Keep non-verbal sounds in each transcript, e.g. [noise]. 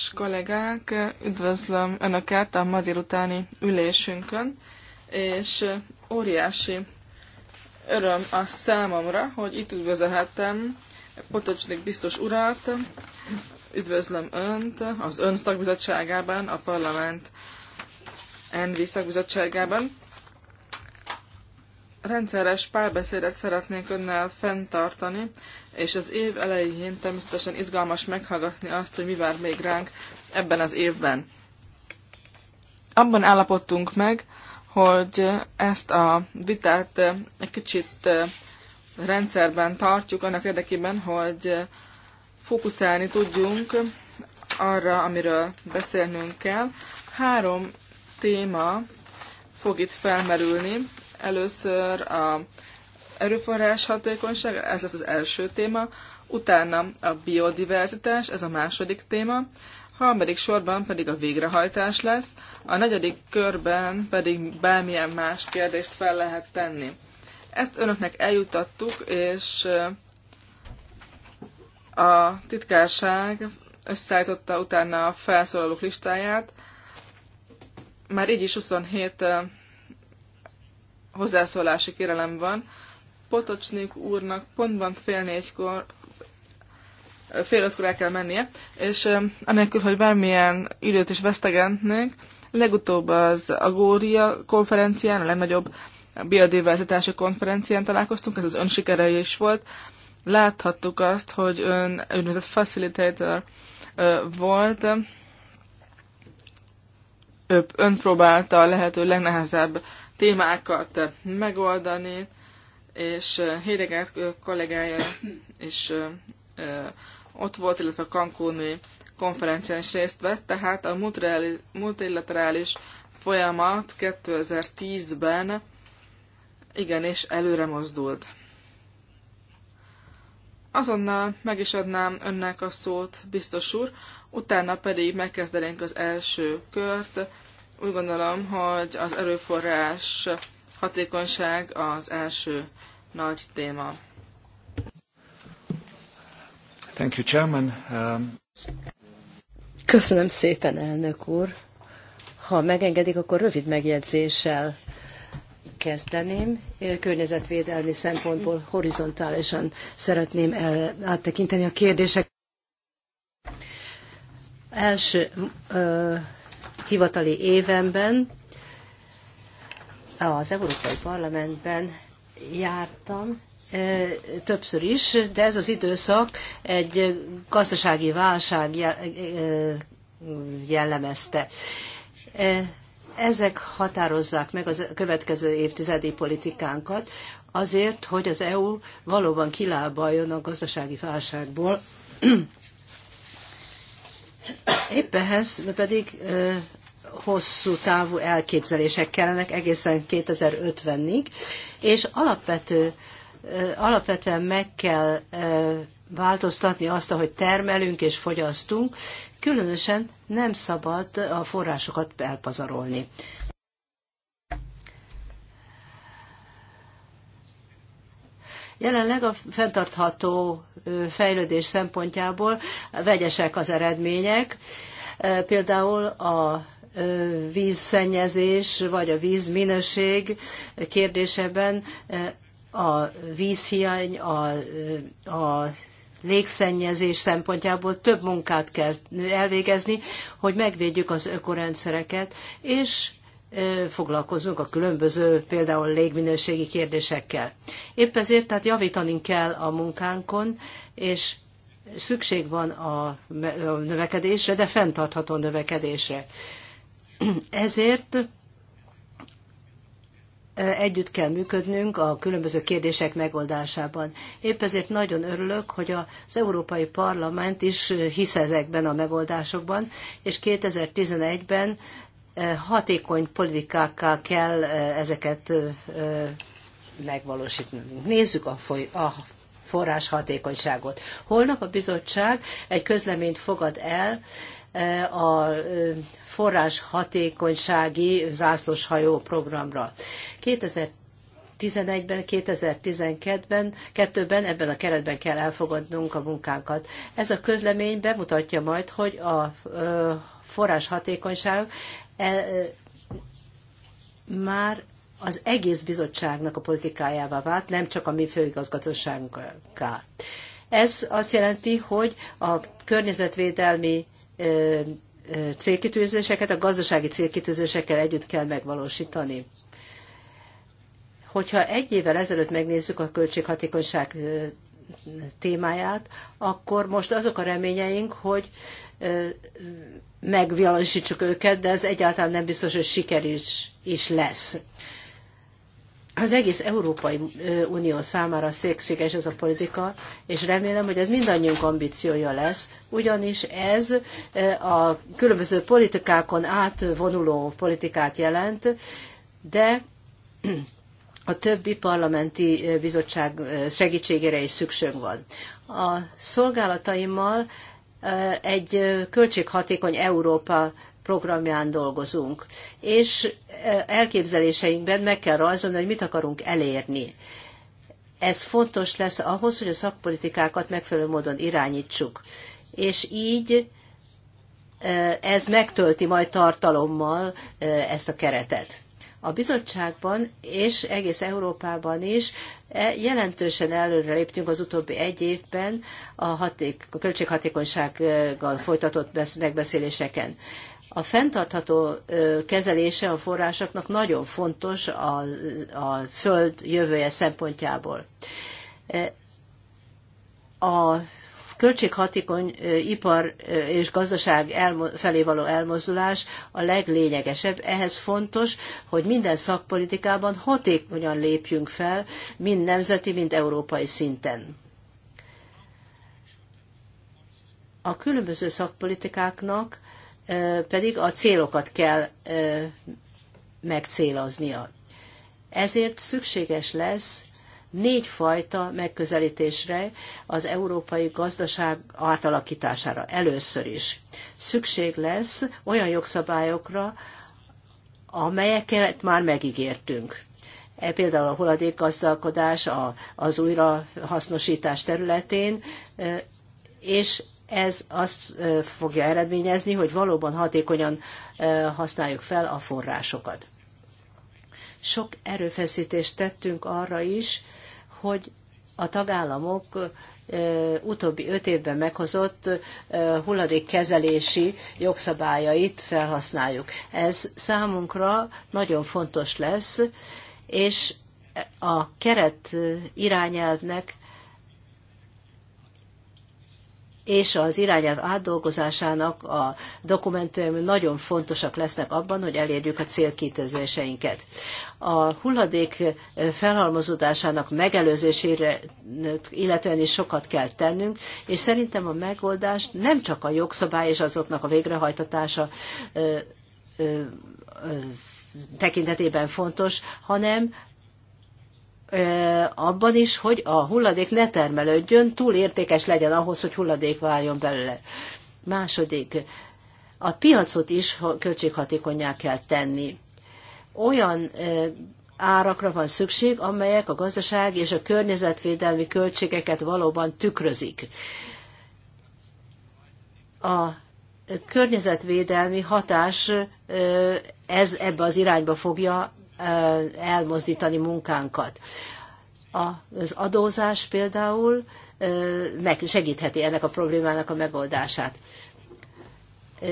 és kollégák, üdvözlöm Önöket a ma délutáni ülésünkön, és óriási öröm a számomra, hogy itt üdvözölhetem Potocsnik biztos urat, üdvözlöm Önt az Ön szakbizottságában, a parlament Envi szakbizottságában rendszeres párbeszédet szeretnék önnel fenntartani, és az év elején természetesen izgalmas meghallgatni azt, hogy mi vár még ránk ebben az évben. Abban állapodtunk meg, hogy ezt a vitát egy kicsit rendszerben tartjuk, annak érdekében, hogy fókuszálni tudjunk arra, amiről beszélnünk kell. Három téma fog itt felmerülni, Először a erőforrás hatékonyság, ez lesz az első téma, utána a biodiverzitás, ez a második téma, harmadik sorban pedig a végrehajtás lesz, a negyedik körben pedig bármilyen más kérdést fel lehet tenni. Ezt önöknek eljutattuk, és a titkárság összeállította utána a felszólalók listáját. Már így is 27 hozzászólási kérelem van. Potocsnik úrnak pontban fél négykor, fél ötkor el kell mennie, és anélkül, hogy bármilyen időt is vesztegetnénk, legutóbb az Agória konferencián, a legnagyobb biodiverzitási konferencián találkoztunk, ez az ön sikere is volt. Láthattuk azt, hogy ön úgynevezett facilitator volt, ön próbálta a lehető legnehezebb témákat megoldani, és Hédegárt kollégája is ott volt, illetve a Cancúni konferencián is részt vett, tehát a multilaterális folyamat 2010-ben igenis előre mozdult. Azonnal meg is adnám önnek a szót, biztos úr, utána pedig megkezdenénk az első kört, úgy gondolom, hogy az erőforrás hatékonyság az első nagy téma. Thank you, Chairman. Um... Köszönöm szépen, elnök úr. Ha megengedik, akkor rövid megjegyzéssel kezdeném. Környezetvédelmi szempontból horizontálisan szeretném el, áttekinteni a kérdések. Első ö, hivatali évemben az Európai Parlamentben jártam e, többször is, de ez az időszak egy gazdasági válság e, jellemezte. E, ezek határozzák meg a következő évtizedi politikánkat, azért, hogy az EU valóban kilábaljon a gazdasági válságból. [clears throat] Épp ehhez pedig hosszú távú elképzelések kellenek egészen 2050-ig, és alapvető, alapvetően meg kell változtatni azt, ahogy termelünk és fogyasztunk, különösen nem szabad a forrásokat elpazarolni. Jelenleg a fenntartható fejlődés szempontjából vegyesek az eredmények. Például a vízszennyezés vagy a vízminőség kérdésében a vízhiány, a, a légszennyezés szempontjából több munkát kell elvégezni, hogy megvédjük az ökorendszereket, és foglalkozunk a különböző például légminőségi kérdésekkel. Épp ezért tehát javítani kell a munkánkon, és szükség van a növekedésre, de fenntartható növekedésre. Ezért együtt kell működnünk a különböző kérdések megoldásában. Épp ezért nagyon örülök, hogy az Európai Parlament is hisz ezekben a megoldásokban, és 2011-ben hatékony politikákkal kell ezeket megvalósítani. Nézzük a, foly, a forrás hatékonyságot. Holnap a bizottság egy közleményt fogad el, a forrás hatékonysági zászlóshajó programra. 2011-ben, 2012-ben, 2002-ben ebben a keretben kell elfogadnunk a munkánkat. Ez a közlemény bemutatja majd, hogy a forrás hatékonyság e, már az egész bizottságnak a politikájává vált, nem csak a mi főigazgatóságunkká. Ez azt jelenti, hogy a környezetvédelmi célkitűzéseket a gazdasági célkitűzésekkel együtt kell megvalósítani. Hogyha egy évvel ezelőtt megnézzük a költséghatékonyság témáját, akkor most azok a reményeink, hogy megvalósítsuk őket, de ez egyáltalán nem biztos, hogy siker is, is lesz az egész Európai Unió számára szükséges ez a politika, és remélem, hogy ez mindannyiunk ambíciója lesz, ugyanis ez a különböző politikákon átvonuló politikát jelent, de a többi parlamenti bizottság segítségére is szükség van. A szolgálataimmal egy költséghatékony Európa programján dolgozunk, és e, elképzeléseinkben meg kell rajzolni, hogy mit akarunk elérni. Ez fontos lesz ahhoz, hogy a szakpolitikákat megfelelő módon irányítsuk. És így e, ez megtölti majd tartalommal e, ezt a keretet. A bizottságban és egész Európában is jelentősen előre léptünk az utóbbi egy évben a, haték, a költséghatékonysággal folytatott megbeszéléseken. A fenntartható kezelése a forrásoknak nagyon fontos a, a föld jövője szempontjából. A költséghatékony ipar és gazdaság felé való elmozdulás a leglényegesebb. Ehhez fontos, hogy minden szakpolitikában hatékonyan lépjünk fel, mind nemzeti, mind európai szinten. A különböző szakpolitikáknak pedig a célokat kell megcéloznia. Ezért szükséges lesz négy fajta megközelítésre az európai gazdaság átalakítására először is. Szükség lesz olyan jogszabályokra, amelyeket már megígértünk. E például a hulladékgazdálkodás az újrahasznosítás területén, és ez azt fogja eredményezni, hogy valóban hatékonyan használjuk fel a forrásokat. Sok erőfeszítést tettünk arra is, hogy a tagállamok utóbbi öt évben meghozott hulladékkezelési jogszabályait felhasználjuk. Ez számunkra nagyon fontos lesz, és a keret irányelvnek és az irányelv átdolgozásának a dokumentum nagyon fontosak lesznek abban, hogy elérjük a célkítőzéseinket. A hulladék felhalmozódásának megelőzésére illetően is sokat kell tennünk, és szerintem a megoldást nem csak a jogszabály és azoknak a végrehajtatása tekintetében fontos, hanem abban is, hogy a hulladék ne termelődjön, túl értékes legyen ahhoz, hogy hulladék váljon belőle. Második, a piacot is költséghatékonyá kell tenni. Olyan árakra van szükség, amelyek a gazdaság és a környezetvédelmi költségeket valóban tükrözik. A környezetvédelmi hatás ez ebbe az irányba fogja elmozdítani munkánkat. Az adózás például segítheti ennek a problémának a megoldását.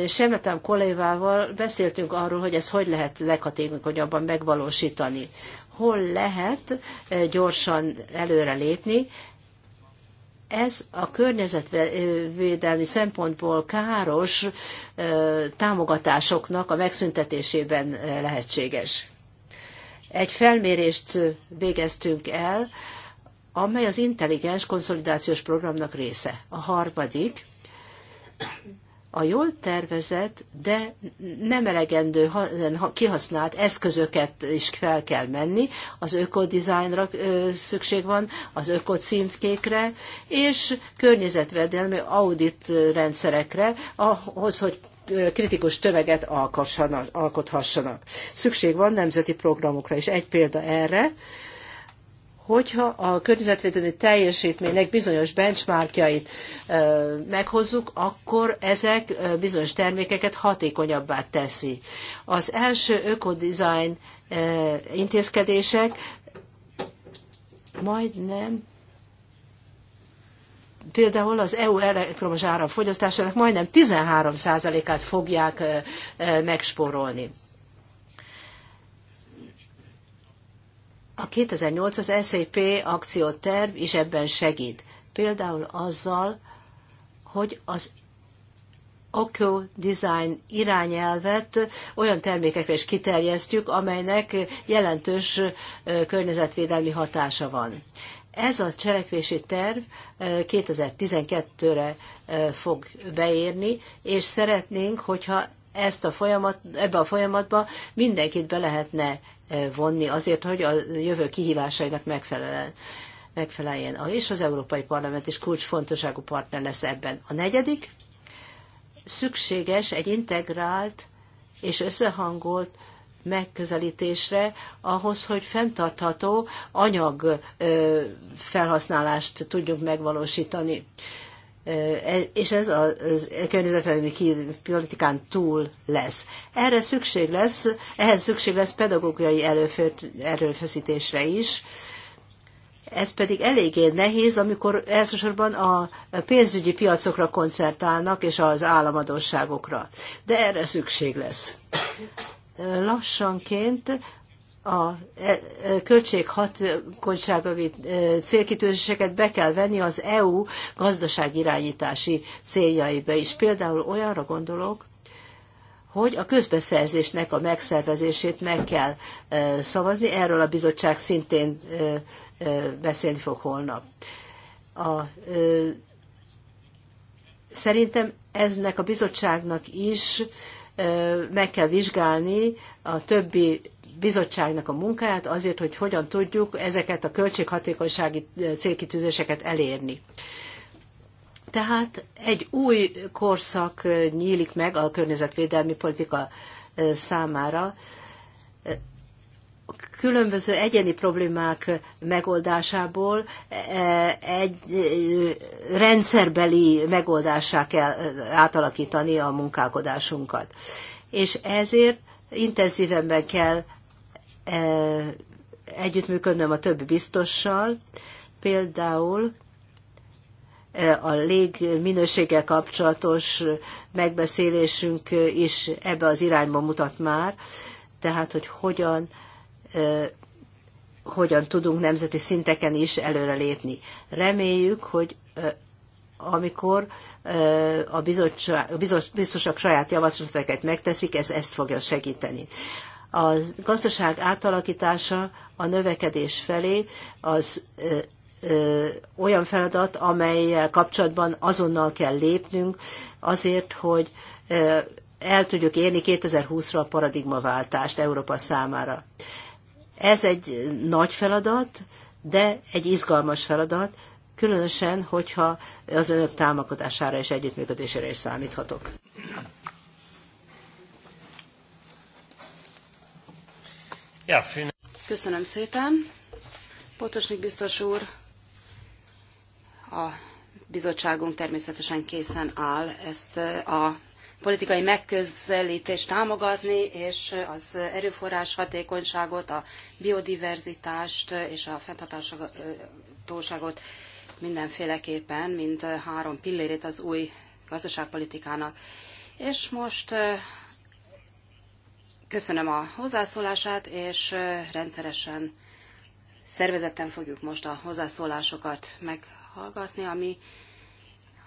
Semmetám kollégával beszéltünk arról, hogy ez hogy lehet leghatékonyabban megvalósítani. Hol lehet gyorsan előre lépni, ez a környezetvédelmi szempontból káros támogatásoknak a megszüntetésében lehetséges. Egy felmérést végeztünk el, amely az intelligens konszolidációs programnak része. A harmadik, a jól tervezett, de nem elegendő kihasznált eszközöket is fel kell menni. Az ökodizájnra szükség van, az ökocintkékre, és környezetvédelmi audit rendszerekre, ahhoz, hogy kritikus tömeget alkothassanak. Szükség van nemzeti programokra is. Egy példa erre, hogyha a környezetvédelmi teljesítménynek bizonyos benchmarkjait meghozzuk, akkor ezek bizonyos termékeket hatékonyabbá teszi. Az első ökodesign intézkedések majdnem például az EU elektromos fogyasztásának majdnem 13%-át fogják megspórolni. A 2008 az SAP akcióterv is ebben segít. Például azzal, hogy az Oco Design irányelvet olyan termékekre is kiterjesztjük, amelynek jelentős környezetvédelmi hatása van. Ez a cselekvési terv 2012-re fog beérni, és szeretnénk, hogyha ezt a folyamat, ebbe a folyamatba mindenkit be lehetne vonni azért, hogy a jövő kihívásainak megfeleljen megfeleljen. És az Európai Parlament is kulcsfontosságú partner lesz ebben. A negyedik, szükséges egy integrált és összehangolt megközelítésre ahhoz, hogy fenntartható anyag felhasználást tudjunk megvalósítani. E, és ez a e, környezetvédelmi politikán túl lesz. Erre szükség lesz, ehhez szükség lesz pedagógiai erőfeszítésre is, ez pedig eléggé nehéz, amikor elsősorban a pénzügyi piacokra koncertálnak és az államadóságokra. De erre szükség lesz lassanként a e, e, költséghatékonysági e, célkitűzéseket be kell venni az EU gazdaságirányítási céljaiba is. Például olyanra gondolok, hogy a közbeszerzésnek a megszervezését meg kell szavazni, erről a bizottság szintén beszélni fog holnap. A, szerintem eznek a bizottságnak is meg kell vizsgálni a többi bizottságnak a munkáját azért, hogy hogyan tudjuk ezeket a költséghatékonysági célkitűzéseket elérni. Tehát egy új korszak nyílik meg a környezetvédelmi politika számára, különböző egyéni problémák megoldásából e, egy e, rendszerbeli megoldásá kell átalakítani a munkálkodásunkat. És ezért intenzívenben kell e, együttműködnöm a többi biztossal, például a légminőséggel kapcsolatos megbeszélésünk is ebbe az irányba mutat már, tehát hogy hogyan hogyan tudunk nemzeti szinteken is előrelépni. Reméljük, hogy amikor a, a biztosak saját javaslatokat megteszik, ez ezt fogja segíteni. A gazdaság átalakítása a növekedés felé az ö, ö, olyan feladat, amelyel kapcsolatban azonnal kell lépnünk azért, hogy ö, el tudjuk érni 2020-ra a paradigmaváltást Európa számára. Ez egy nagy feladat, de egy izgalmas feladat, különösen, hogyha az önök támogatására és együttműködésére is számíthatok. Köszönöm szépen. Potosnik biztos úr, a bizottságunk természetesen készen áll ezt eh, a politikai megközelítést támogatni, és az erőforrás hatékonyságot, a biodiverzitást és a fenntarthatóságot mindenféleképpen, mint három pillérét az új gazdaságpolitikának. És most köszönöm a hozzászólását, és rendszeresen szervezetten fogjuk most a hozzászólásokat meghallgatni, ami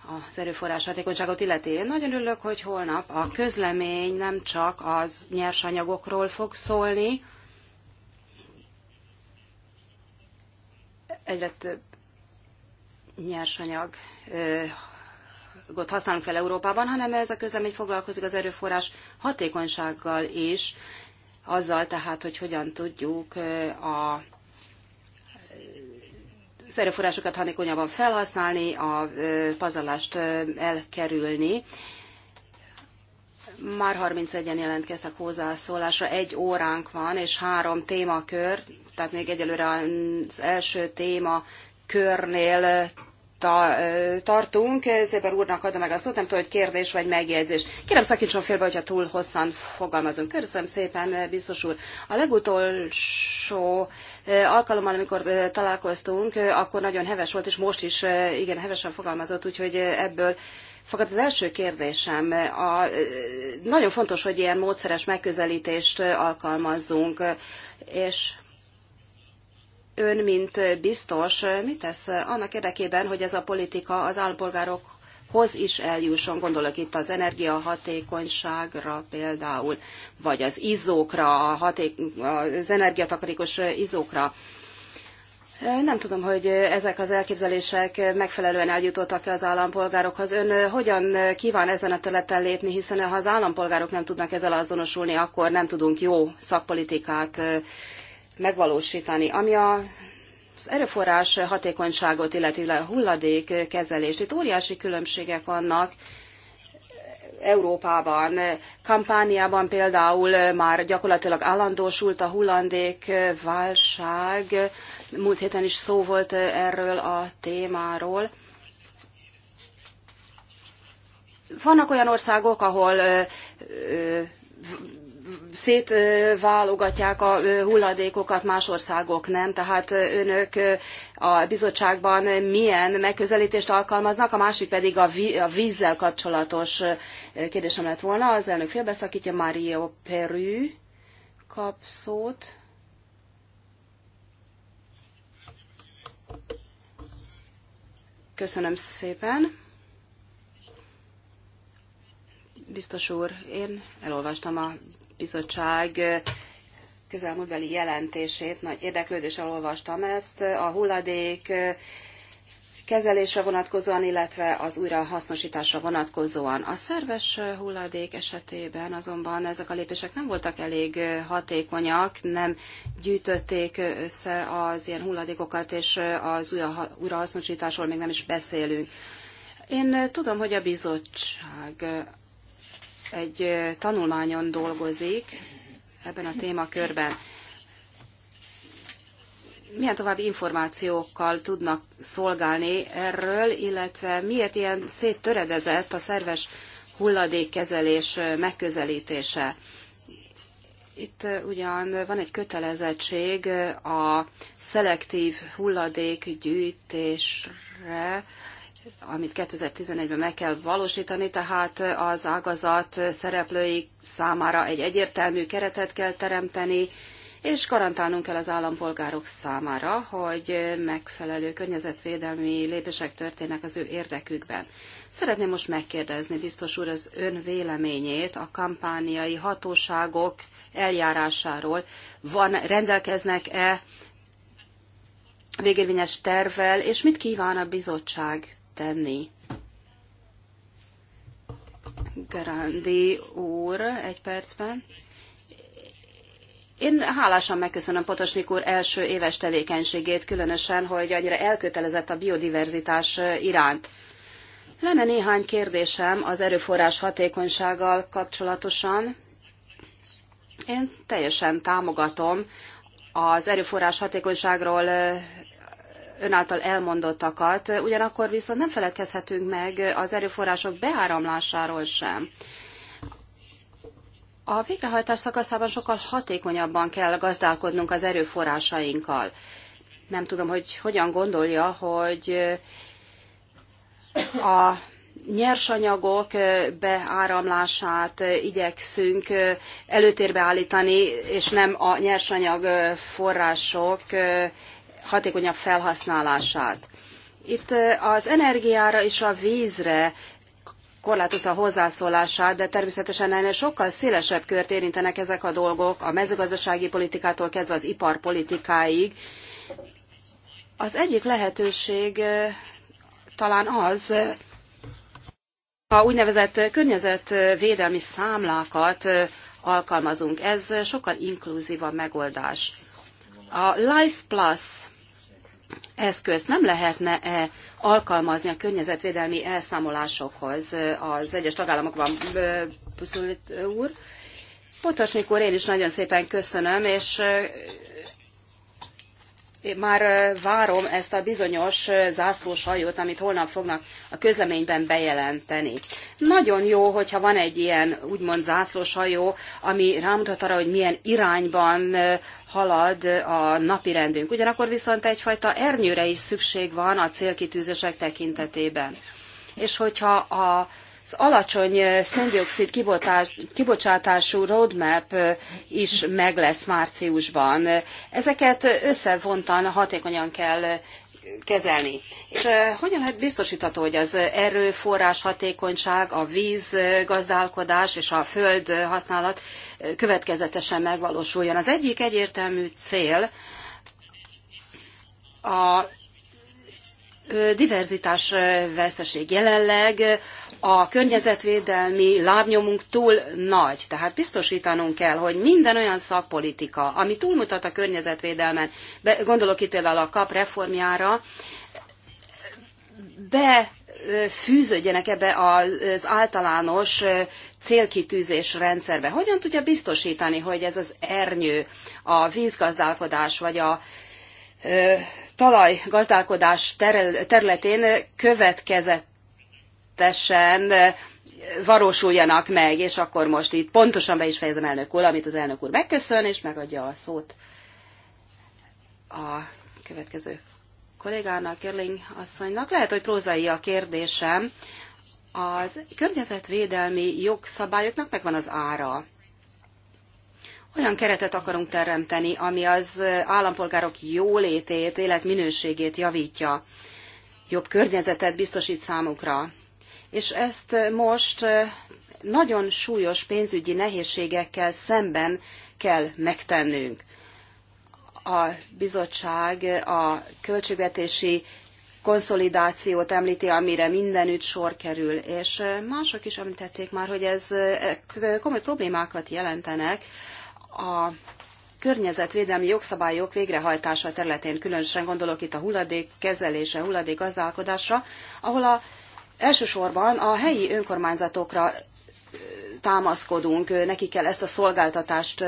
az erőforrás hatékonyságot illeti. Én nagyon örülök, hogy holnap a közlemény nem csak az nyersanyagokról fog szólni, egyre több nyersanyagot használunk fel Európában, hanem ez a közlemény foglalkozik az erőforrás hatékonysággal is, azzal tehát, hogy hogyan tudjuk a az erőforrásokat hatékonyabban felhasználni, a pazarlást elkerülni. Már 31-en jelentkeztek hozzászólásra, egy óránk van, és három témakör, tehát még egyelőre az első téma körnél ta, tartunk. Zéber úrnak adom meg a szót, nem tudom, hogy kérdés vagy megjegyzés. Kérem szakítson félbe, hogyha túl hosszan fogalmazunk. Köszönöm szépen, biztos úr. A legutolsó alkalommal, amikor találkoztunk, akkor nagyon heves volt, és most is igen hevesen fogalmazott, úgyhogy ebből Fakad az első kérdésem, a, nagyon fontos, hogy ilyen módszeres megközelítést alkalmazzunk, és ön, mint biztos, mit tesz annak érdekében, hogy ez a politika az állampolgárokhoz is eljusson? Gondolok itt az energiahatékonyságra például, vagy az izzókra, a haték, az energiatakarékos izzókra. Nem tudom, hogy ezek az elképzelések megfelelően eljutottak-e az állampolgárokhoz. Ön hogyan kíván ezen a területen lépni, hiszen ha az állampolgárok nem tudnak ezzel azonosulni, akkor nem tudunk jó szakpolitikát megvalósítani. Ami a az erőforrás hatékonyságot, illetve a hulladék kezelést. Itt óriási különbségek vannak Európában. Kampániában például már gyakorlatilag állandósult a hulladékválság. Múlt héten is szó volt erről a témáról. Vannak olyan országok, ahol szétválogatják a hulladékokat, más országok nem. Tehát önök a bizottságban milyen megközelítést alkalmaznak, a másik pedig a, ví- a vízzel kapcsolatos kérdésem lett volna. Az elnök félbeszakítja, Mario Peru kap szót. Köszönöm szépen. Biztos úr, én elolvastam a bizottság közelmúltbeli jelentését, nagy érdeklődéssel olvastam ezt, a hulladék kezelésre vonatkozóan, illetve az újrahasznosításra vonatkozóan. A szerves hulladék esetében azonban ezek a lépések nem voltak elég hatékonyak, nem gyűjtötték össze az ilyen hulladékokat, és az újrahasznosításról még nem is beszélünk. Én tudom, hogy a bizottság egy tanulmányon dolgozik ebben a témakörben. Milyen további információkkal tudnak szolgálni erről, illetve miért ilyen széttöredezett a szerves hulladékkezelés megközelítése? Itt ugyan van egy kötelezettség a szelektív hulladékgyűjtésre, amit 2011-ben meg kell valósítani, tehát az ágazat szereplői számára egy egyértelmű keretet kell teremteni, és garantálnunk kell az állampolgárok számára, hogy megfelelő környezetvédelmi lépések történnek az ő érdekükben. Szeretném most megkérdezni, biztos úr, az ön véleményét a kampániai hatóságok eljárásáról. Van, rendelkeznek-e végérvényes tervvel, és mit kíván a bizottság tenni. Grandi úr, egy percben. Én hálásan megköszönöm Potosnik úr első éves tevékenységét, különösen, hogy annyira elkötelezett a biodiverzitás iránt. Lenne néhány kérdésem az erőforrás hatékonysággal kapcsolatosan. Én teljesen támogatom az erőforrás hatékonyságról ön által elmondottakat, ugyanakkor viszont nem feledkezhetünk meg az erőforrások beáramlásáról sem. A végrehajtás szakaszában sokkal hatékonyabban kell gazdálkodnunk az erőforrásainkkal. Nem tudom, hogy hogyan gondolja, hogy a nyersanyagok beáramlását igyekszünk előtérbe állítani, és nem a nyersanyag források hatékonyabb felhasználását. Itt az energiára és a vízre korlátozta a hozzászólását, de természetesen ennél sokkal szélesebb kört érintenek ezek a dolgok, a mezőgazdasági politikától kezdve az iparpolitikáig. Az egyik lehetőség talán az, a úgynevezett környezetvédelmi számlákat alkalmazunk. Ez sokkal inkluzívabb megoldás. A Life Plus eszközt nem lehetne-e alkalmazni a környezetvédelmi elszámolásokhoz az egyes tagállamokban, Puszulit úr? Potosnik úr, én is nagyon szépen köszönöm, és én már várom ezt a bizonyos zászlós hajót, amit holnap fognak a közleményben bejelenteni nagyon jó, hogyha van egy ilyen úgymond zászlós hajó, ami rámutat arra, hogy milyen irányban halad a napi rendünk. Ugyanakkor viszont egyfajta ernyőre is szükség van a célkitűzések tekintetében. És hogyha a az alacsony széndiokszid kibocsátású roadmap is meg lesz márciusban. Ezeket összevontan hatékonyan kell kezelni. És hogyan lehet biztosítható, hogy az erőforrás hatékonyság, a vízgazdálkodás és a föld használat következetesen megvalósuljon? Az egyik egyértelmű cél a diverzitás veszteség jelenleg a környezetvédelmi lábnyomunk túl nagy, tehát biztosítanunk kell, hogy minden olyan szakpolitika, ami túlmutat a környezetvédelmen, gondolok itt például a kap reformjára, befűződjenek ebbe az általános célkitűzés rendszerbe. Hogyan tudja biztosítani, hogy ez az ernyő, a vízgazdálkodás vagy a talajgazdálkodás területén következett ténylegesen valósuljanak meg, és akkor most itt pontosan be is fejezem elnök úr, amit az elnök úr megköszön, és megadja a szót a következő kollégának, Körling asszonynak. Lehet, hogy prózai a kérdésem. Az környezetvédelmi jogszabályoknak megvan az ára. Olyan keretet akarunk teremteni, ami az állampolgárok jólétét, életminőségét javítja, jobb környezetet biztosít számukra és ezt eh, most eh, nagyon súlyos pénzügyi nehézségekkel szemben kell megtennünk. A bizottság eh, a költségvetési konszolidációt említi, amire mindenütt sor kerül, és mások is említették már, hogy ez komoly problémákat jelentenek a környezetvédelmi jogszabályok végrehajtása területén, különösen gondolok itt a hulladék kezelése, hulladék gazdálkodásra, ahol a Elsősorban a helyi önkormányzatokra támaszkodunk, nekik kell ezt a szolgáltatást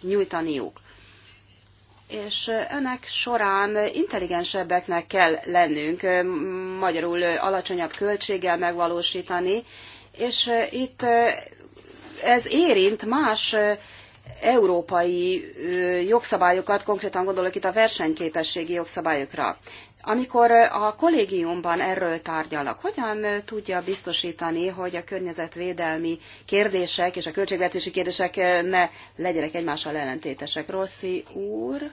nyújtaniuk. És ennek során intelligensebbeknek kell lennünk, magyarul alacsonyabb költséggel megvalósítani, és itt ez érint más európai jogszabályokat, konkrétan gondolok itt a versenyképességi jogszabályokra. Amikor a kollégiumban erről tárgyalak, hogyan tudja biztosítani, hogy a környezetvédelmi kérdések és a költségvetési kérdések ne legyenek egymással ellentétesek? Rossi úr?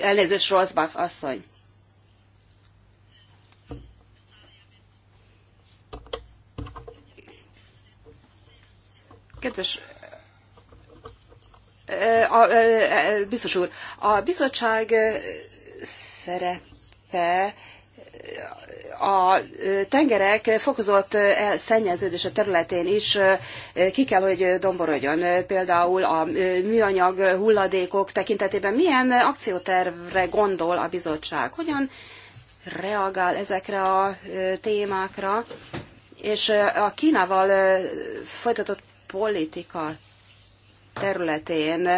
Elnézést, Rosbach asszony. Kedves a, biztos úr, a bizottság szerepe a tengerek fokozott a területén is eh, ki kell, hogy domborodjon. Például a eh, műanyag hulladékok tekintetében milyen akciótervre gondol a bizottság? Hogyan reagál ezekre a eh, témákra? És a Kínával folytatott politika területén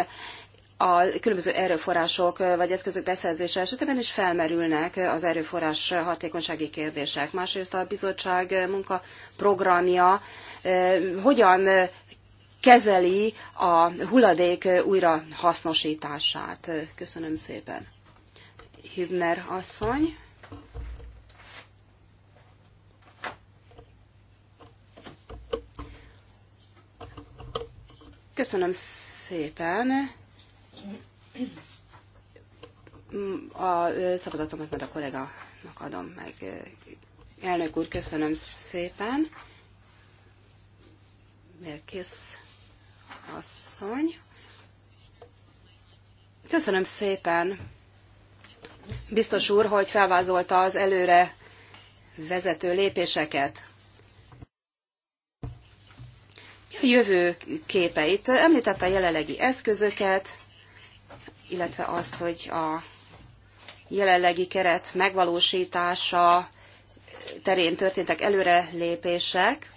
a különböző erőforrások vagy eszközök beszerzése esetében is felmerülnek az erőforrás hatékonysági kérdések. Másrészt a bizottság munkaprogramja hogyan kezeli a hulladék újrahasznosítását. Köszönöm szépen. Hübner asszony. Köszönöm szépen. A szavazatomat majd a kollégának adom meg. Elnök úr, köszönöm szépen. Mérkész, asszony. Köszönöm szépen. Biztos úr, hogy felvázolta az előre vezető lépéseket. A jövő képeit említette a jelenlegi eszközöket, illetve azt, hogy a jelenlegi keret megvalósítása terén történtek előrelépések.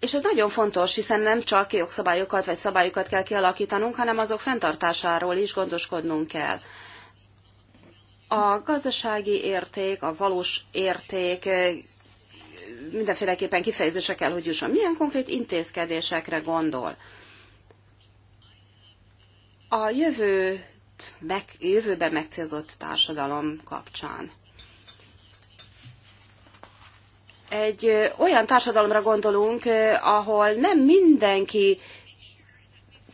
És ez nagyon fontos, hiszen nem csak jogszabályokat vagy szabályokat kell kialakítanunk, hanem azok fenntartásáról is gondoskodnunk kell. A gazdasági érték, a valós érték eh, mindenféleképpen kifejezése kell, hogy jusson. Milyen konkrét intézkedésekre gondol? a jövőt meg, jövőben megcélzott társadalom kapcsán. Egy olyan társadalomra gondolunk, ahol nem mindenki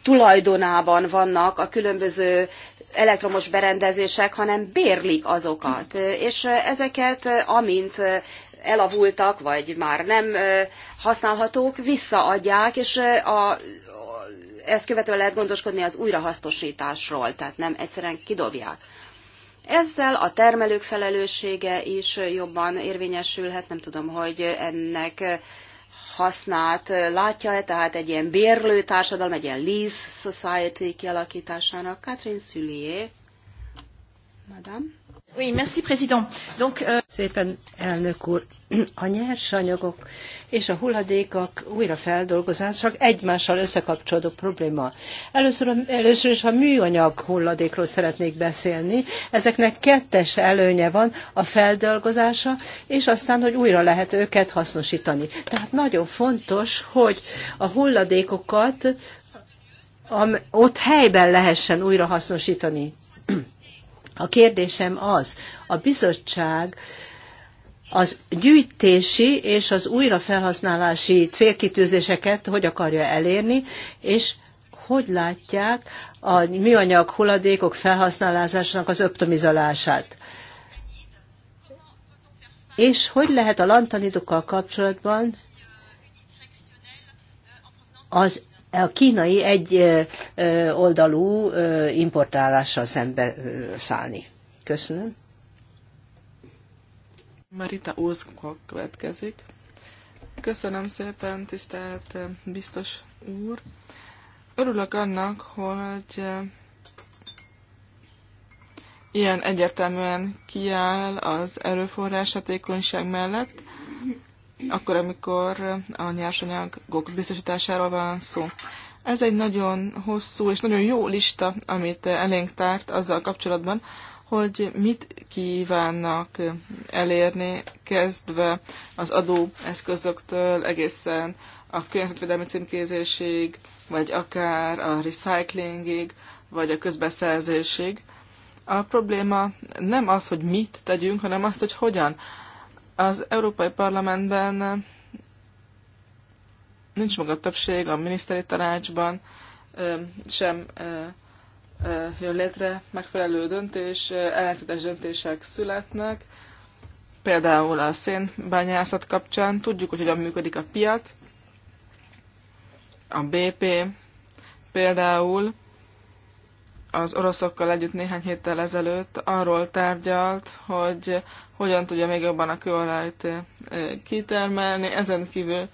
tulajdonában vannak a különböző elektromos berendezések, hanem bérlik azokat. És ezeket, amint elavultak, vagy már nem használhatók, visszaadják, és a ezt követően lehet gondoskodni az újrahasznosításról, tehát nem egyszerűen kidobják. Ezzel a termelők felelőssége is jobban érvényesülhet, nem tudom, hogy ennek hasznát látja-e, tehát egy ilyen bérlő társadalom, egy ilyen lease society kialakításának. Catherine Sullier, madame. Oui, merci, président. Donc, euh... Szépen, elnök úr. A nyersanyagok és a hulladékok újrafeldolgozása egymással összekapcsolódó probléma. Először, először is a műanyag hulladékról szeretnék beszélni. Ezeknek kettes előnye van a feldolgozása, és aztán, hogy újra lehet őket hasznosítani. Tehát nagyon fontos, hogy a hulladékokat ott helyben lehessen újrahasznosítani. A kérdésem az, a bizottság az gyűjtési és az újrafelhasználási célkitűzéseket hogy akarja elérni, és hogy látják a műanyag hulladékok felhasználásának az optimizálását. És hogy lehet a lantanidokkal kapcsolatban az a kínai egy oldalú importálással szembe szállni. Köszönöm. Marita Ózkok következik. Köszönöm szépen, tisztelt biztos úr. Örülök annak, hogy ilyen egyértelműen kiáll az erőforrás hatékonyság mellett, akkor, amikor a nyersanyagok biztosításáról van szó. Ez egy nagyon hosszú és nagyon jó lista, amit elénk tárt azzal kapcsolatban, hogy mit kívánnak elérni, kezdve az adóeszközöktől egészen a környezetvédelmi címkézésig, vagy akár a recyclingig, vagy a közbeszerzésig. A probléma nem az, hogy mit tegyünk, hanem azt, hogy hogyan. Az Európai Parlamentben nincs maga a többség, a miniszteri tanácsban sem jön létre megfelelő döntés, ellentétes döntések születnek, például a szénbányászat kapcsán. Tudjuk, hogy hogyan működik a piac, a BP például az oroszokkal együtt néhány héttel ezelőtt arról tárgyalt, hogy hogyan tudja még jobban a kőolajt eh, kitermelni. Ezen kívül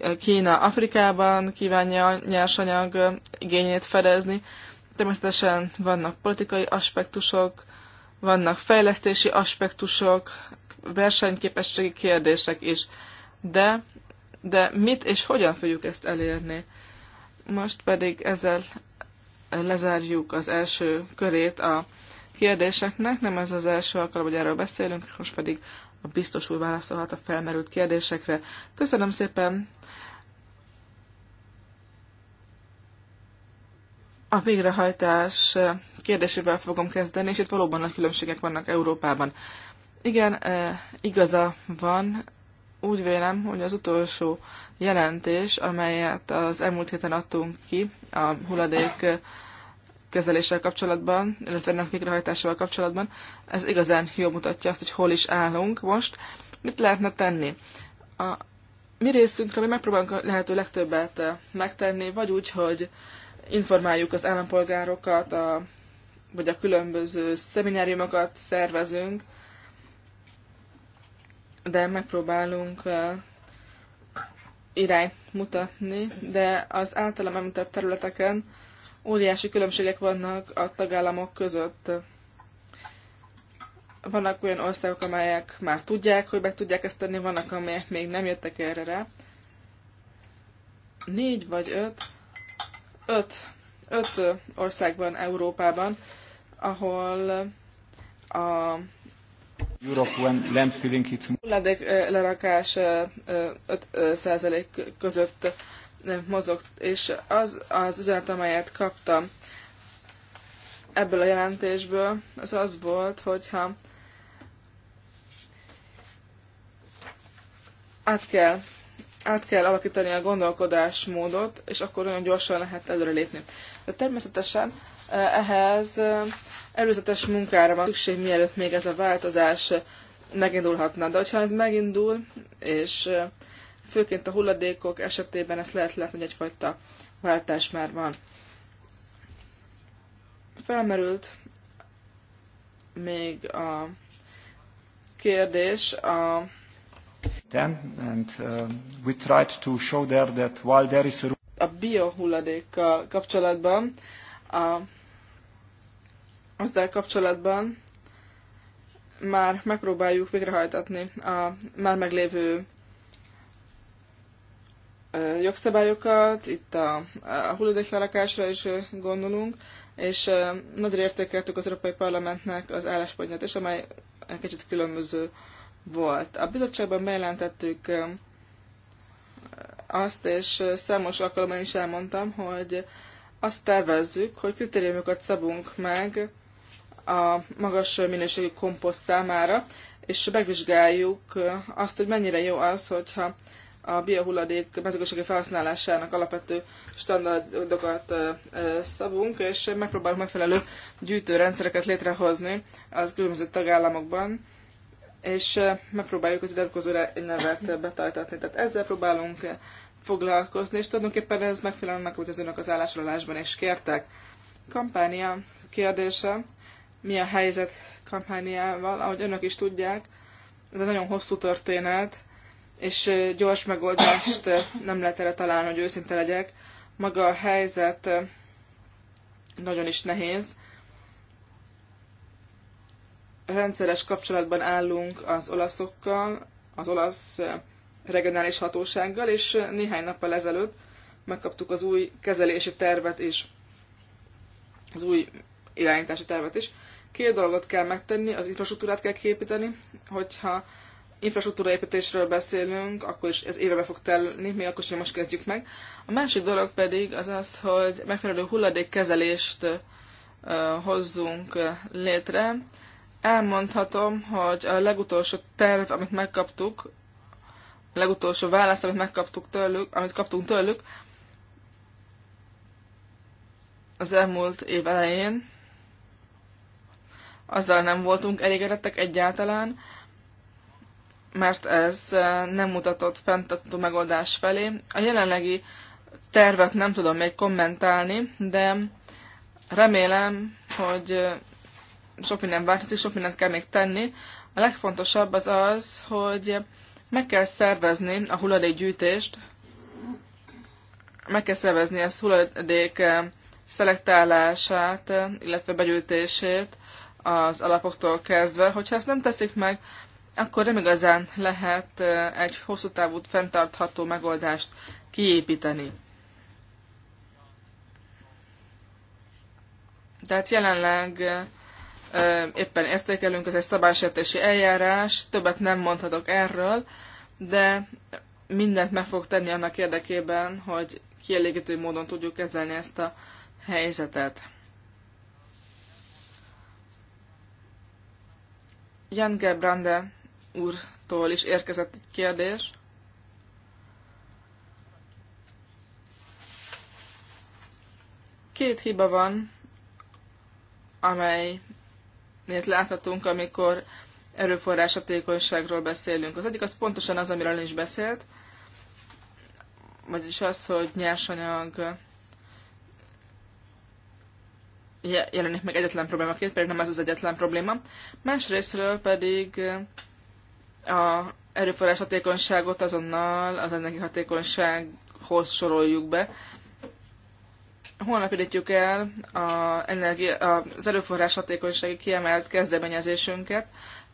eh, Kína Afrikában kívánja nyersanyag eh, igényét fedezni. Természetesen vannak politikai aspektusok, vannak fejlesztési aspektusok, versenyképességi kérdések is. De, de mit és hogyan fogjuk ezt elérni? Most pedig ezzel lezárjuk az első körét a kérdéseknek. Nem ez az első alkalom, hogy erről beszélünk, most pedig a biztos úr válaszolhat a felmerült kérdésekre. Köszönöm szépen! A végrehajtás kérdésével fogom kezdeni, és itt valóban nagy különbségek vannak Európában. Igen, eh, igaza van, úgy vélem, hogy az utolsó jelentés, amelyet az elmúlt héten adtunk ki a hulladék kezeléssel kapcsolatban, illetve ennek végrehajtásával kapcsolatban, ez igazán jól mutatja azt, hogy hol is állunk most. Mit lehetne tenni? A mi részünkre mi megpróbálunk lehető legtöbbet megtenni, vagy úgy, hogy informáljuk az állampolgárokat, a, vagy a különböző szemináriumokat szervezünk, de megpróbálunk irányt mutatni, de az általam említett területeken óriási különbségek vannak a tagállamok között. Vannak olyan országok, amelyek már tudják, hogy meg tudják ezt tenni, vannak, amelyek még nem jöttek erre rá. Négy vagy öt, öt, öt országban, Európában, ahol a Hulladék lerakás 5% között mozog, és az az üzenet, amelyet kaptam ebből a jelentésből, az az volt, hogyha át kell, át kell alakítani a gondolkodásmódot, és akkor nagyon gyorsan lehet előrelépni. De természetesen ehhez előzetes munkára van szükség, mielőtt még ez a változás megindulhatna. De hogyha ez megindul, és főként a hulladékok esetében ezt lehet látni, hogy egyfajta váltás már van. Felmerült még a kérdés a Then, and uh, we tried to show there that while there is a... a biohulladékkal kapcsolatban a azzal kapcsolatban már megpróbáljuk végrehajtatni a már meglévő jogszabályokat, itt a, a hulladéklerakásra is gondolunk, és nagyra értékeltük az Európai Parlamentnek az álláspontját, és amely kicsit különböző volt. A bizottságban bejelentettük azt, és számos alkalommal is elmondtam, hogy azt tervezzük, hogy kritériumokat szabunk meg a magas minőségű komposzt számára, és megvizsgáljuk azt, hogy mennyire jó az, hogyha a biohulladék mezőgazdasági felhasználásának alapvető standardokat szabunk, és megpróbálunk megfelelő gyűjtőrendszereket létrehozni az különböző tagállamokban, és megpróbáljuk az iratkozó nevet betartatni. Tehát ezzel próbálunk foglalkozni, és tulajdonképpen ez megfelel annak, hogy az önök az állásolásban is kértek. Kampánia kérdése mi a helyzet kampányával, ahogy önök is tudják, ez egy nagyon hosszú történet, és gyors megoldást nem lehet erre találni, hogy őszinte legyek. Maga a helyzet nagyon is nehéz. Rendszeres kapcsolatban állunk az olaszokkal, az olasz regionális hatósággal, és néhány nappal ezelőtt megkaptuk az új kezelési tervet is, az új irányítási tervet is. Két dolgot kell megtenni, az infrastruktúrát kell kiépíteni, hogyha infrastruktúra építésről beszélünk, akkor is ez évebe fog telni, még akkor sem most kezdjük meg. A másik dolog pedig az az, hogy megfelelő hulladékkezelést hozzunk létre. Elmondhatom, hogy a legutolsó terv, amit megkaptuk, a legutolsó válasz, amit megkaptuk tőlük, amit kaptunk tőlük, az elmúlt év elején, azzal nem voltunk elégedettek egyáltalán, mert ez nem mutatott fenntartó megoldás felé. A jelenlegi tervet nem tudom még kommentálni, de remélem, hogy sok minden változik, sok mindent kell még tenni. A legfontosabb az az, hogy meg kell szervezni a hulladékgyűjtést, meg kell szervezni a hulladék szelektálását, illetve begyűjtését az alapoktól kezdve. Hogyha ezt nem teszik meg, akkor nem igazán lehet egy hosszú távú fenntartható megoldást kiépíteni. Tehát jelenleg éppen értékelünk, ez egy szabálysértési eljárás, többet nem mondhatok erről, de mindent meg fog tenni annak érdekében, hogy kielégítő módon tudjuk kezelni ezt a helyzetet. Jan Gebrande úrtól is érkezett egy kérdés. Két hiba van, amelyet láthatunk, amikor erőforrás hatékonyságról beszélünk. Az egyik az pontosan az, amiről is beszélt, vagyis az, hogy nyersanyag jelenik meg egyetlen problémaként, pedig nem ez az egyetlen probléma. Másrésztről pedig eh, a erőforrás hatékonyságot azonnal az ennek hatékonysághoz soroljuk be. Holnap indítjuk el a energia, az erőforrás hatékonysági kiemelt kezdeményezésünket.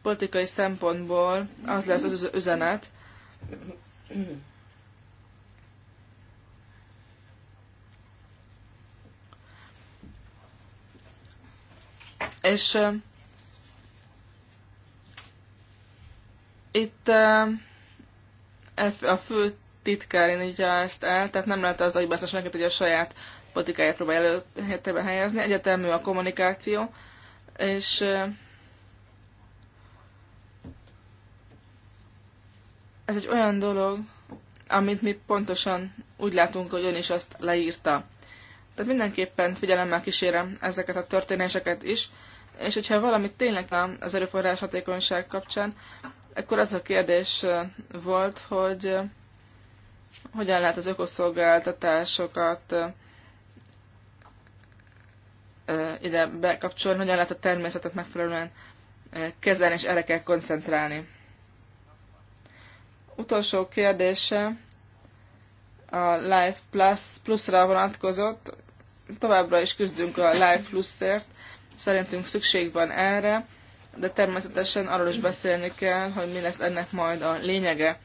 Politikai szempontból az lesz az üzenet, És uh, itt uh, a fő titkár indítja ezt el, tehát nem lehet az beszélsz neked, hogy a saját politikáját próbálja előtérbe helyezni. Egyetemű a kommunikáció, és uh, ez egy olyan dolog, amit mi pontosan úgy látunk, hogy ön is azt leírta. Tehát mindenképpen figyelemmel kísérem ezeket a történéseket is, és hogyha valamit tényleg az erőforrás hatékonyság kapcsán, akkor az a kérdés volt, hogy hogyan lehet az ökoszolgáltatásokat ide bekapcsolni, hogyan lehet a természetet megfelelően kezelni, és erre kell koncentrálni. Utolsó kérdése a Life Plus pluszra vonatkozott, továbbra is küzdünk a Life Plus-ért, szerintünk szükség van erre, de természetesen arról is beszélni kell, hogy mi lesz ennek majd a lényege.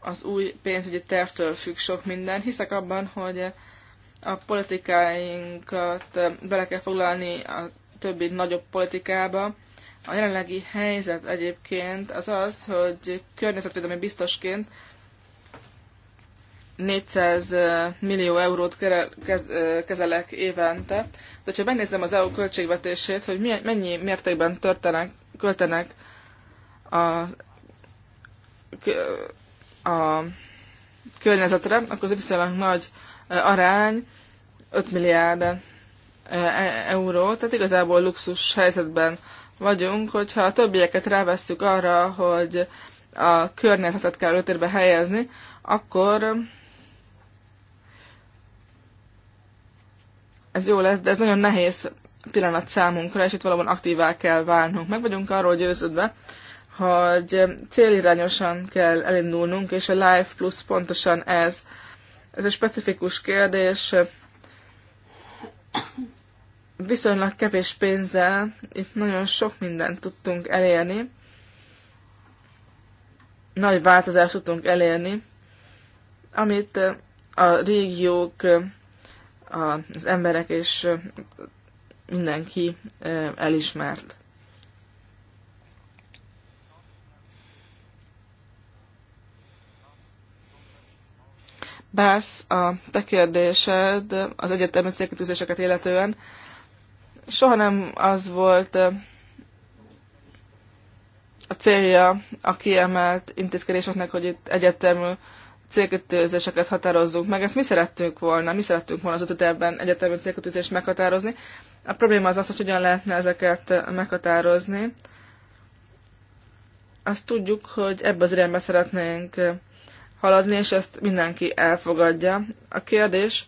Az új pénzügyi tervtől függ sok minden. Hiszek abban, hogy a politikáinkat bele kell foglalni a többi nagyobb politikába. A jelenlegi helyzet egyébként az az, hogy környezetvédelmi biztosként 400 millió eurót kezelek évente, de ha megnézem az EU költségvetését, hogy milyen, mennyi mértékben történek, költenek a, a környezetre, akkor ez viszonylag nagy arány, 5 milliárd e, euró, tehát igazából luxus helyzetben vagyunk, hogyha a többieket rávesszük arra, hogy a környezetet kell előtérbe helyezni, akkor ez jó lesz, de ez nagyon nehéz pillanat számunkra, és itt valóban aktívá kell válnunk. Meg vagyunk arról győződve, hogy célirányosan kell elindulnunk, és a Life Plus pontosan ez. Ez egy specifikus kérdés. Viszonylag kevés pénzzel itt nagyon sok mindent tudtunk elérni. Nagy változást tudtunk elérni, amit a régiók az emberek és mindenki elismert. Bász, a te kérdésed az egyetemi célkitűzéseket illetően soha nem az volt a célja a kiemelt intézkedéseknek, hogy itt egyetemű célkötőzéseket határozzunk meg. Ezt mi szerettünk volna, mi szerettünk volna az ötöt ebben egyetemű célkötőzést meghatározni. A probléma az az, hogy hogyan lehetne ezeket meghatározni. Azt tudjuk, hogy ebbe az irányba szeretnénk haladni, és ezt mindenki elfogadja. A kérdés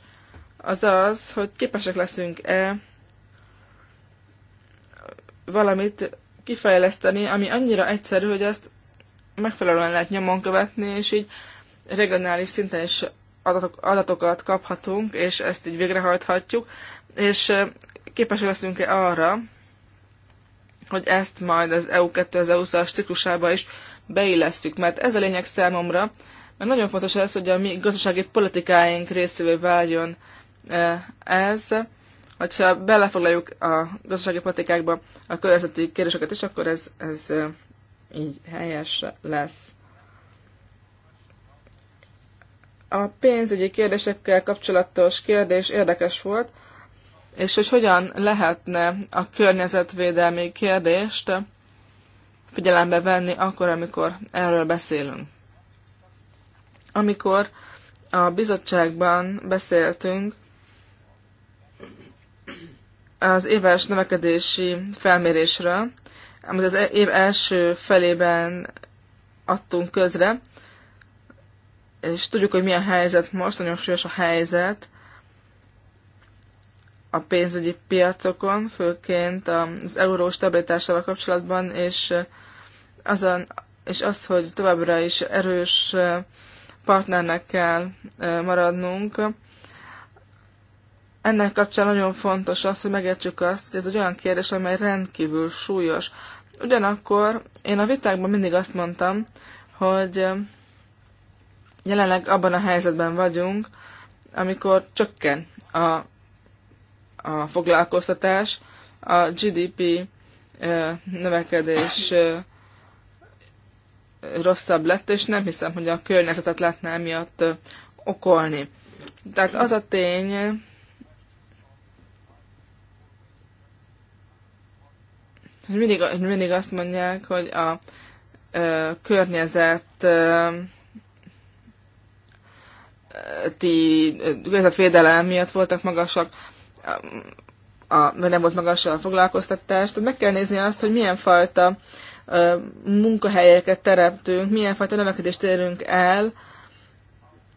az az, hogy képesek leszünk-e valamit kifejleszteni, ami annyira egyszerű, hogy ezt megfelelően lehet nyomon követni, és így regionális szinten is adatok, adatokat kaphatunk, és ezt így végrehajthatjuk, és képesek leszünk-e arra, hogy ezt majd az EU 2020-as e ciklusába is beillesszük, mert ez a lényeg számomra, mert nagyon fontos ez, hogy a mi gazdasági politikáink részévé váljon ez, hogyha belefoglaljuk a gazdasági politikákba a környezeti kérdéseket is, akkor ez, ez így helyes lesz. A pénzügyi kérdésekkel kapcsolatos kérdés érdekes volt, és hogy hogyan lehetne a környezetvédelmi kérdést figyelembe venni akkor, amikor erről beszélünk. Amikor a bizottságban beszéltünk az éves növekedési felmérésről, amit az e- év első felében adtunk közre, és tudjuk, hogy mi a helyzet most, nagyon súlyos a helyzet a pénzügyi piacokon, főként az euró stabilitásával kapcsolatban, és, azon, és az, hogy továbbra is erős partnernek kell maradnunk. Ennek kapcsán nagyon fontos az, hogy megértsük azt, hogy ez egy olyan kérdés, amely rendkívül súlyos. Ugyanakkor én a vitákban mindig azt mondtam, hogy jelenleg abban a helyzetben vagyunk, amikor csökken a, a foglalkoztatás, a GDP növekedés rosszabb lett, és nem hiszem, hogy a környezetet lehetne emiatt okolni. Tehát az a tény, hogy mindig, mindig azt mondják, hogy a ö, környezet ö, környezeti eh, környezetvédelem miatt voltak magasak, a, a, nem volt magas a foglalkoztatás. Tehát meg kell nézni azt, hogy milyen fajta a munkahelyeket teremtünk, milyen fajta növekedést érünk el,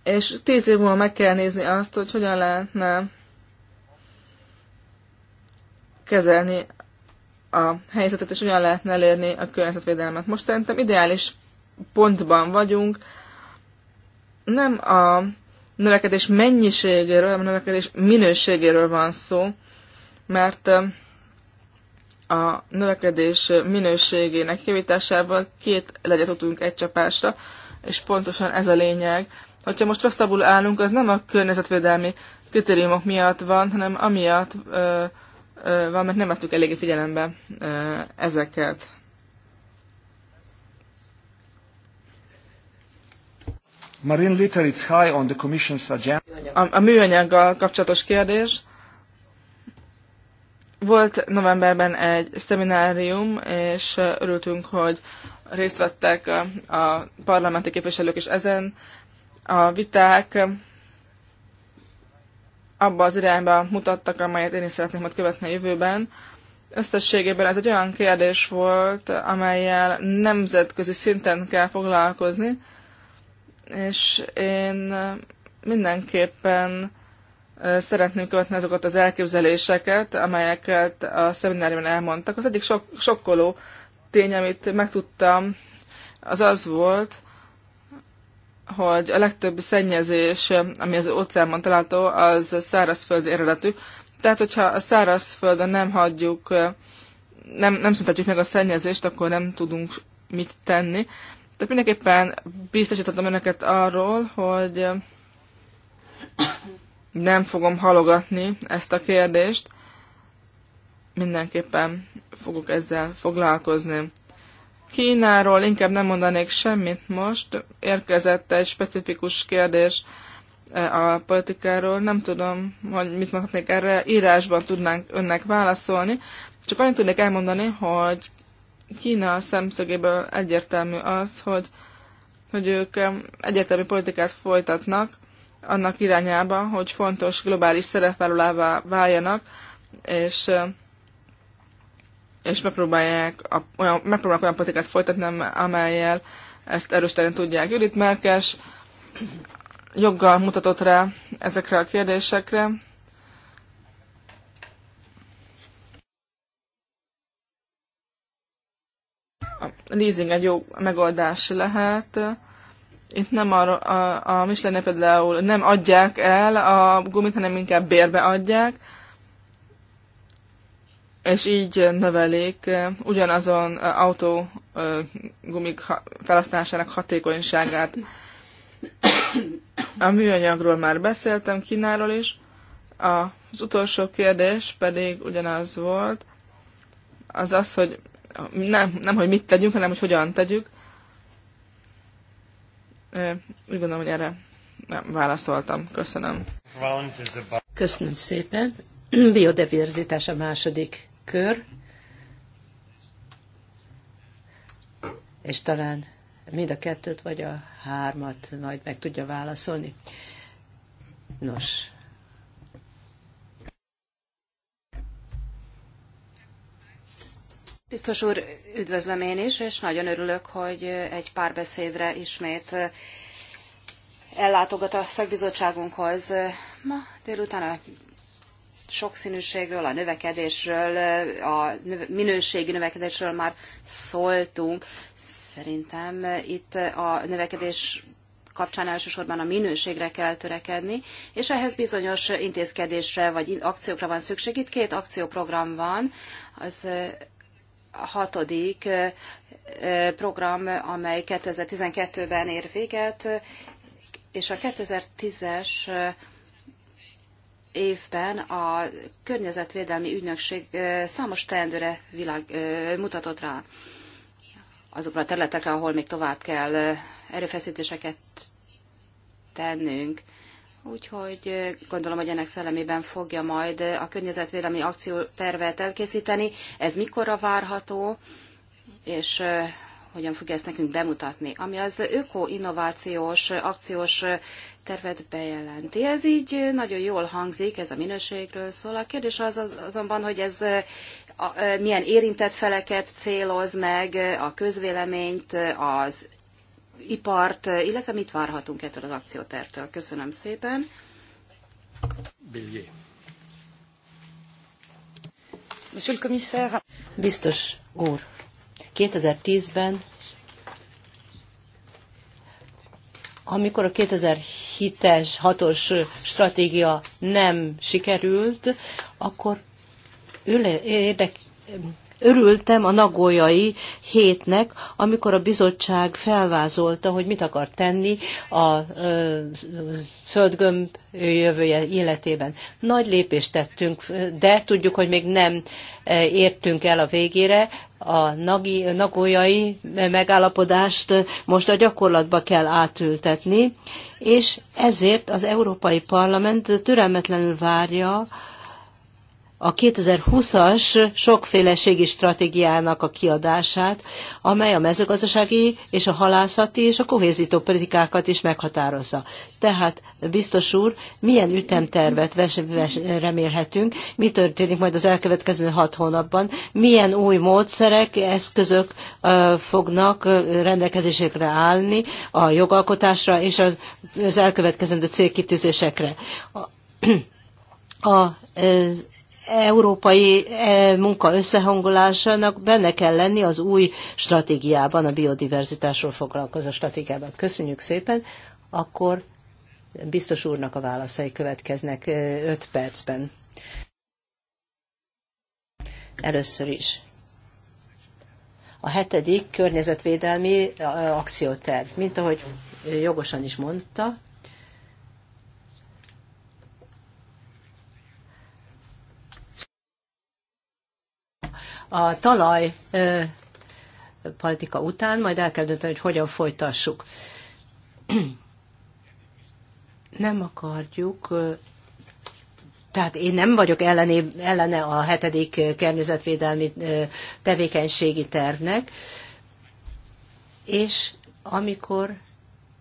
és tíz év múlva meg kell nézni azt, hogy hogyan lehetne kezelni a helyzetet, és hogyan lehetne elérni a környezetvédelmet. Most szerintem ideális pontban vagyunk. Nem a növekedés mennyiségéről, hanem növekedés minőségéről van szó, mert a növekedés minőségének kivításával két legyet tudunk egy csapásra, és pontosan ez a lényeg. Hogyha most rosszabbul állunk, az nem a környezetvédelmi kritériumok miatt van, hanem amiatt ö, ö, van, mert nem vettük eléggé figyelembe ö, ezeket. Marine litter is high on the Commission's agenda. A, a műanyaggal kapcsolatos kérdés. Volt novemberben egy szeminárium, és örültünk, hogy részt vettek a, a parlamenti képviselők is ezen. A viták abba az irányba mutattak, amelyet én is szeretnék majd követni a jövőben. Összességében ez egy olyan kérdés volt, amelyel nemzetközi szinten kell foglalkozni, és én mindenképpen szeretném követni azokat az elképzeléseket, amelyeket a szemináriumon elmondtak. Az egyik sok, sokkoló tény, amit megtudtam, az az volt, hogy a legtöbb szennyezés, ami az óceánban található, az szárazföldi eredetű. Tehát, hogyha a szárazföldön nem hagyjuk, nem, nem szüntetjük meg a szennyezést, akkor nem tudunk mit tenni. Tehát mindenképpen biztosítottam önöket arról, hogy nem fogom halogatni ezt a kérdést. Mindenképpen fogok ezzel foglalkozni. Kínáról inkább nem mondanék semmit most. Érkezett egy specifikus kérdés e, a politikáról. Nem tudom, hogy mit mondhatnék erre. Írásban tudnánk önnek válaszolni. Csak annyit tudnék elmondani, hogy Kína szemszögéből egyértelmű az, hogy, hogy ők egyértelmű politikát folytatnak annak irányába, hogy fontos globális szerepvállalává váljanak, és, és megpróbálják a, olyan, megpróbálják olyan politikát folytatni, amelyel ezt erősíteni tudják. Judith Merkes joggal mutatott rá ezekre a kérdésekre, a leasing egy jó megoldás lehet. Itt nem a, a, a Michelin például nem adják el a gumit, hanem inkább bérbe adják, és így növelik ugyanazon autó gumik felhasználásának hatékonyságát. A műanyagról már beszéltem, Kínáról is. Az utolsó kérdés pedig ugyanaz volt, az az, hogy nem, nem, hogy mit tegyünk, hanem hogy hogyan tegyük. Úgy gondolom, hogy erre nem válaszoltam. Köszönöm. Köszönöm szépen. Biodiverzitás a második kör. És talán mind a kettőt vagy a hármat majd meg tudja válaszolni. Nos, Biztos úr, üdvözlöm én is, és nagyon örülök, hogy egy párbeszédre ismét eh, ellátogat a szakbizottságunkhoz. Ma délután a sokszínűségről, a növekedésről, eh, a minőségi növekedésről már szóltunk. Szerintem eh, itt a növekedés kapcsán elsősorban a minőségre kell törekedni, és ehhez bizonyos intézkedésre vagy akciókra van szükség. Itt két akcióprogram van, az hatodik program, amely 2012-ben ér véget, és a 2010-es évben a környezetvédelmi ügynökség számos teendőre világ, mutatott rá azokra a területekre, ahol még tovább kell erőfeszítéseket tennünk. Úgyhogy gondolom, hogy ennek szellemében fogja majd a környezetvédelmi akciótervet elkészíteni. Ez mikorra várható, és hogyan fogja ezt nekünk bemutatni. Ami az öko-innovációs akciós tervet bejelenti. Ez így nagyon jól hangzik, ez a minőségről szól. A kérdés az, azonban, hogy ez milyen érintett feleket céloz meg, a közvéleményt, az ipart, illetve mit várhatunk ettől az akciótertől Köszönöm szépen. Billier. Monsieur le commissaire. Biztos úr, 2010-ben amikor a 2007-es, 6-os stratégia nem sikerült, akkor érdek, örültem a nagójai hétnek, amikor a bizottság felvázolta, hogy mit akar tenni a földgömb jövője életében. Nagy lépést tettünk, de tudjuk, hogy még nem értünk el a végére. A nagi, nagójai megállapodást most a gyakorlatba kell átültetni, és ezért az Európai Parlament türelmetlenül várja, a 2020-as sokféleségi stratégiának a kiadását, amely a mezőgazdasági és a halászati és a kohézító politikákat is meghatározza. Tehát, biztos úr, milyen ütemtervet remélhetünk, mi történik majd az elkövetkező hat hónapban, milyen új módszerek, eszközök fognak rendelkezésekre állni a jogalkotásra és az elkövetkezendő célkitűzésekre. A, az európai e, munka összehangolásának benne kell lenni az új stratégiában, a biodiverzitásról foglalkozó stratégiában. Köszönjük szépen, akkor biztos úrnak a válaszai következnek 5 e, percben. Először is. A hetedik környezetvédelmi e, akcióterv, mint ahogy jogosan is mondta, a talaj politika után, majd el kell dönteni, hogy hogyan folytassuk. [clears throat] Nem akarjuk tehát én nem vagyok ellené, ellene a hetedik környezetvédelmi tevékenységi tervnek, és amikor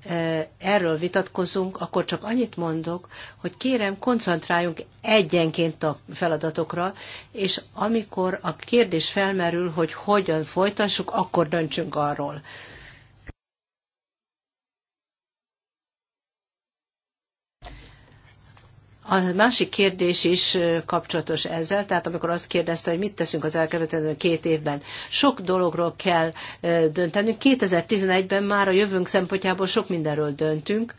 Eh, erről vitatkozunk, akkor csak annyit mondok, hogy kérem, koncentráljunk egyenként a feladatokra, és amikor a kérdés felmerül, hogy hogyan folytassuk, akkor döntsünk arról. A másik kérdés is kapcsolatos ezzel, tehát amikor azt kérdezte, hogy mit teszünk az elkövetkező két évben, sok dologról kell döntenünk. 2011-ben már a jövőnk szempontjából sok mindenről döntünk,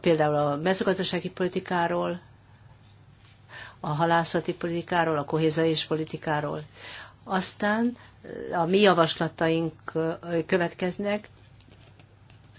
például a mezőgazdasági politikáról, a halászati politikáról, a kohéziós politikáról. Aztán a mi javaslataink következnek,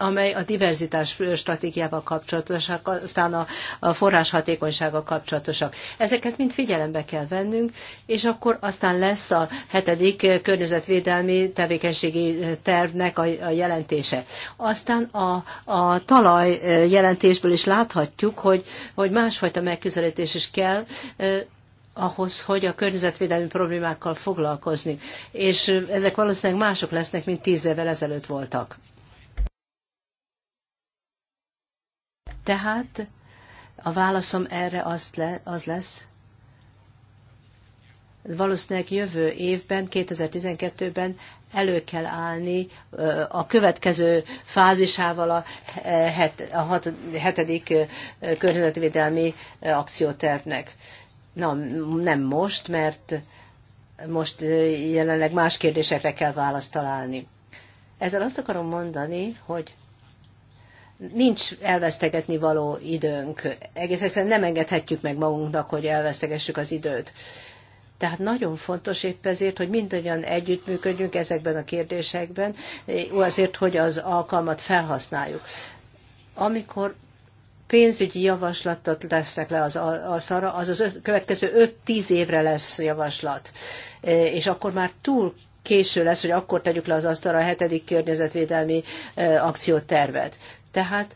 amely a diverzitás stratégiával kapcsolatosak, aztán a, a forráshatékonysággal kapcsolatosak. Ezeket mind figyelembe kell vennünk, és akkor aztán lesz a hetedik környezetvédelmi tevékenységi tervnek a, a jelentése. Aztán a, a talaj jelentésből is láthatjuk, hogy, hogy másfajta megközelítés is kell, ahhoz, hogy a környezetvédelmi problémákkal foglalkozni. És ezek valószínűleg mások lesznek, mint tíz évvel ezelőtt voltak. Tehát a válaszom erre azt le, az lesz, valószínűleg jövő évben, 2012-ben elő kell állni a következő fázisával a, e, het, a hat, hetedik környezetvédelmi akciótervnek. Na, nem most, mert most jelenleg más kérdésekre kell választ találni. Ezzel azt akarom mondani, hogy nincs elvesztegetni való időnk. Egész egyszerűen nem engedhetjük meg magunknak, hogy elvesztegessük az időt. Tehát nagyon fontos épp ezért, hogy mindannyian együttműködjünk ezekben a kérdésekben, azért, hogy az alkalmat felhasználjuk. Amikor pénzügyi javaslatot lesznek le az asztalra, az az öt, következő 5-10 évre lesz javaslat. E, és akkor már túl késő lesz, hogy akkor tegyük le az asztalra a hetedik környezetvédelmi e, akciótervet. Tehát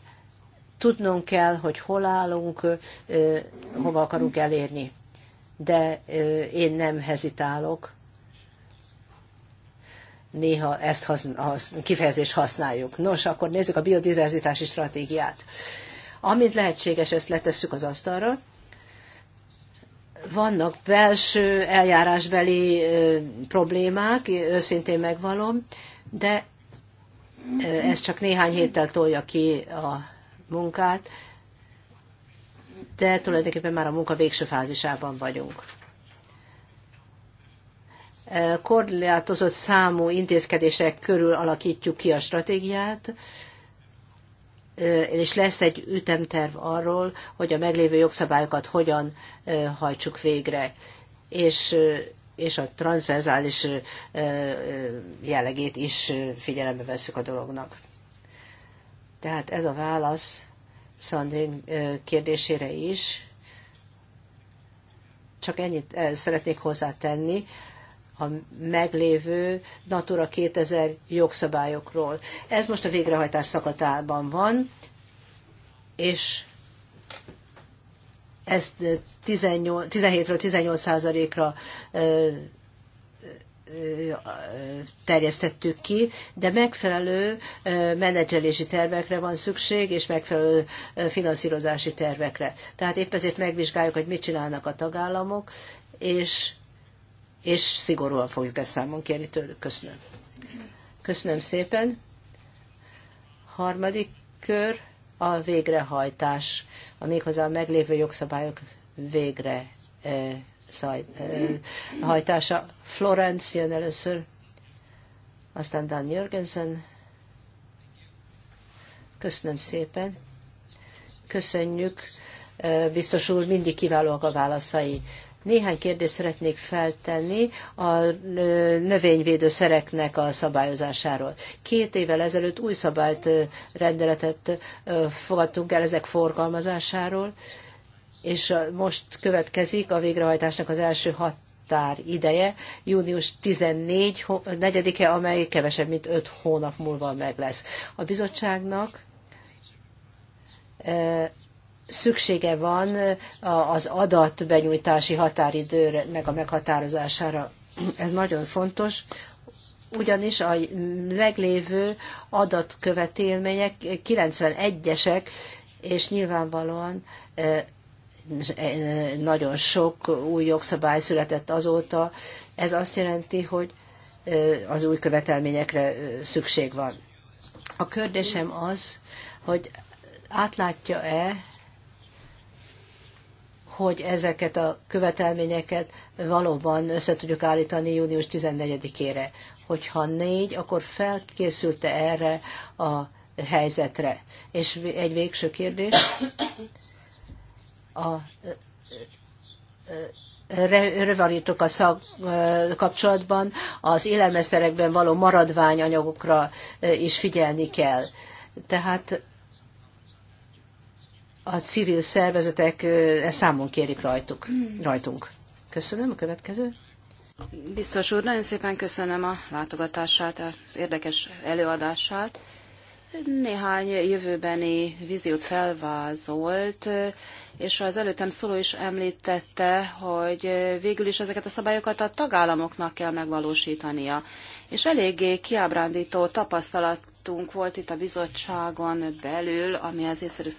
tudnunk kell, hogy hol állunk, hova akarunk elérni. De én nem hezitálok. Néha ezt a kifejezést használjuk. Nos, akkor nézzük a biodiverzitási stratégiát. Amint lehetséges, ezt letesszük az asztalra. Vannak belső eljárásbeli problémák, őszintén megvalom, de ez csak néhány héttel tolja ki a munkát, de tulajdonképpen már a munka végső fázisában vagyunk. Korlátozott számú intézkedések körül alakítjuk ki a stratégiát, és lesz egy ütemterv arról, hogy a meglévő jogszabályokat hogyan hajtsuk végre. És és a transzverzális jellegét is figyelembe veszük a dolognak. Tehát ez a válasz Szandrin kérdésére is. Csak ennyit szeretnék hozzátenni a meglévő Natura 2000 jogszabályokról. Ez most a végrehajtás szakatában van, és ezt 18, 17-ről 18 százalékra terjesztettük ki, de megfelelő menedzselési tervekre van szükség, és megfelelő finanszírozási tervekre. Tehát épp ezért megvizsgáljuk, hogy mit csinálnak a tagállamok, és, és szigorúan fogjuk ezt számon kérni tőlük. Köszönöm. Köszönöm szépen. Harmadik kör a végrehajtás, a méghozzá a meglévő jogszabályok végre hajtása. Florence jön először, aztán Dan Jörgensen. Köszönöm szépen. Köszönjük. Biztos úr, mindig kiválóak a válaszai. Néhány kérdést szeretnék feltenni a növényvédőszereknek a szabályozásáról. Két évvel ezelőtt új szabályt, rendeletet fogadtunk el ezek forgalmazásáról és most következik a végrehajtásnak az első határ ideje, június 14 4-e, amely kevesebb, mint 5 hónap múlva meg lesz. A bizottságnak szüksége van az adatbenyújtási határidőnek a meghatározására. Ez nagyon fontos, ugyanis a meglévő adatkövetélmények 91-esek, és nyilvánvalóan nagyon sok új jogszabály született azóta. Ez azt jelenti, hogy az új követelményekre szükség van. A kérdésem az, hogy átlátja-e, hogy ezeket a követelményeket valóban össze tudjuk állítani június 14-ére. Hogyha négy, akkor felkészülte erre a helyzetre. És egy végső kérdés, a revarítok a szak kapcsolatban, az élelmeszerekben való maradványanyagokra is figyelni kell. Tehát a civil szervezetek e számon kérik rajtuk, rajtunk. Köszönöm a következő. Biztos úr, nagyon szépen köszönöm a látogatását, az érdekes előadását. Néhány jövőbeni víziót felvázolt, és az előttem szóló is említette, hogy végül is ezeket a szabályokat a tagállamoknak kell megvalósítania. És eléggé kiábrándító tapasztalatunk volt itt a bizottságon belül, ami az észszerű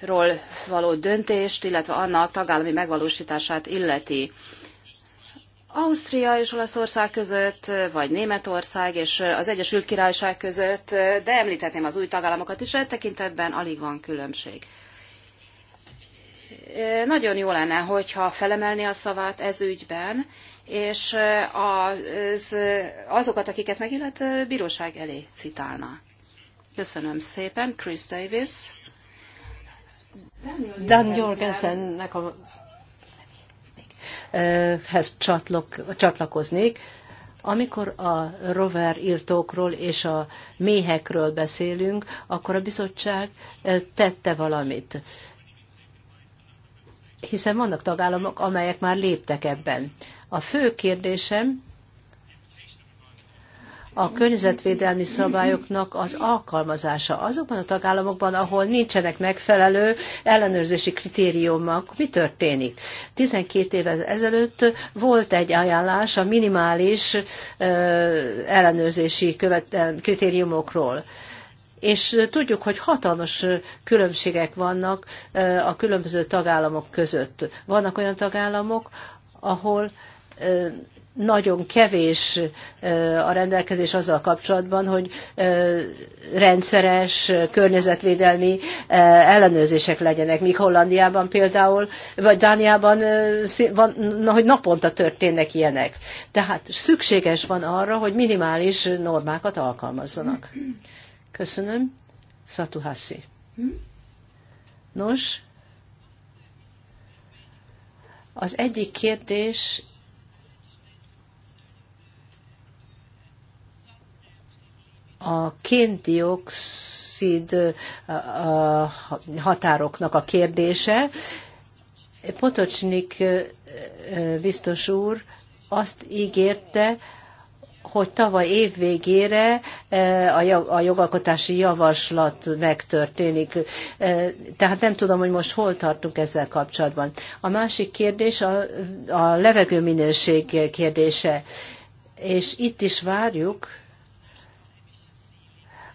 ról való döntést, illetve annak tagállami megvalósítását illeti. Ausztria és Olaszország között, vagy Németország és az Egyesült Királyság között, de említhetném az új tagállamokat is, e tekintetben alig van különbség. Nagyon jó lenne, hogyha felemelni a szavát ez ügyben, és az, azokat, akiket megillet, bíróság elé citálna. Köszönöm szépen, Chris Davis. Dan Jorgensennek a hez csatlakoznék. Amikor a rover írtókról és a méhekről beszélünk, akkor a bizottság tette valamit hiszen vannak tagállamok, amelyek már léptek ebben. A fő kérdésem a környezetvédelmi szabályoknak az alkalmazása azokban a tagállamokban, ahol nincsenek megfelelő ellenőrzési kritériumok. Mi történik? 12 évvel ezelőtt volt egy ajánlás a minimális ellenőrzési követ, kritériumokról és tudjuk, hogy hatalmas különbségek vannak a különböző tagállamok között. Vannak olyan tagállamok, ahol nagyon kevés a rendelkezés azzal kapcsolatban, hogy rendszeres környezetvédelmi ellenőrzések legyenek, míg Hollandiában például, vagy Dániában, van, hogy naponta történnek ilyenek. Tehát szükséges van arra, hogy minimális normákat alkalmazzanak. Köszönöm. Hm? Nos, az egyik kérdés a kéndioxid határoknak a kérdése. Potocsnik biztos úr azt ígérte, hogy tavaly év végére e, a jogalkotási javaslat megtörténik. E, tehát nem tudom, hogy most hol tartunk ezzel kapcsolatban. A másik kérdés a, a levegőminőség kérdése. És itt is várjuk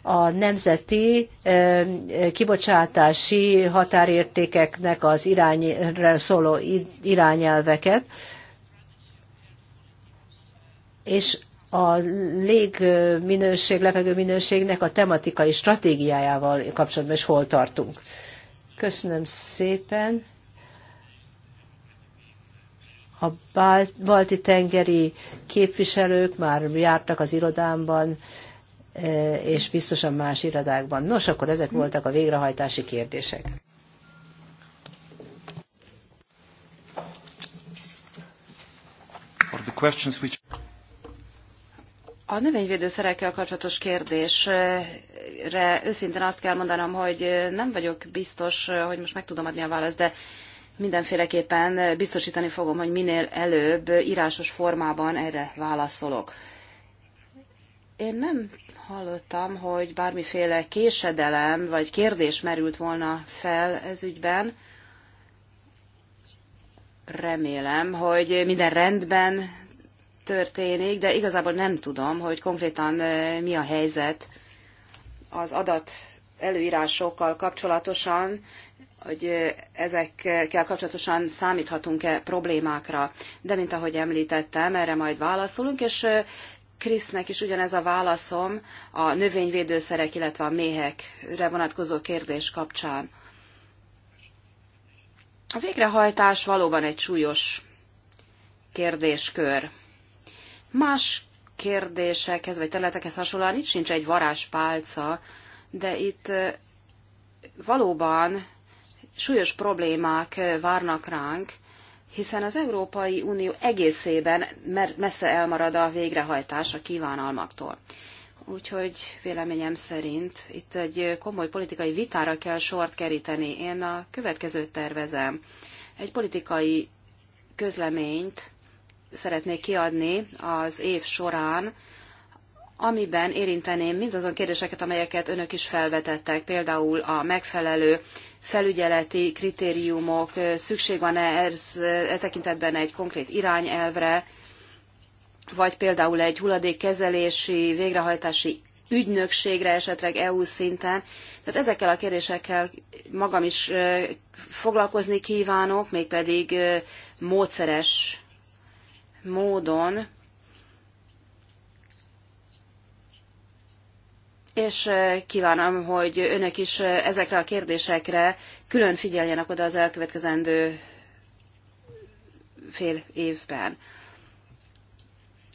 a nemzeti e, kibocsátási határértékeknek az irányra szóló irányelveket, és a légminőség, levegő minőségnek a tematikai stratégiájával kapcsolatban is hol tartunk. Köszönöm szépen. A balti tengeri képviselők már jártak az irodámban, e, és biztosan más irodákban. Nos, akkor ezek voltak a végrehajtási kérdések. A növényvédőszerekkel kapcsolatos kérdésre őszintén azt kell mondanom, hogy nem vagyok biztos, hogy most meg tudom adni a választ, de mindenféleképpen biztosítani fogom, hogy minél előbb írásos formában erre válaszolok. Én nem hallottam, hogy bármiféle késedelem vagy kérdés merült volna fel ez ügyben. Remélem, hogy minden rendben történik, de igazából nem tudom, hogy konkrétan eh, mi a helyzet az adat előírásokkal kapcsolatosan, hogy eh, ezekkel kapcsolatosan számíthatunk-e problémákra. De mint ahogy említettem, erre majd válaszolunk, és eh, Krisznek is ugyanez a válaszom a növényvédőszerek, illetve a méhekre vonatkozó kérdés kapcsán. A végrehajtás valóban egy súlyos kérdéskör. Más kérdésekhez vagy területekhez hasonlóan itt sincs egy varázspálca, de itt valóban súlyos problémák várnak ránk, hiszen az Európai Unió egészében messze elmarad a végrehajtás a kívánalmaktól. Úgyhogy véleményem szerint itt egy komoly politikai vitára kell sort keríteni. Én a következőt tervezem. Egy politikai közleményt szeretnék kiadni az év során, amiben érinteném mindazon kérdéseket, amelyeket önök is felvetettek, például a megfelelő felügyeleti kritériumok, szükség van-e ez e tekintetben egy konkrét irányelvre, vagy például egy hulladékkezelési, végrehajtási ügynökségre esetleg EU szinten. Tehát ezekkel a kérdésekkel magam is foglalkozni kívánok, mégpedig módszeres módon, és eh, kívánom, hogy önök is eh, ezekre a kérdésekre külön figyeljenek oda az elkövetkezendő fél évben.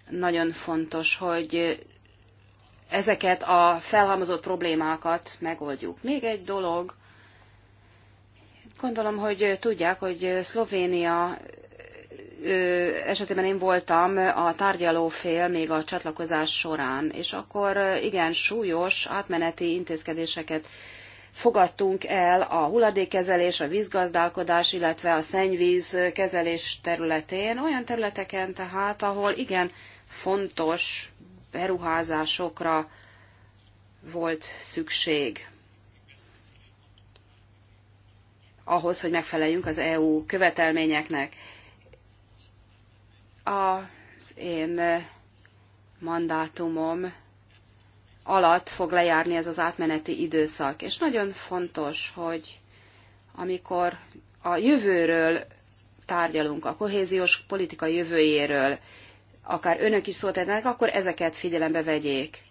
Nagyon fontos, hogy ezeket a felhalmozott problémákat megoldjuk. Még egy dolog, gondolom, hogy tudják, hogy Szlovénia esetében én voltam a tárgyalófél még a csatlakozás során, és akkor igen súlyos átmeneti intézkedéseket fogadtunk el a hulladékkezelés, a vízgazdálkodás, illetve a szennyvíz kezelés területén, olyan területeken tehát, ahol igen fontos beruházásokra volt szükség ahhoz, hogy megfeleljünk az EU követelményeknek. Az én eh, mandátumom alatt fog lejárni ez az átmeneti időszak. És nagyon fontos, hogy amikor a jövőről tárgyalunk, a kohéziós politika jövőjéről, akár önök is szót ennek, akkor ezeket figyelembe vegyék.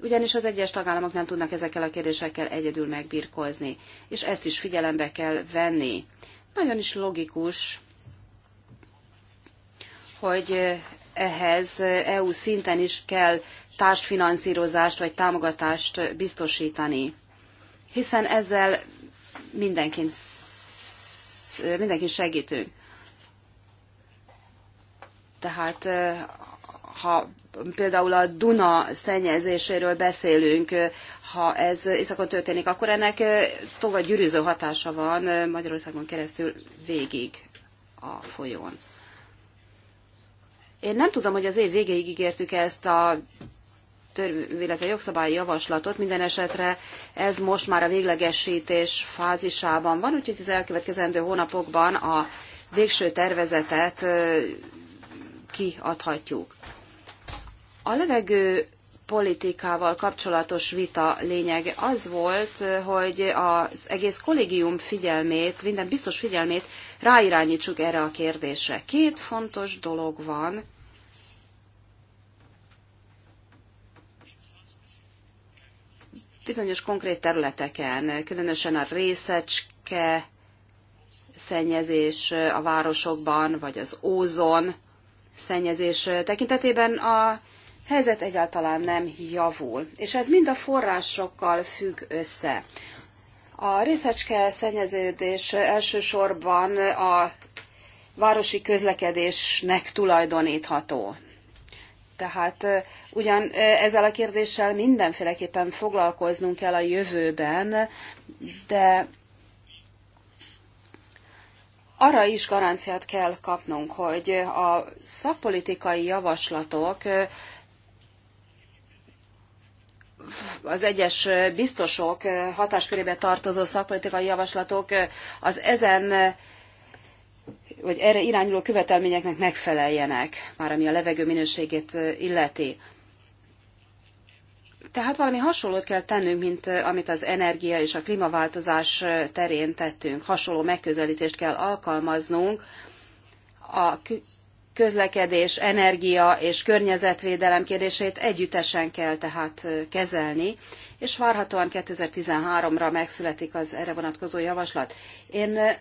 Ugyanis az egyes tagállamok nem tudnak ezekkel a kérdésekkel egyedül megbirkózni, és ezt is figyelembe kell venni. Nagyon is logikus, hogy ehhez EU szinten is kell társfinanszírozást vagy támogatást biztosítani, hiszen ezzel mindenkin, mindenkin segítünk. Tehát ha például a Duna szennyezéséről beszélünk, ha ez északon történik, akkor ennek tovább gyűrűző hatása van Magyarországon keresztül végig a folyón. Én nem tudom, hogy az év végéig ígértük -e ezt a törvény, illetve jogszabályi javaslatot, minden esetre ez most már a véglegesítés fázisában van, úgyhogy az elkövetkezendő hónapokban a végső tervezetet kiadhatjuk. A levegő politikával kapcsolatos vita lényege az volt, hogy az egész kollégium figyelmét, minden biztos figyelmét ráirányítsuk erre a kérdésre. Két fontos dolog van, bizonyos konkrét területeken, különösen a részecske szennyezés a városokban, vagy az ózon szennyezés tekintetében a helyzet egyáltalán nem javul. És ez mind a forrásokkal függ össze. A részecske szennyeződés elsősorban a városi közlekedésnek tulajdonítható. Tehát ugyan ezzel a kérdéssel mindenféleképpen foglalkoznunk kell a jövőben, de arra is garanciát kell kapnunk, hogy a szakpolitikai javaslatok az egyes biztosok hatáskörébe tartozó szakpolitikai javaslatok az ezen vagy erre irányuló követelményeknek megfeleljenek, már ami a levegő minőségét illeti. Tehát valami hasonlót kell tennünk, mint amit az energia és a klímaváltozás terén tettünk. Hasonló megközelítést kell alkalmaznunk. A közlekedés, energia és környezetvédelem kérdését együttesen kell tehát kezelni, és várhatóan 2013-ra megszületik az erre vonatkozó javaslat. Én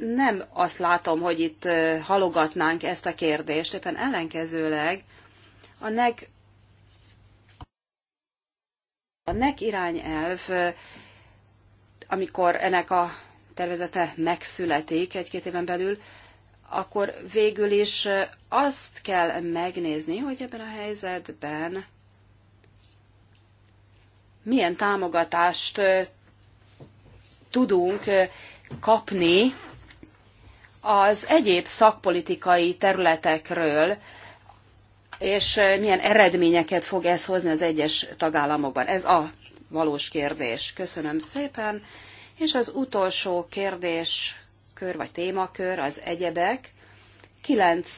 nem azt látom, hogy itt halogatnánk ezt a kérdést, éppen ellenkezőleg a nek a nek irányelv, amikor ennek a tervezete megszületik egy-két éven belül, akkor végül is azt kell megnézni, hogy ebben a helyzetben milyen támogatást tudunk kapni az egyéb szakpolitikai területekről, és milyen eredményeket fog ez hozni az egyes tagállamokban. Ez a valós kérdés. Köszönöm szépen. És az utolsó kérdéskör vagy témakör az egyebek. Kilenc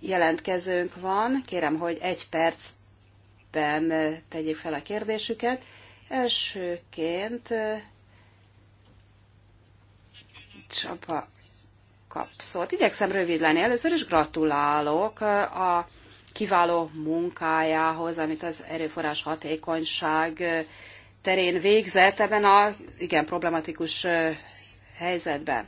jelentkezőnk van. Kérem, hogy egy percben tegyék fel a kérdésüket. Elsőként eh, csapa kap szót. Igyekszem rövid lenni. Először is gratulálok a kiváló munkájához, amit az erőforrás hatékonyság terén végzett ebben a igen problematikus helyzetben.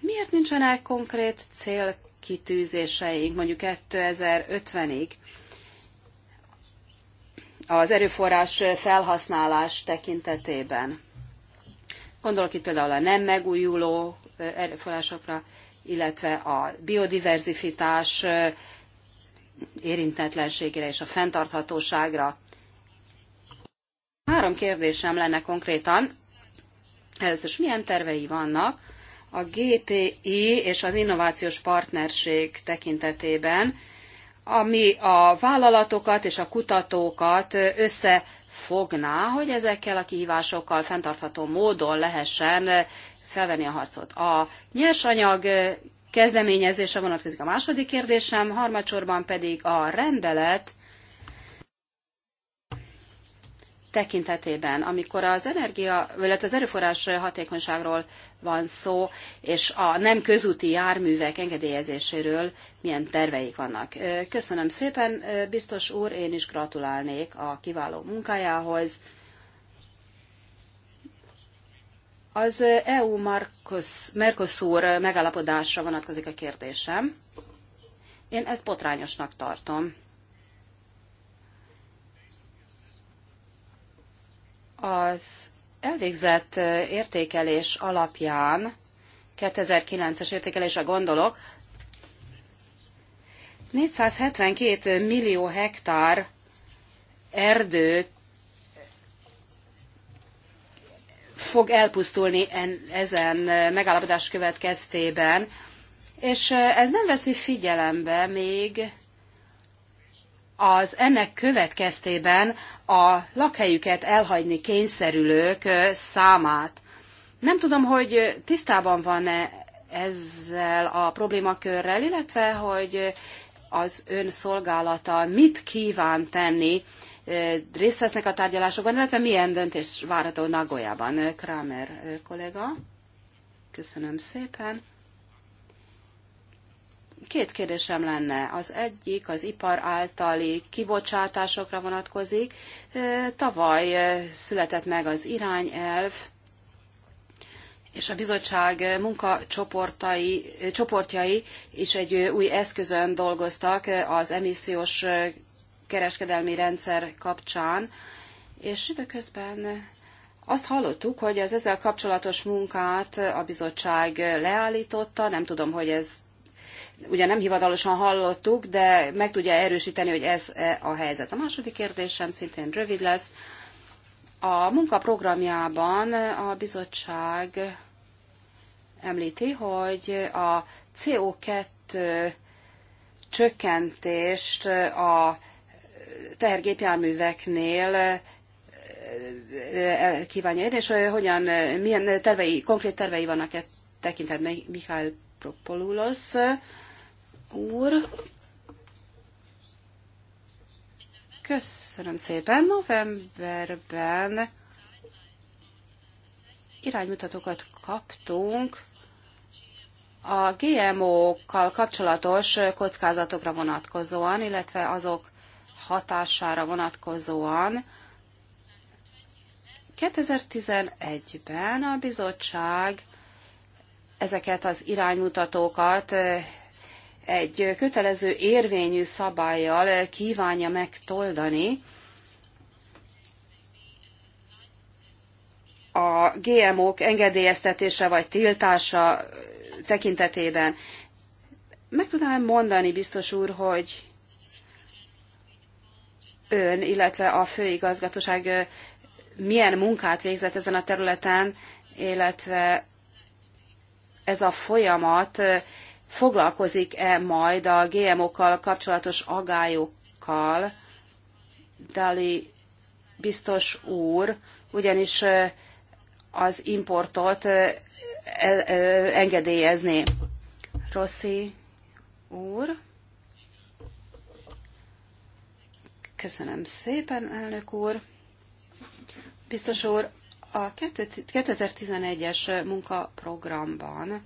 Miért nincsenek konkrét célkitűzéseink mondjuk 2050-ig az erőforrás felhasználás tekintetében? Gondolok itt például a nem megújuló erőforrásokra, illetve a biodiverzifitás érintetlenségére és a fenntarthatóságra. Három kérdésem lenne konkrétan. Először is milyen tervei vannak a GPI és az innovációs partnerség tekintetében, ami a vállalatokat és a kutatókat össze fogná, hogy ezekkel a kihívásokkal fenntartható módon lehessen eh, felvenni a harcot. A nyersanyag eh, kezdeményezése vonatkozik a második kérdésem, harmadsorban pedig a rendelet tekintetében, amikor az energia, illetve az erőforrás hatékonyságról van szó, és a nem közúti járművek engedélyezéséről milyen terveik vannak. Köszönöm szépen, biztos úr, én is gratulálnék a kiváló munkájához. Az EU-Mercosur megállapodásra vonatkozik a kérdésem. Én ezt botrányosnak tartom. Az elvégzett értékelés alapján, 2009-es értékelésre gondolok, 472 millió hektár erdőt fog elpusztulni ezen megállapodás következtében, és ez nem veszi figyelembe még az ennek következtében a lakhelyüket elhagyni kényszerülők számát. Nem tudom, hogy tisztában van-e ezzel a problémakörrel, illetve hogy az ön szolgálata mit kíván tenni, részt vesznek a tárgyalásokban, illetve milyen döntés várható Nagoyában. Kramer kollega, köszönöm szépen. Két kérdésem lenne. Az egyik az ipar általi kibocsátásokra vonatkozik. Tavaly született meg az irányelv, és a bizottság munkacsoportai, csoportjai is egy új eszközön dolgoztak az emissziós kereskedelmi rendszer kapcsán, és időközben azt hallottuk, hogy az ezzel kapcsolatos munkát a bizottság leállította, nem tudom, hogy ez ugye nem hivatalosan hallottuk, de meg tudja erősíteni, hogy ez -e a helyzet. A második kérdésem szintén rövid lesz. A munkaprogramjában a bizottság említi, hogy a CO2 csökkentést a tehergépjárműveknél e, e, kívánja érni, és hogyan, milyen tervei, konkrét tervei vannak e tekintetben Mihály Propolulos úr. Köszönöm szépen. Novemberben iránymutatókat kaptunk a GMO-kkal kapcsolatos kockázatokra vonatkozóan, illetve azok hatására vonatkozóan. 2011-ben a bizottság ezeket az iránymutatókat egy kötelező érvényű szabályjal kívánja megtoldani a GMO-k engedélyeztetése vagy tiltása tekintetében. Meg tudnám mondani, biztos úr, hogy ön, illetve a főigazgatóság milyen munkát végzett ezen a területen, illetve ez a folyamat foglalkozik-e majd a GMO-kkal kapcsolatos agályokkal, Dali biztos úr, ugyanis az importot engedélyezni. Rossi úr. Köszönöm szépen, elnök úr. Biztos úr, a 2011-es munkaprogramban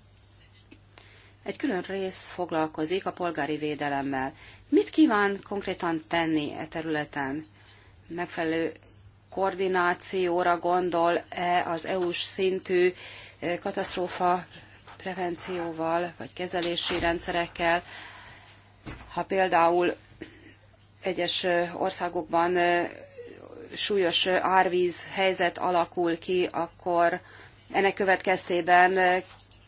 egy külön rész foglalkozik a polgári védelemmel. Mit kíván konkrétan tenni e területen? Megfelelő koordinációra gondol-e az EU-s szintű eh, katasztrófa prevencióval vagy kezelési rendszerekkel? Ha például egyes eh, országokban eh, súlyos árvíz helyzet alakul ki, akkor ennek következtében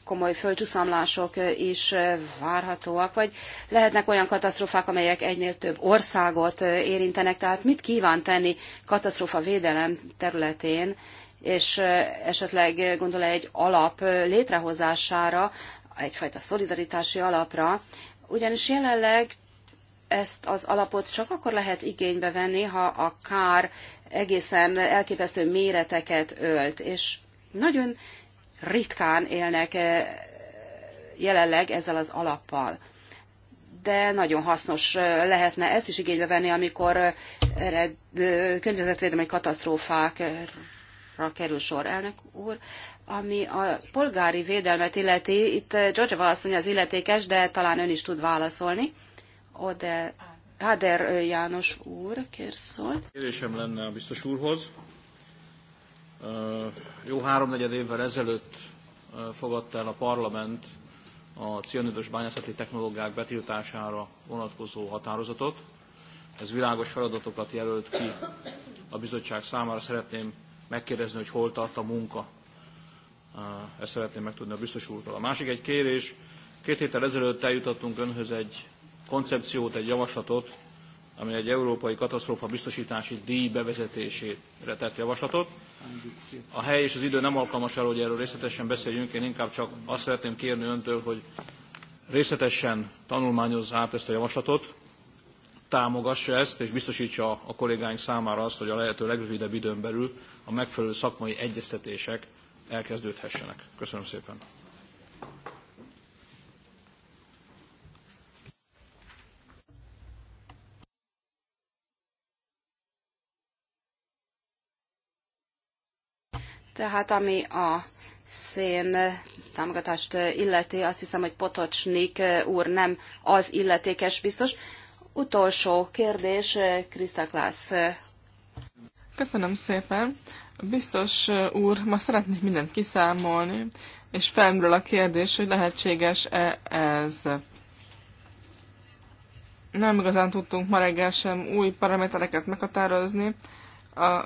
komoly földcsúszamlások is várhatóak, vagy lehetnek olyan katasztrófák, amelyek egynél több országot érintenek, tehát mit kíván tenni katasztrófa védelem területén, és esetleg gondol -e egy alap létrehozására, egyfajta szolidaritási alapra, ugyanis jelenleg ezt az alapot csak akkor lehet igénybe venni, ha a kár egészen elképesztő méreteket ölt, és nagyon ritkán élnek eh, jelenleg ezzel az alappal. De nagyon hasznos eh, lehetne ezt is igénybe venni, amikor eh, ered, környezetvédelmi katasztrófákra kerül sor. Elnök úr, ami a polgári védelmet illeti, itt Georgia asszony az illetékes, de talán ön is tud válaszolni. Ode, Hader János úr, kér szól. Kérésem lenne a biztos úrhoz jó háromnegyed évvel ezelőtt fogadta el a parlament a cianidos bányászati technológiák betiltására vonatkozó határozatot. Ez világos feladatokat jelölt ki a bizottság számára. Szeretném megkérdezni, hogy hol tart a munka. Ezt szeretném megtudni a biztos úrtól. A másik egy kérés. Két héttel ezelőtt eljutottunk önhöz egy koncepciót, egy javaslatot ami egy európai katasztrófa biztosítási díj bevezetésére tett javaslatot. A hely és az idő nem alkalmas arra, hogy erről részletesen beszéljünk, én inkább csak azt szeretném kérni öntől, hogy részletesen tanulmányozza át ezt a javaslatot, támogassa ezt, és biztosítsa a kollégáink számára azt, hogy a lehető legrövidebb időn belül a megfelelő szakmai egyeztetések elkezdődhessenek. Köszönöm szépen. Tehát ami a szén támogatást illeti, azt hiszem, hogy Potocsnik úr nem az illetékes biztos. Utolsó kérdés, Krista Klász. Köszönöm szépen. Biztos úr, ma szeretnék mindent kiszámolni, és felmerül a kérdés, hogy lehetséges-e ez. Nem igazán tudtunk ma reggel sem új paramétereket meghatározni. A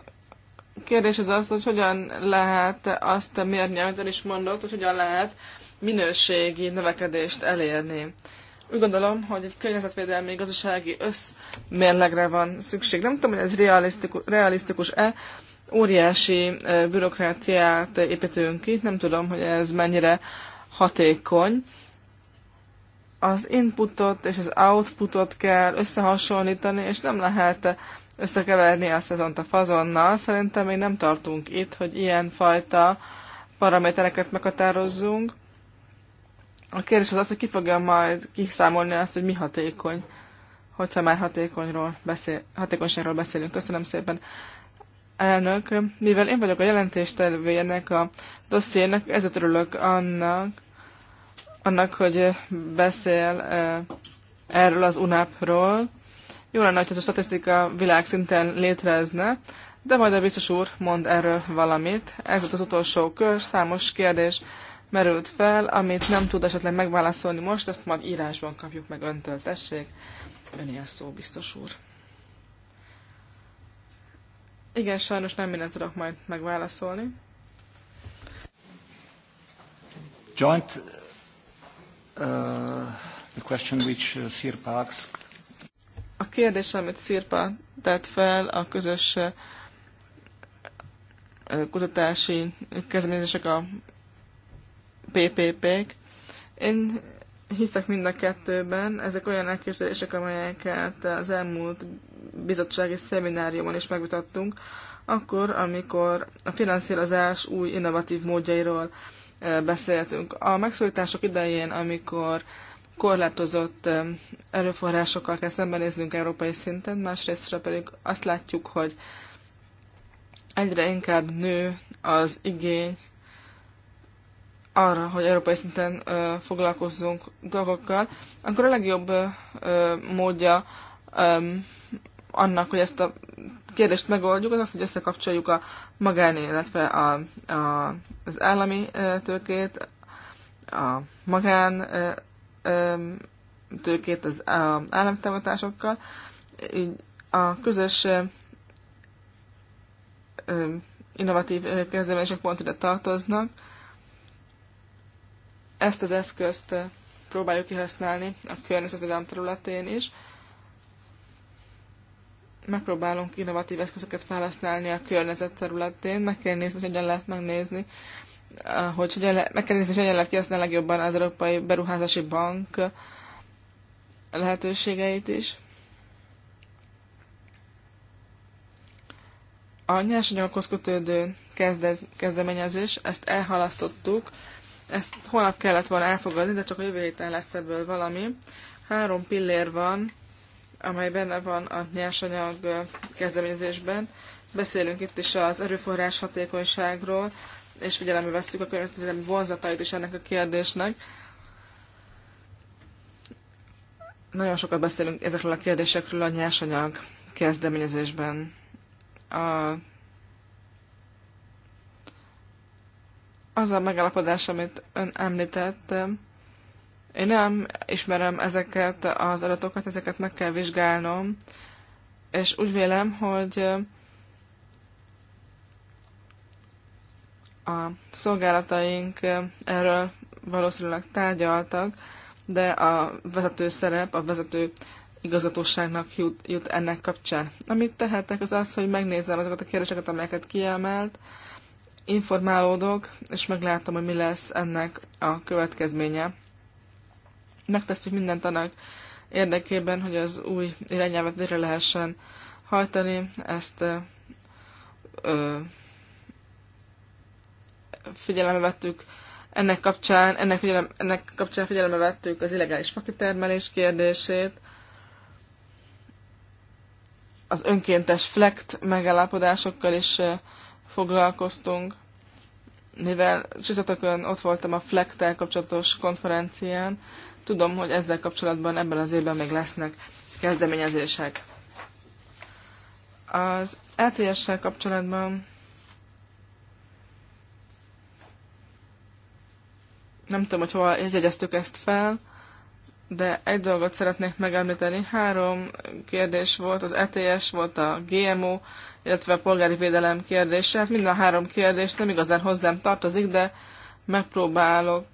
kérdés az az, hogy hogyan lehet azt mérni, amit ön is mondott, hogy hogyan lehet minőségi növekedést elérni. Úgy gondolom, hogy egy környezetvédelmi gazdasági összmérlegre van szükség. Nem tudom, hogy ez realisztikus-e, óriási bürokráciát építünk ki, nem tudom, hogy ez mennyire hatékony. Az inputot és az outputot kell összehasonlítani, és nem lehet összekeverni a szezont a fazonnal. Szerintem még nem tartunk itt, hogy ilyen fajta paramétereket meghatározzunk. A kérdés az az, hogy ki fogja majd kiszámolni azt, hogy mi hatékony, hogyha már hatékonyról beszél, hatékonyságról beszélünk. Köszönöm szépen elnök, mivel én vagyok a jelentéstevője a dossziének, ezért örülök annak, annak, hogy beszél eh, erről az UNAP-ról. Jó lenne, hogy ez a statisztika világszinten létrezne, de majd a biztos úr mond erről valamit. Ez volt az utolsó kör, számos kérdés merült fel, amit nem tud esetleg megválaszolni most, ezt majd írásban kapjuk meg öntől, tessék. Öné a szó, biztos úr. Igen, sajnos nem mindent tudok majd megválaszolni. Joint uh, the question which uh, Sir asked a kérdés, amit Szirpa tett fel a közös kutatási kezdeményezések a PPP-k. Én hiszek mind a kettőben. Ezek olyan elképzelések, amelyeket az elmúlt bizottsági szemináriumon is megvitattunk, akkor, amikor a finanszírozás új innovatív módjairól beszéltünk. A megszólítások idején, amikor korlátozott erőforrásokkal kell szembenéznünk európai szinten, másrészt pedig azt látjuk, hogy egyre inkább nő az igény arra, hogy európai szinten ö, foglalkozzunk dolgokkal, akkor a legjobb ö, módja ö, annak, hogy ezt a kérdést megoldjuk, az az, hogy összekapcsoljuk a magán, illetve a, a, az állami tőkét, a magán tőkét az államtámogatásokkal. A közös innovatív kezdeményezések pont ide tartoznak. Ezt az eszközt próbáljuk kihasználni a környezetvédelem területén is. Megpróbálunk innovatív eszközöket felhasználni a környezet területén, meg kell nézni, hogy hogyan lehet megnézni hogy hogyan le, meg kell nézni, hogy hogyan lehet kihasználni legjobban az Európai Beruházási Bank lehetőségeit is. A nyersanyagokhoz kötődő kezdez, kezdeményezés, ezt elhalasztottuk, ezt holnap kellett volna elfogadni, de csak a jövő héten lesz ebből valami. Három pillér van, amely benne van a nyersanyag kezdeményezésben. Beszélünk itt is az erőforrás hatékonyságról, és figyelembe vesztük a környezetvédelmi vonzatait is ennek a kérdésnek. Nagyon sokat beszélünk ezekről a kérdésekről a nyersanyag kezdeményezésben. A az a megállapodás, amit ön említett, én nem ismerem ezeket az adatokat, ezeket meg kell vizsgálnom, és úgy vélem, hogy A szolgálataink erről valószínűleg tárgyaltak, de a vezető szerep, a vezető igazgatóságnak jut, jut ennek kapcsán. Amit tehetek, az az, hogy megnézem azokat a kérdéseket, amelyeket kiemelt, informálódok, és meglátom, hogy mi lesz ennek a következménye. Megtesszük mindent annak érdekében, hogy az új irányelvet végre lehessen hajtani, ezt ö, ö, figyelembe vettük ennek kapcsán, ennek, figyelem, ennek kapcsán figyelembe vettük az illegális fakitermelés kérdését, az önkéntes flekt megállapodásokkal is foglalkoztunk, mivel Csütörtökön ott voltam a flektel kapcsolatos konferencián, tudom, hogy ezzel kapcsolatban ebben az évben még lesznek kezdeményezések. Az ETS-sel kapcsolatban nem tudom, hogy hol jegyeztük ezt fel, de egy dolgot szeretnék megemlíteni. Három kérdés volt, az ETS volt a GMO, illetve a polgári védelem kérdése. Hát mind a három kérdés nem igazán hozzám tartozik, de megpróbálok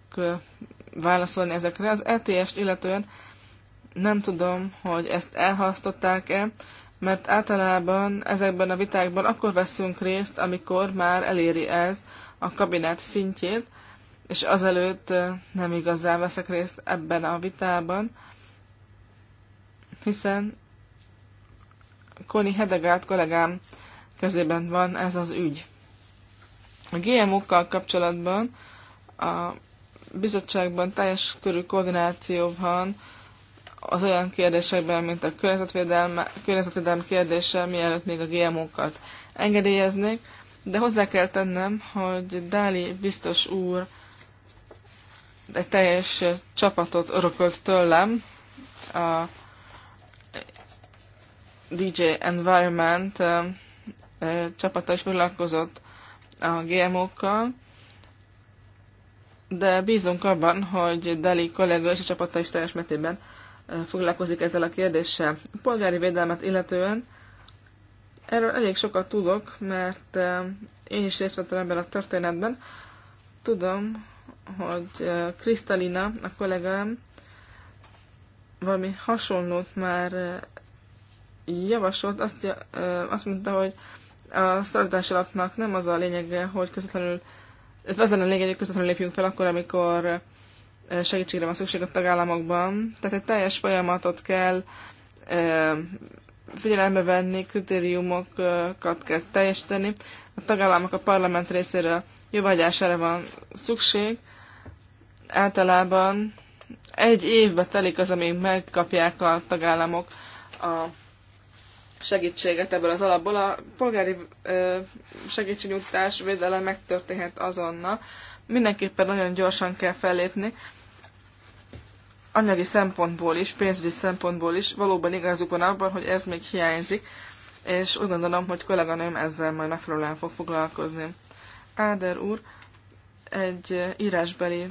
válaszolni ezekre. Az ETS-t illetően nem tudom, hogy ezt elhasztották-e, mert általában ezekben a vitákban akkor veszünk részt, amikor már eléri ez a kabinet szintjét, és azelőtt nem igazán veszek részt ebben a vitában, hiszen Koni Hedegárt kollégám kezében van ez az ügy. A GMO-kkal kapcsolatban a bizottságban teljes körű koordináció van az olyan kérdésekben, mint a környezetvédelmi kérdése, mielőtt még a GMO-kat engedélyeznék, de hozzá kell tennem, hogy Dáli biztos úr egy teljes csapatot örökölt tőlem, a DJ Environment csapata is foglalkozott a GMO-kkal, de bízunk abban, hogy Deli kollega és a csapata is teljes mértékben foglalkozik ezzel a kérdéssel. A polgári védelmet illetően erről elég sokat tudok, mert én is részt vettem ebben a történetben. Tudom, hogy Kristalina, a kollégám, valami hasonlót már javasolt, azt, azt mondta, hogy a szolidaritás alapnak nem az a lényege, hogy közvetlenül, ez az a lényeg, hogy közvetlenül lépjünk fel akkor, amikor segítségre van szükség a tagállamokban. Tehát egy teljes folyamatot kell figyelembe venni, kritériumokat kell teljesíteni. A tagállamok a parlament részéről jóvágyására van szükség, általában egy évbe telik az, amíg megkapják a tagállamok a segítséget ebből az alapból. A polgári segítségnyújtás védelem megtörténhet azonnal. Mindenképpen nagyon gyorsan kell fellépni. Anyagi szempontból is, pénzügyi szempontból is valóban igazuk van abban, hogy ez még hiányzik, és úgy gondolom, hogy kolléganőm ezzel majd megfelelően fog foglalkozni. Áder úr egy írásbeli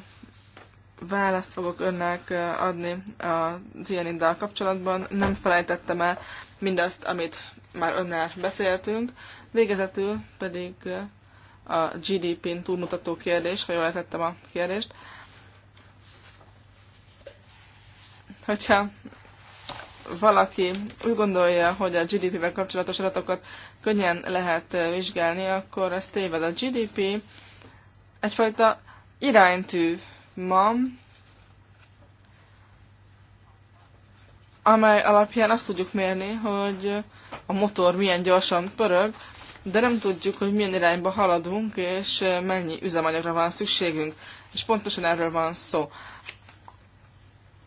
választ fogok önnek adni a ilyen kapcsolatban. Nem felejtettem el mindazt, amit már önnel beszéltünk. Végezetül pedig a GDP-n túlmutató kérdés, ha jól letettem a kérdést. Hogyha valaki úgy gondolja, hogy a GDP-vel kapcsolatos adatokat könnyen lehet vizsgálni, akkor ez téved. A GDP egyfajta iránytű mam, amely alapján azt tudjuk mérni, hogy a motor milyen gyorsan pörög, de nem tudjuk, hogy milyen irányba haladunk, és mennyi üzemanyagra van szükségünk. És pontosan erről van szó.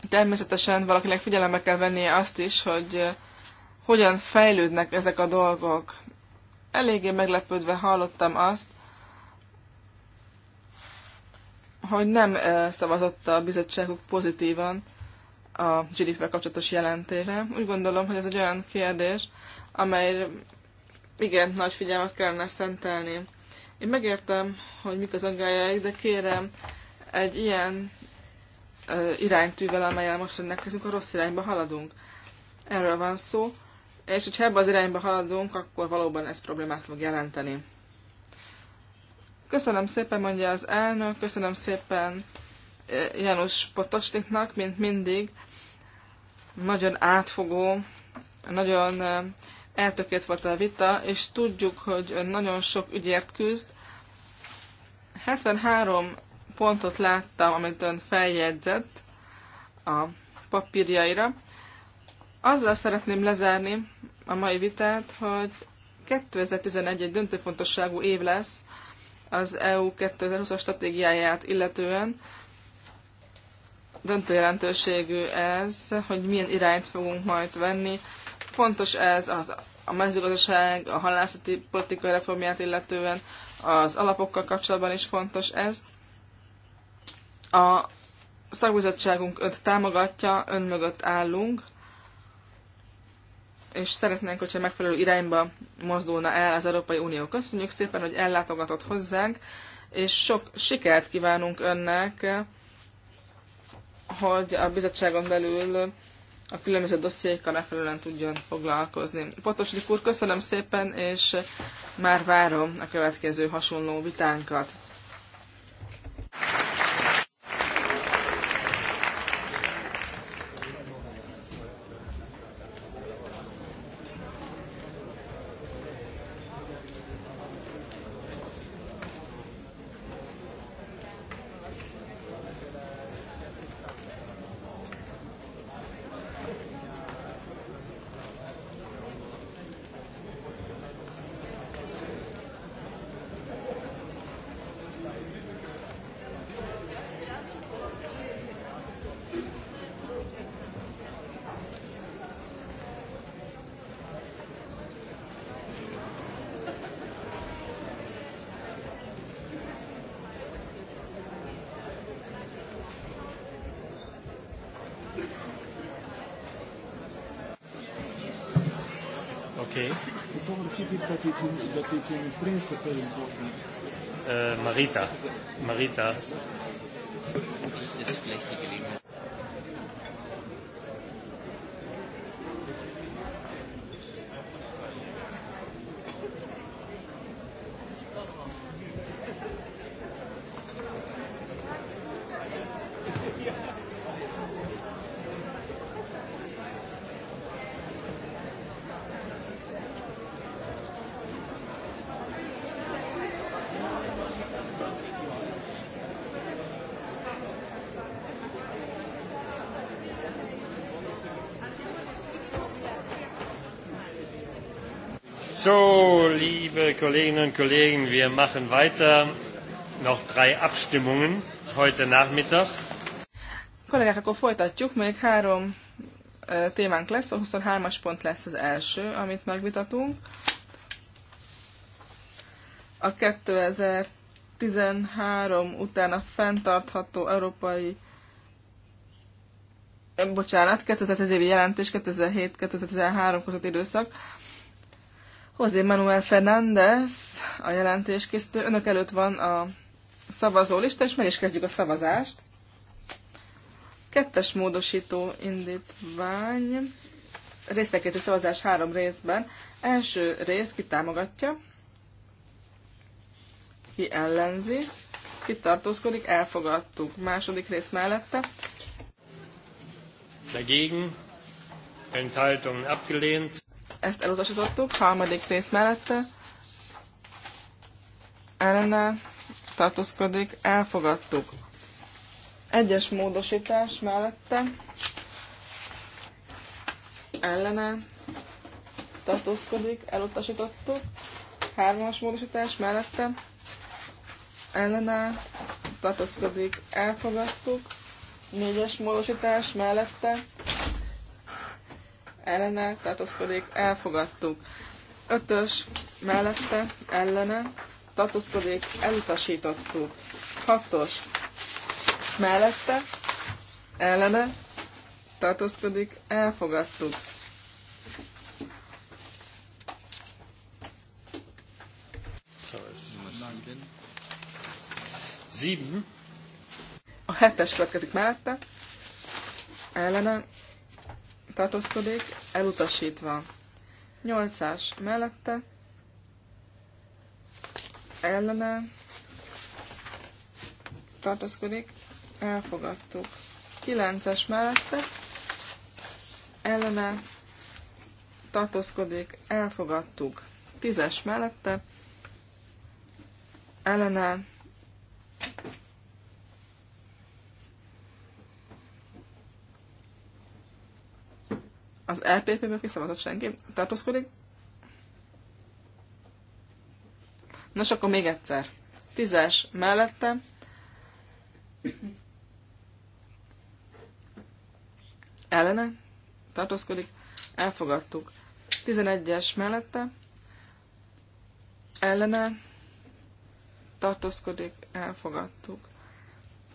Természetesen valakinek figyelembe kell vennie azt is, hogy hogyan fejlődnek ezek a dolgok. Eléggé meglepődve hallottam azt, hogy nem szavazott a bizottságuk pozitívan a gdp kapcsolatos jelentére. Úgy gondolom, hogy ez egy olyan kérdés, amely igen, nagy figyelmet kellene szentelni. Én megértem, hogy mik az aggájaik, de kérem, egy ilyen iránytűvel, amelyel most rendelkezünk, a rossz irányba haladunk. Erről van szó. És hogyha ebbe az irányba haladunk, akkor valóban ez problémát fog jelenteni. Köszönöm szépen, mondja az elnök, köszönöm szépen eh, János Potosniknak, mint mindig. Nagyon átfogó, nagyon eh, eltökélt volt a vita, és tudjuk, hogy nagyon sok ügyért küzd. 73 pontot láttam, amit ön feljegyzett a papírjaira. Azzal szeretném lezárni a mai vitát, hogy 2011 egy döntőfontosságú év lesz az EU 2020-as stratégiáját illetően. Döntő jelentőségű ez, hogy milyen irányt fogunk majd venni. Fontos ez az a mezőgazdaság, a halászati politika reformját illetően, az alapokkal kapcsolatban is fontos ez. A szakbizottságunk önt támogatja, ön mögött állunk, és szeretnénk, hogyha megfelelő irányba mozdulna el az Európai Unió. Köszönjük szépen, hogy ellátogatott hozzánk, és sok sikert kívánunk önnek, hogy a bizottságon belül a különböző dossziékkal megfelelően tudjon foglalkozni. Potosdik úr, köszönöm szépen, és már várom a következő hasonló vitánkat. Eh, Marita. Marita. So, liebe Kolleginnen und Kollegen, wir machen weiter. Noch drei Abstimmungen heute Nachmittag. Kollégák, akkor folytatjuk, még három témánk lesz, a 23-as pont lesz az első, amit megvitatunk. A 2013 után a fenntartható európai bocsánat, 2010 évi jelentés, 2007-2013 között időszak José Manuel Fernández, a jelentéskészítő. Önök előtt van a szavazólista, és meg is kezdjük a szavazást. Kettes módosító indítvány. Részlekéti szavazás három részben. Első rész ki támogatja, ki ellenzi, ki tartózkodik, elfogadtuk. Második rész mellette. Dagegen, Enthaltungen abgelehnt ezt elutasítottuk, harmadik rész mellette ellene tartózkodik, elfogadtuk. Egyes módosítás mellette ellene tartózkodik, elutasítottuk. Hármas módosítás mellette ellene tartózkodik, elfogadtuk. Négyes módosítás mellette ellene tartózkodik, elfogadtuk. Ötös mellette ellene tartózkodik, elutasítottuk. Hatos mellette ellene tartózkodik, elfogadtuk. Sieben. A hetes következik mellette. Ellene tartózkodik, elutasítva. 8-as mellette, ellene, tartózkodik, elfogadtuk. 9-es mellette, ellene, tartózkodik, elfogadtuk. 10-es mellette, ellene, Az LPP-ből e kiszavazott senki. Tartózkodik? Nos, akkor még egyszer. Tízes mellette. Ellene. Tartózkodik. Elfogadtuk. Tizenegyes mellette. Ellene. Tartózkodik. Elfogadtuk.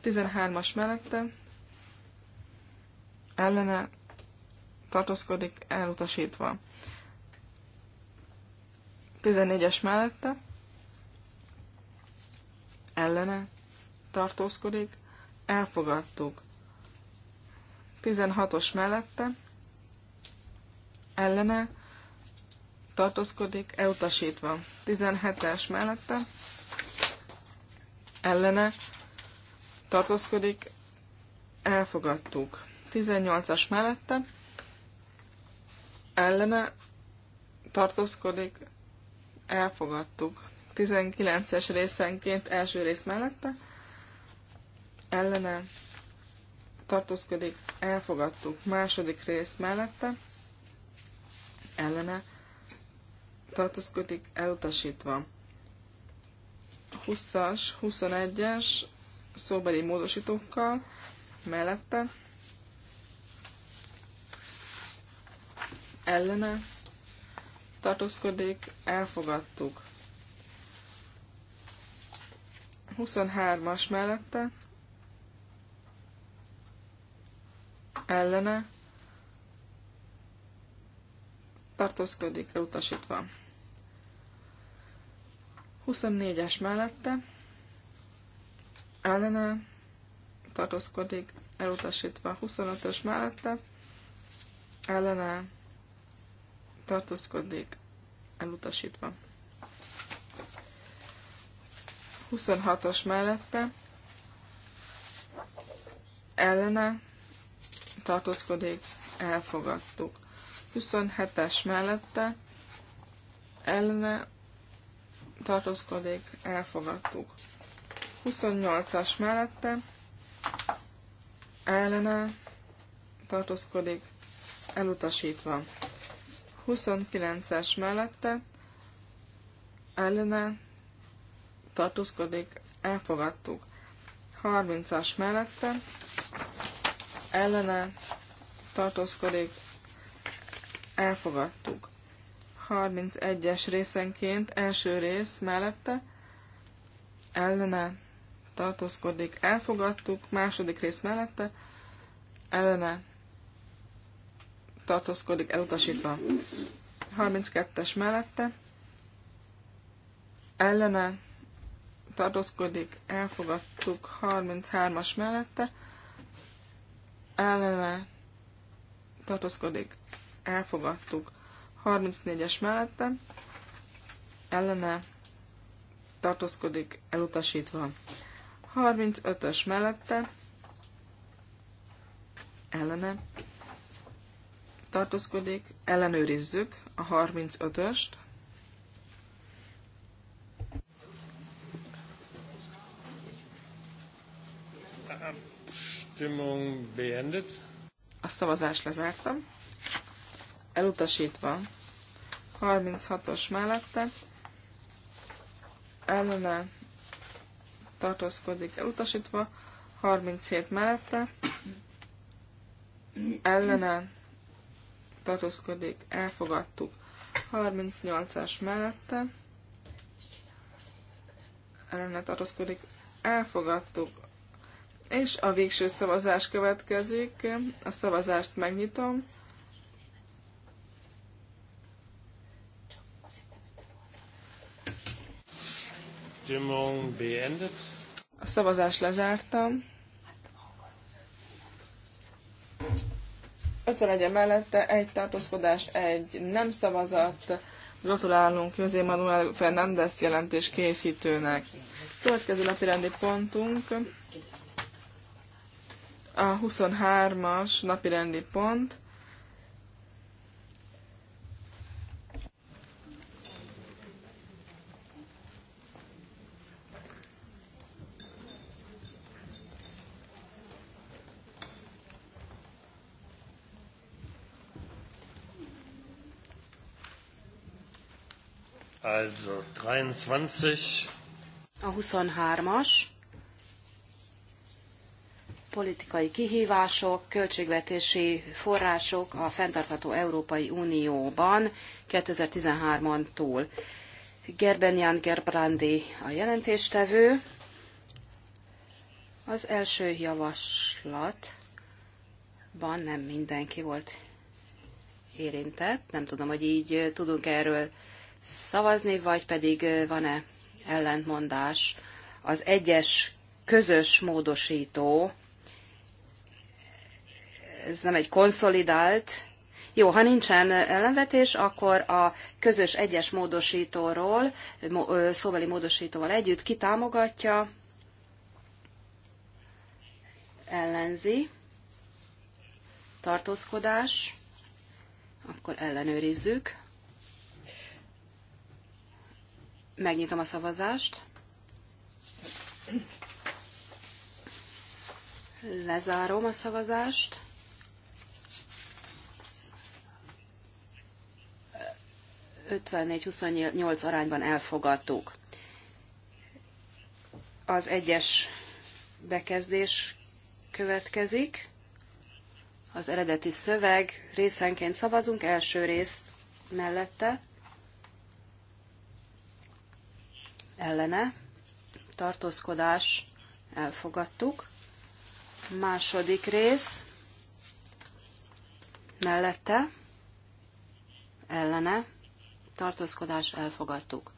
Tizenhármas mellette. Ellene tartózkodik, elutasítva. 14-es mellette ellene tartózkodik, elfogadtuk. 16-os mellette ellene tartózkodik, elutasítva. 17-es mellette ellene tartózkodik, elfogadtuk. 18-as mellette ellene tartózkodik, elfogadtuk. 19-es részenként első rész mellette, ellene tartózkodik, elfogadtuk. Második rész mellette, ellene tartózkodik, elutasítva. 20-as, 21-es szóbeli módosítókkal mellette, ellene tartózkodik, elfogadtuk. 23-as mellette ellene tartózkodik elutasítva. 24-es mellette ellene tartózkodik elutasítva. 25-ös mellette ellene tartózkodnék elutasítva. 26-os mellette ellene tartózkodik, elfogadtuk. 27-es mellette ellene tartózkodik, elfogadtuk. 28-as mellette ellene tartózkodik, elutasítva. 29-es mellette ellene tartózkodik, elfogadtuk. 30-as mellette ellene tartózkodik, elfogadtuk. 31-es részenként első rész mellette ellene tartózkodik, elfogadtuk, második rész mellette ellene tartózkodik elutasítva. 32-es mellette ellene tartózkodik, elfogadtuk 33-as mellette, ellene tartózkodik, elfogadtuk 34-es mellette, ellene tartózkodik, elutasítva 35-ös mellette, ellene tartózkodik, ellenőrizzük a 35-öst. A szavazás lezártam. Elutasítva. 36-os mellette. Ellene tartózkodik elutasítva. 37 mellette. Ellene tartózkodik, elfogadtuk. 38-as mellette, ellene tartózkodik, elfogadtuk. És a végső szavazás következik. A szavazást megnyitom. A szavazást lezártam legyen mellette egy tartózkodás, egy nem szavazat. Gratulálunk José Manuel Fernández jelentés készítőnek. Következő napi rendi pontunk a 23-as napi rendi pont. Also 23. A 23-as politikai kihívások, költségvetési források a fenntartható Európai Unióban 2013-on túl. Jan Gerbrandi a jelentéstevő. Az első javaslatban nem mindenki volt érintett. Nem tudom, hogy így tudunk erről szavazni, vagy pedig van-e ellentmondás. Az egyes közös módosító, ez nem egy konszolidált, jó, ha nincsen ellenvetés, akkor a közös egyes módosítóról, szóbeli módosítóval együtt kitámogatja, ellenzi, tartózkodás, akkor ellenőrizzük. Megnyitom a szavazást. Lezárom a szavazást. nyolc arányban elfogadtuk. Az egyes bekezdés következik. Az eredeti szöveg részenként szavazunk, első rész mellette ellene tartózkodás elfogadtuk. Második rész mellette ellene tartózkodás elfogadtuk.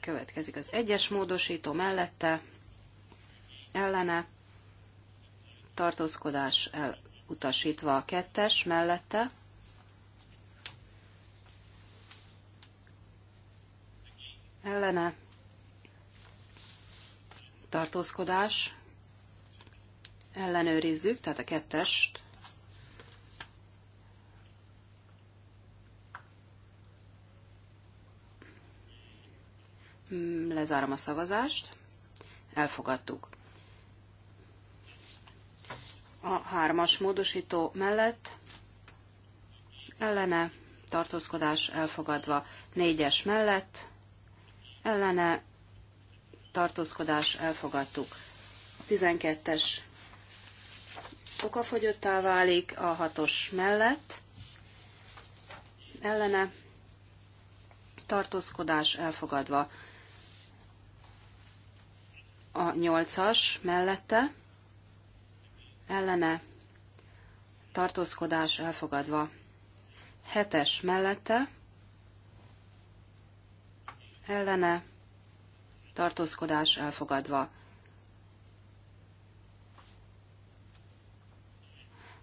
Következik az egyes módosító mellette ellene tartózkodás elutasítva a kettes mellette ellene tartózkodás, ellenőrizzük, tehát a kettest. Mm, lezárom a szavazást, elfogadtuk. A hármas módosító mellett ellene tartózkodás elfogadva, négyes mellett ellene tartózkodás elfogadtuk. A 12-es okafogyottá válik a 6-os mellett, ellene tartózkodás elfogadva. A 8-as mellette, ellene tartózkodás elfogadva. 7-es mellette, ellene, tartózkodás elfogadva.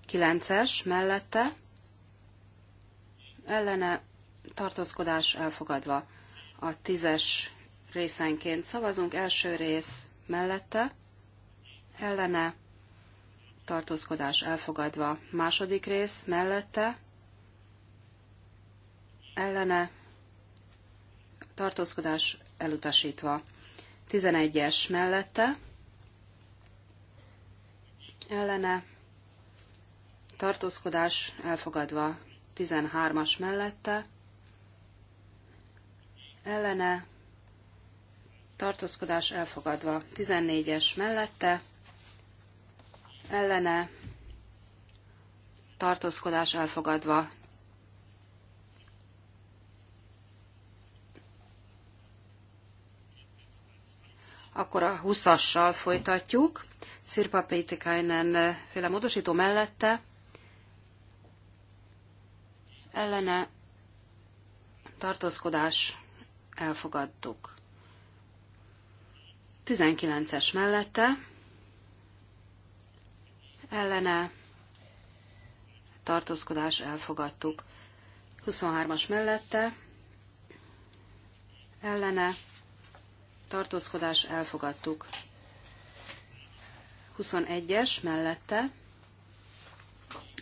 9-es mellette, ellene, tartózkodás elfogadva. A 10-es részenként szavazunk, első rész mellette, ellene, tartózkodás elfogadva. Második rész mellette, ellene, tartózkodás elutasítva. 11-es mellette, ellene, tartózkodás elfogadva. 13-as mellette, ellene, tartózkodás elfogadva. 14-es mellette, ellene, tartózkodás elfogadva. akkor a 20-assal folytatjuk. Szirpa Pétikájnen féle módosító mellette ellene tartózkodás elfogadtuk. 19-es mellette ellene tartózkodás elfogadtuk. 23-as mellette ellene tartózkodás elfogadtuk. 21-es mellette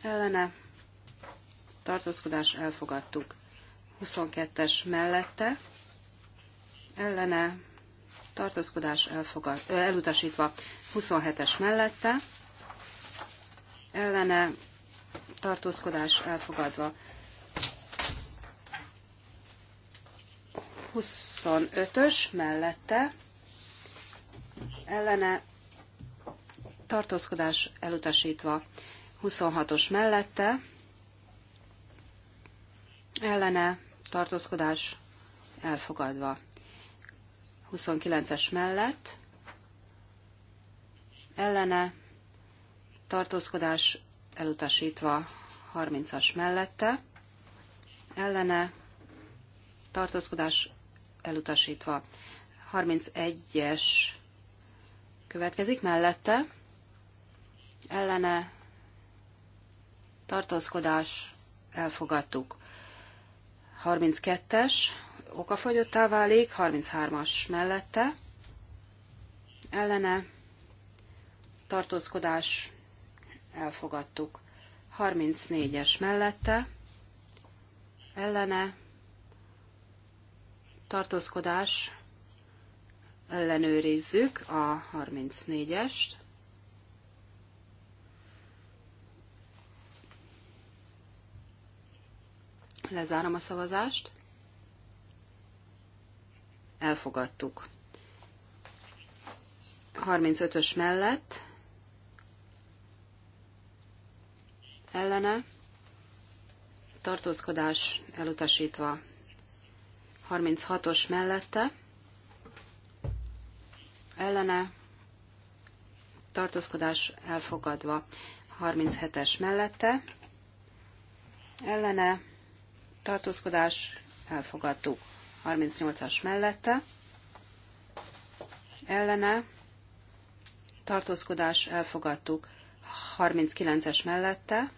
ellene tartózkodás elfogadtuk. 22-es mellette ellene tartózkodás elfogad, elutasítva. 27-es mellette ellene tartózkodás elfogadva. 25-ös mellette ellene tartózkodás elutasítva. 26-os mellette ellene tartózkodás elfogadva. 29-es mellett ellene tartózkodás elutasítva 30-as mellette ellene tartózkodás elutasítva. 31-es következik mellette, ellene tartózkodás elfogadtuk. 32-es okafogyottá válik, 33-as mellette, ellene tartózkodás elfogadtuk. 34-es mellette, ellene tartózkodás, ellenőrizzük a 34-est. Lezárom a szavazást. Elfogadtuk. 35-ös mellett ellene tartózkodás elutasítva 36-os mellette, ellene, tartózkodás elfogadva. 37-es mellette, ellene, tartózkodás elfogadtuk. 38-as mellette, ellene, tartózkodás elfogadtuk. 39-es mellette,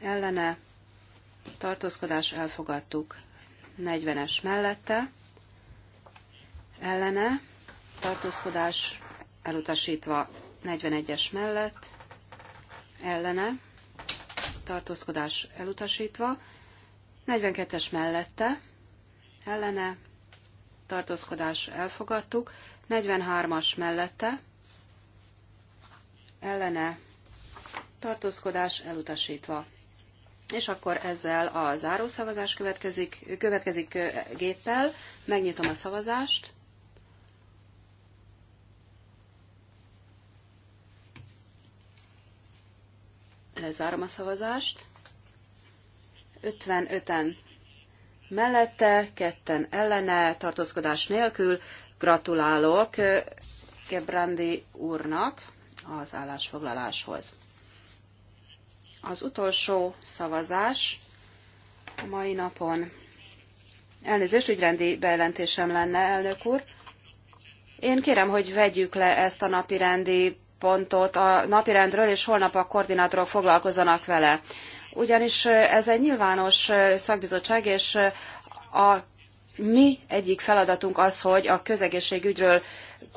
ellene, tartózkodás elfogadtuk. 40-es mellette, ellene, tartózkodás elutasítva 41-es mellett, ellene, tartózkodás elutasítva, 42-es mellette, ellene, tartózkodás elfogadtuk, 43-as mellette, ellene, tartózkodás elutasítva. És akkor ezzel a záró szavazás következik, következik géppel. Megnyitom a szavazást. Lezárom a szavazást. 55-en mellette, ketten ellene, tartózkodás nélkül. Gratulálok Gebrandi úrnak az állásfoglaláshoz az utolsó szavazás a mai napon. Elnézést, ügyrendi bejelentésem lenne, elnök úr. Én kérem, hogy vegyük le ezt a napirendi pontot a napirendről, és holnap a koordinátorok foglalkozzanak vele. Ugyanis ez egy nyilvános szakbizottság, és a mi egyik feladatunk az, hogy a közegészségügyről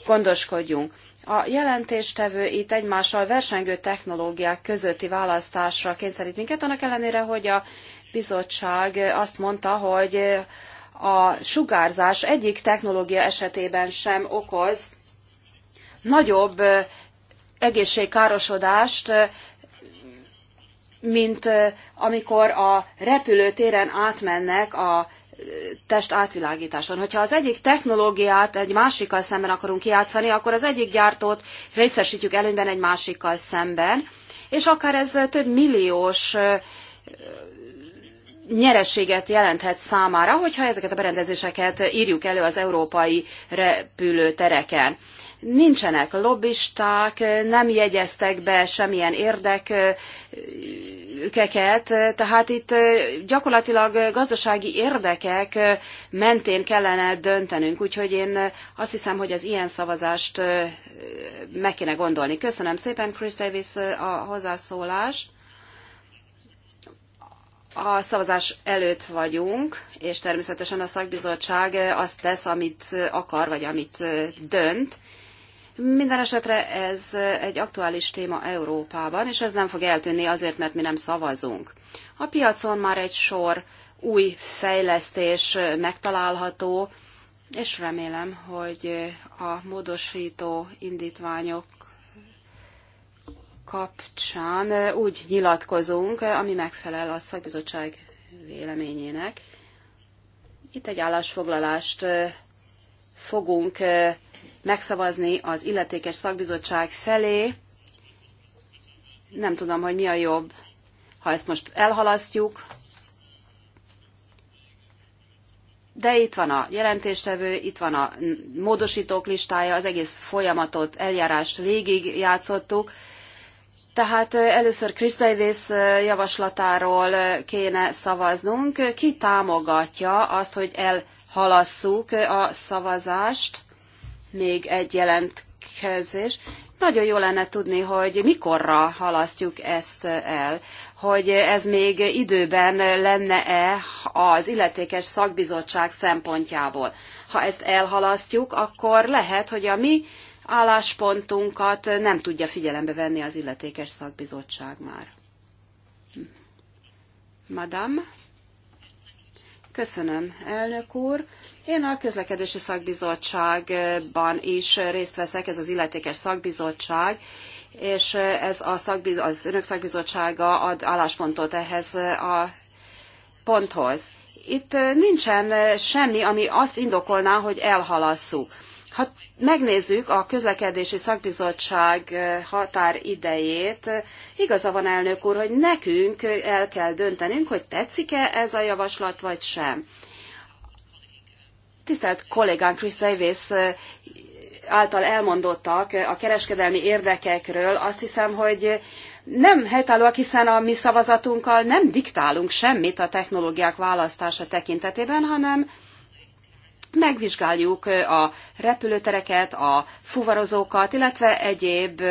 gondoskodjunk. A jelentéstevő itt egymással versengő technológiák közötti választásra kényszerít minket, annak ellenére, hogy a bizottság azt mondta, hogy a sugárzás egyik technológia esetében sem okoz nagyobb egészségkárosodást, mint amikor a repülőtéren átmennek a test átvilágításon. Hogyha az egyik technológiát egy másikkal szemben akarunk kiátszani, akkor az egyik gyártót részesítjük előnyben egy másikkal szemben, és akár ez több milliós nyerességet jelenthet számára, hogyha ezeket a berendezéseket írjuk elő az európai repülőtereken. Nincsenek lobbisták, nem jegyeztek be semmilyen érdeküket, tehát itt gyakorlatilag gazdasági érdekek mentén kellene döntenünk, úgyhogy én azt hiszem, hogy az ilyen szavazást meg kéne gondolni. Köszönöm szépen, Chris Davis, a hozzászólást. A szavazás előtt vagyunk, és természetesen a szakbizottság azt tesz, amit akar, vagy amit dönt. Minden esetre ez egy aktuális téma Európában, és ez nem fog eltűnni azért, mert mi nem szavazunk. A piacon már egy sor új fejlesztés megtalálható, és remélem, hogy a módosító indítványok kapcsán úgy nyilatkozunk, ami megfelel a szakbizottság véleményének. Itt egy állásfoglalást fogunk megszavazni az illetékes szakbizottság felé. Nem tudom, hogy mi a jobb, ha ezt most elhalasztjuk. De itt van a jelentéstevő, itt van a módosítók listája, az egész folyamatot, eljárást végig játszottuk. Tehát először Chris javaslatáról kéne szavaznunk. Ki támogatja azt, hogy elhalasszuk a szavazást? Még egy jelentkezés. Nagyon jó lenne tudni, hogy mikorra halasztjuk ezt el, hogy ez még időben lenne-e az illetékes szakbizottság szempontjából. Ha ezt elhalasztjuk, akkor lehet, hogy a mi álláspontunkat nem tudja figyelembe venni az illetékes szakbizottság már. Madame? Köszönöm, elnök úr. Én a közlekedési szakbizottságban is részt veszek, ez az illetékes szakbizottság, és ez a szakbiz, az önök szakbizottsága ad álláspontot ehhez a ponthoz. Itt nincsen semmi, ami azt indokolná, hogy elhalasszuk. Ha megnézzük a közlekedési szakbizottság eh, határidejét, eh, igaza van elnök úr, hogy nekünk eh, el kell döntenünk, hogy tetszik-e ez a javaslat, vagy sem. Tisztelt kollégán Chris Davis által elmondottak a kereskedelmi érdekekről, azt hiszem, hogy nem helytállóak, hiszen a mi szavazatunkkal nem diktálunk semmit a technológiák választása tekintetében, hanem megvizsgáljuk a repülőtereket, a fuvarozókat, illetve egyéb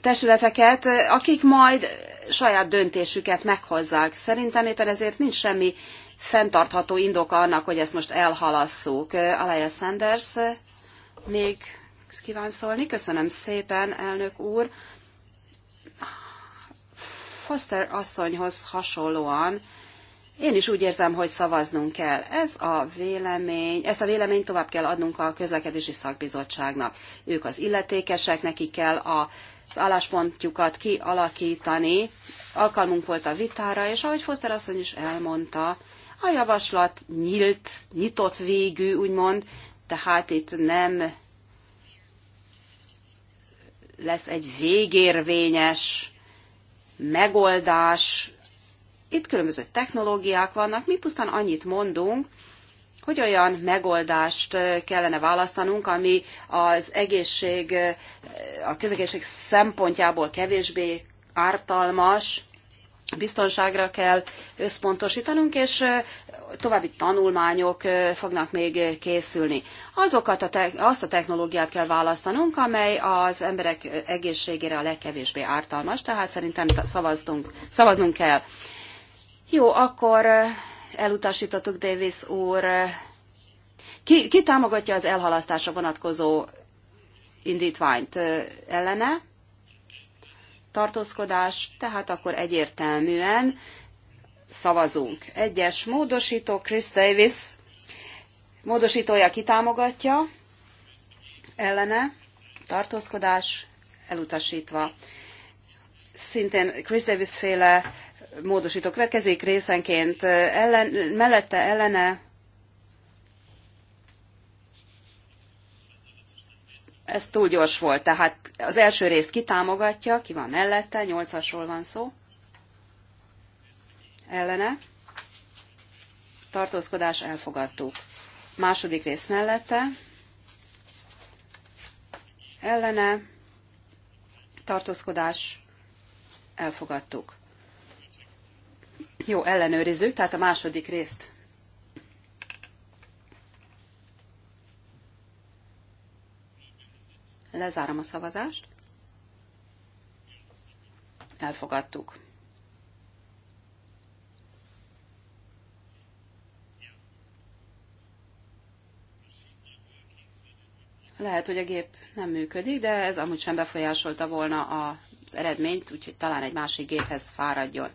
testületeket, akik majd saját döntésüket meghozzák. Szerintem éppen ezért nincs semmi fenntartható indoka annak, hogy ezt most elhalasszuk. Alaya Sanders még kíván szólni. Köszönöm szépen, elnök úr. Foster asszonyhoz hasonlóan én is úgy érzem, hogy szavaznunk kell. Ez a vélemény, ezt a véleményt tovább kell adnunk a közlekedési szakbizottságnak. Ők az illetékesek, nekik kell a az álláspontjukat kialakítani. Alkalmunk volt a vitára, és ahogy Foster asszony is elmondta, a javaslat nyílt, nyitott végű, úgymond, tehát itt nem lesz egy végérvényes megoldás, itt különböző technológiák vannak, mi pusztán annyit mondunk, hogy olyan megoldást kellene választanunk, ami az egészség, a közegészség szempontjából kevésbé ártalmas, biztonságra kell összpontosítanunk, és további tanulmányok fognak még készülni. Azokat a te- azt a technológiát kell választanunk, amely az emberek egészségére a legkevésbé ártalmas, tehát szerintem szavaznunk, szavaznunk kell. Jó, akkor elutasítottuk Davis úr. Ki, ki támogatja az elhalasztásra vonatkozó indítványt ellene? Tartózkodás, tehát akkor egyértelműen szavazunk. Egyes módosító, Chris Davis módosítója kitámogatja, ellene, tartózkodás, elutasítva. Szintén Chris Davis féle módosító következik részenként eh, ellen, mellette ellene ez túl gyors volt, tehát az első részt kitámogatja, ki van mellette, 8-asról van szó, ellene, tartózkodás elfogadtuk. Második rész mellette, ellene, tartózkodás elfogadtuk. Jó, ellenőrizzük, tehát a második részt. Lezárom a szavazást. Elfogadtuk. Lehet, hogy a gép nem működik, de ez amúgy sem befolyásolta volna az eredményt, úgyhogy talán egy másik géphez fáradjon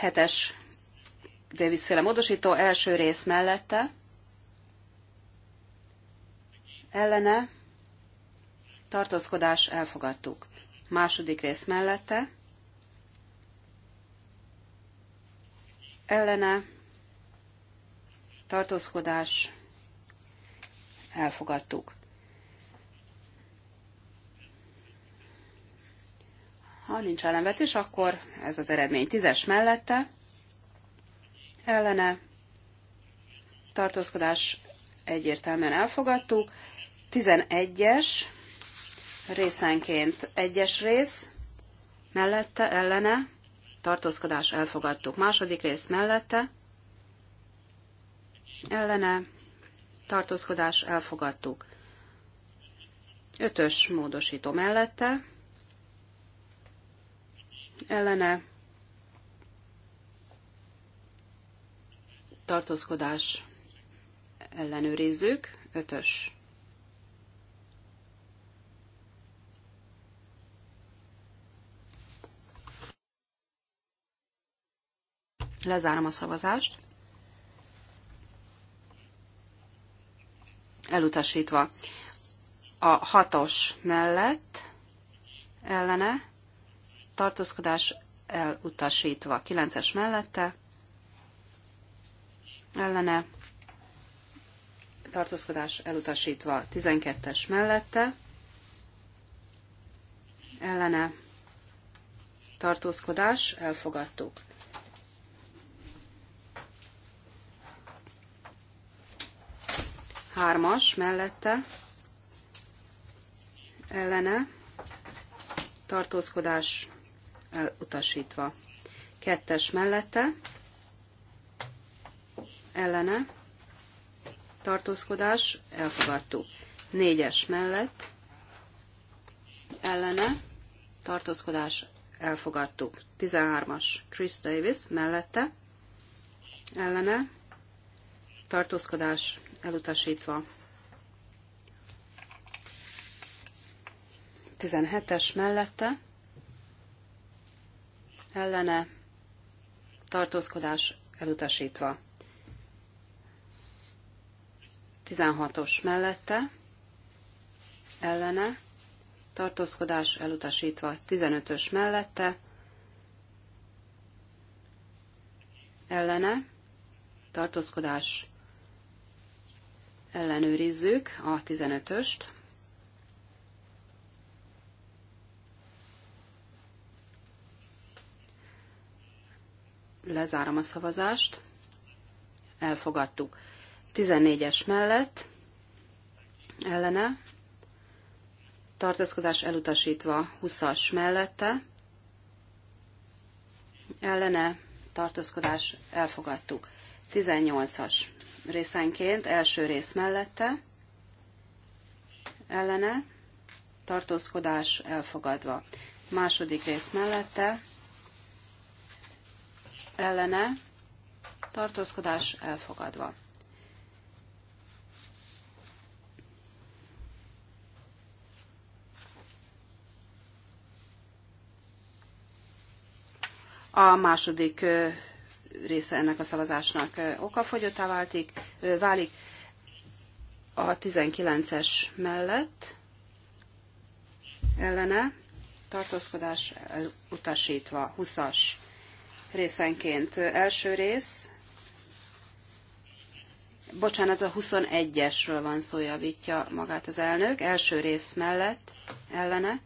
hetes Davis féle módosító első rész mellette, ellene, tartózkodás elfogadtuk. Második rész mellette, ellene, tartózkodás elfogadtuk. Ha nincs ellenvetés, akkor ez az eredmény tízes mellette, ellene, tartózkodás egyértelműen elfogadtuk, 11-es részenként egyes rész, mellette, ellene, tartózkodás elfogadtuk. Második rész mellette, ellene, tartózkodás elfogadtuk. Ötös módosító mellette, ellene tartózkodás ellenőrizzük, ötös. Lezárom a szavazást. Elutasítva. A hatos mellett ellene tartózkodás elutasítva. 9-es mellette ellene tartózkodás elutasítva. 12-es mellette ellene tartózkodás elfogadtuk. Hármas mellette ellene tartózkodás elutasítva. Kettes mellette, ellene, tartózkodás, elfogadtuk. Négyes mellett, ellene, tartózkodás, elfogadtuk. 13-as Chris Davis mellette, ellene, tartózkodás, elutasítva. 17-es mellette, ellene tartózkodás elutasítva. 16-os mellette ellene tartózkodás elutasítva. 15-ös mellette ellene tartózkodás ellenőrizzük a 15-öst. Lezárom a szavazást. Elfogadtuk. 14-es mellett ellene, tartózkodás elutasítva 20-as mellette, ellene, tartózkodás elfogadtuk. 18-as részenként, első rész mellette, ellene, tartózkodás elfogadva. Második rész mellette, ellene tartózkodás elfogadva. A második része ennek a szavazásnak okafogyottá váltik, válik a 19-es mellett ellene tartózkodás utasítva 20-as részenként. Első rész, bocsánat, a 21-esről van szó, javítja magát az elnök. Első rész mellett, ellene,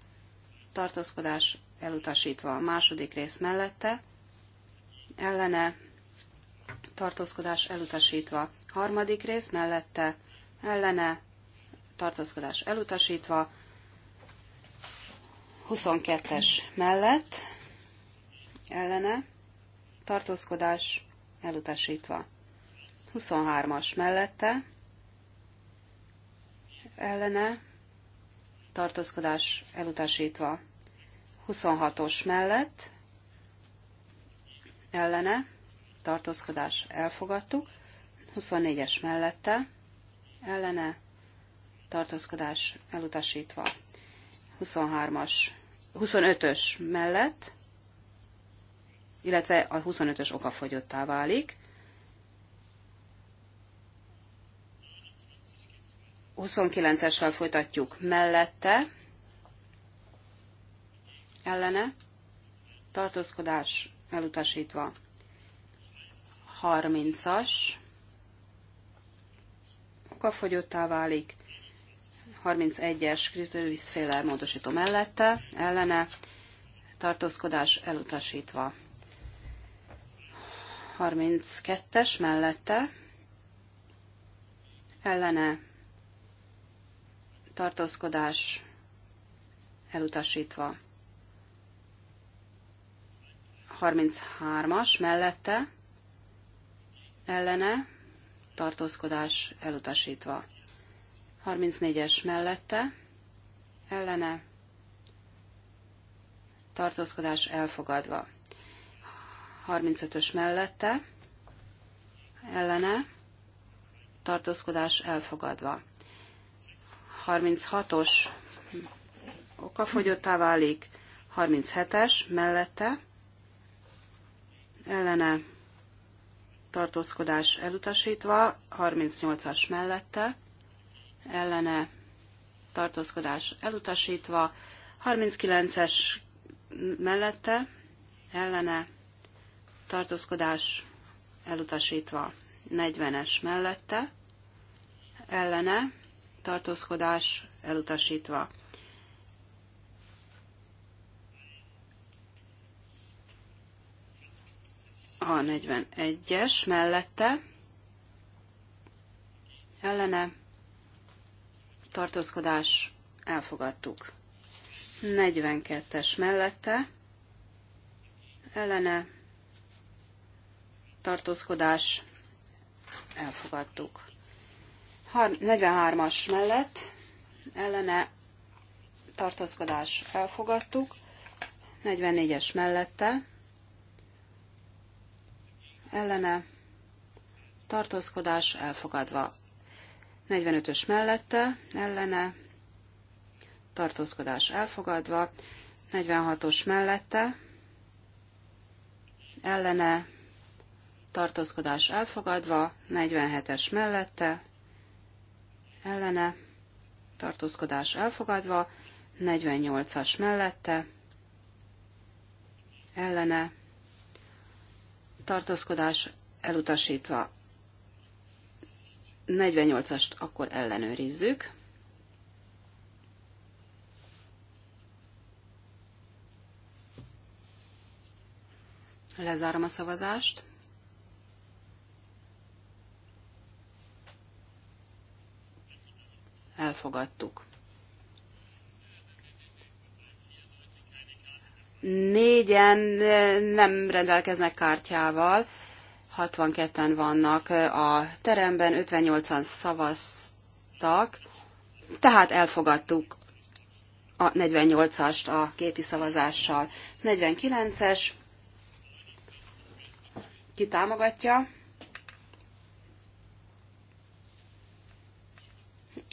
tartózkodás elutasítva. A második rész mellette, ellene, tartózkodás elutasítva. Harmadik rész mellette, ellene, tartózkodás elutasítva. 22-es mellett, ellene, tartózkodás elutasítva. 23-as mellette ellene tartózkodás elutasítva. 26-os mellett ellene tartózkodás elfogadtuk. 24-es mellette ellene tartózkodás elutasítva. 23-as, 25-ös mellett illetve a 25-ös okafogyottá válik. 29-essel folytatjuk mellette, ellene, tartózkodás elutasítva. 30-as, okafogyottá válik, 31-es Krisztus módosító mellette, ellene, tartózkodás elutasítva. 32-es mellette ellene tartózkodás elutasítva. 33-as mellette ellene tartózkodás elutasítva. 34-es mellette ellene tartózkodás elfogadva. 35-ös mellette, ellene, tartózkodás elfogadva. 36-os okafogyottá válik, 37-es mellette, ellene, tartózkodás elutasítva, 38-as mellette, ellene, tartózkodás elutasítva, 39-es mellette, ellene, tartózkodás elutasítva 40-es mellette, ellene tartózkodás elutasítva. A 41-es mellette ellene tartózkodás elfogadtuk. 42-es mellette ellene tartózkodás, elfogadtuk. 43-as mellett ellene tartózkodás elfogadtuk, 44-es mellette ellene tartózkodás elfogadva, 45-ös mellette ellene tartózkodás elfogadva, 46-os mellette ellene tartózkodás elfogadva, 47-es mellette, ellene, tartózkodás elfogadva, 48-as mellette, ellene, tartózkodás elutasítva. 48-ast akkor ellenőrizzük. Lezárom a szavazást. elfogadtuk. Négyen eh, nem rendelkeznek kártyával, 62-en vannak eh, a teremben, 58-an szavaztak, tehát elfogadtuk a 48-ast a képi szavazással. 49-es, ki támogatja?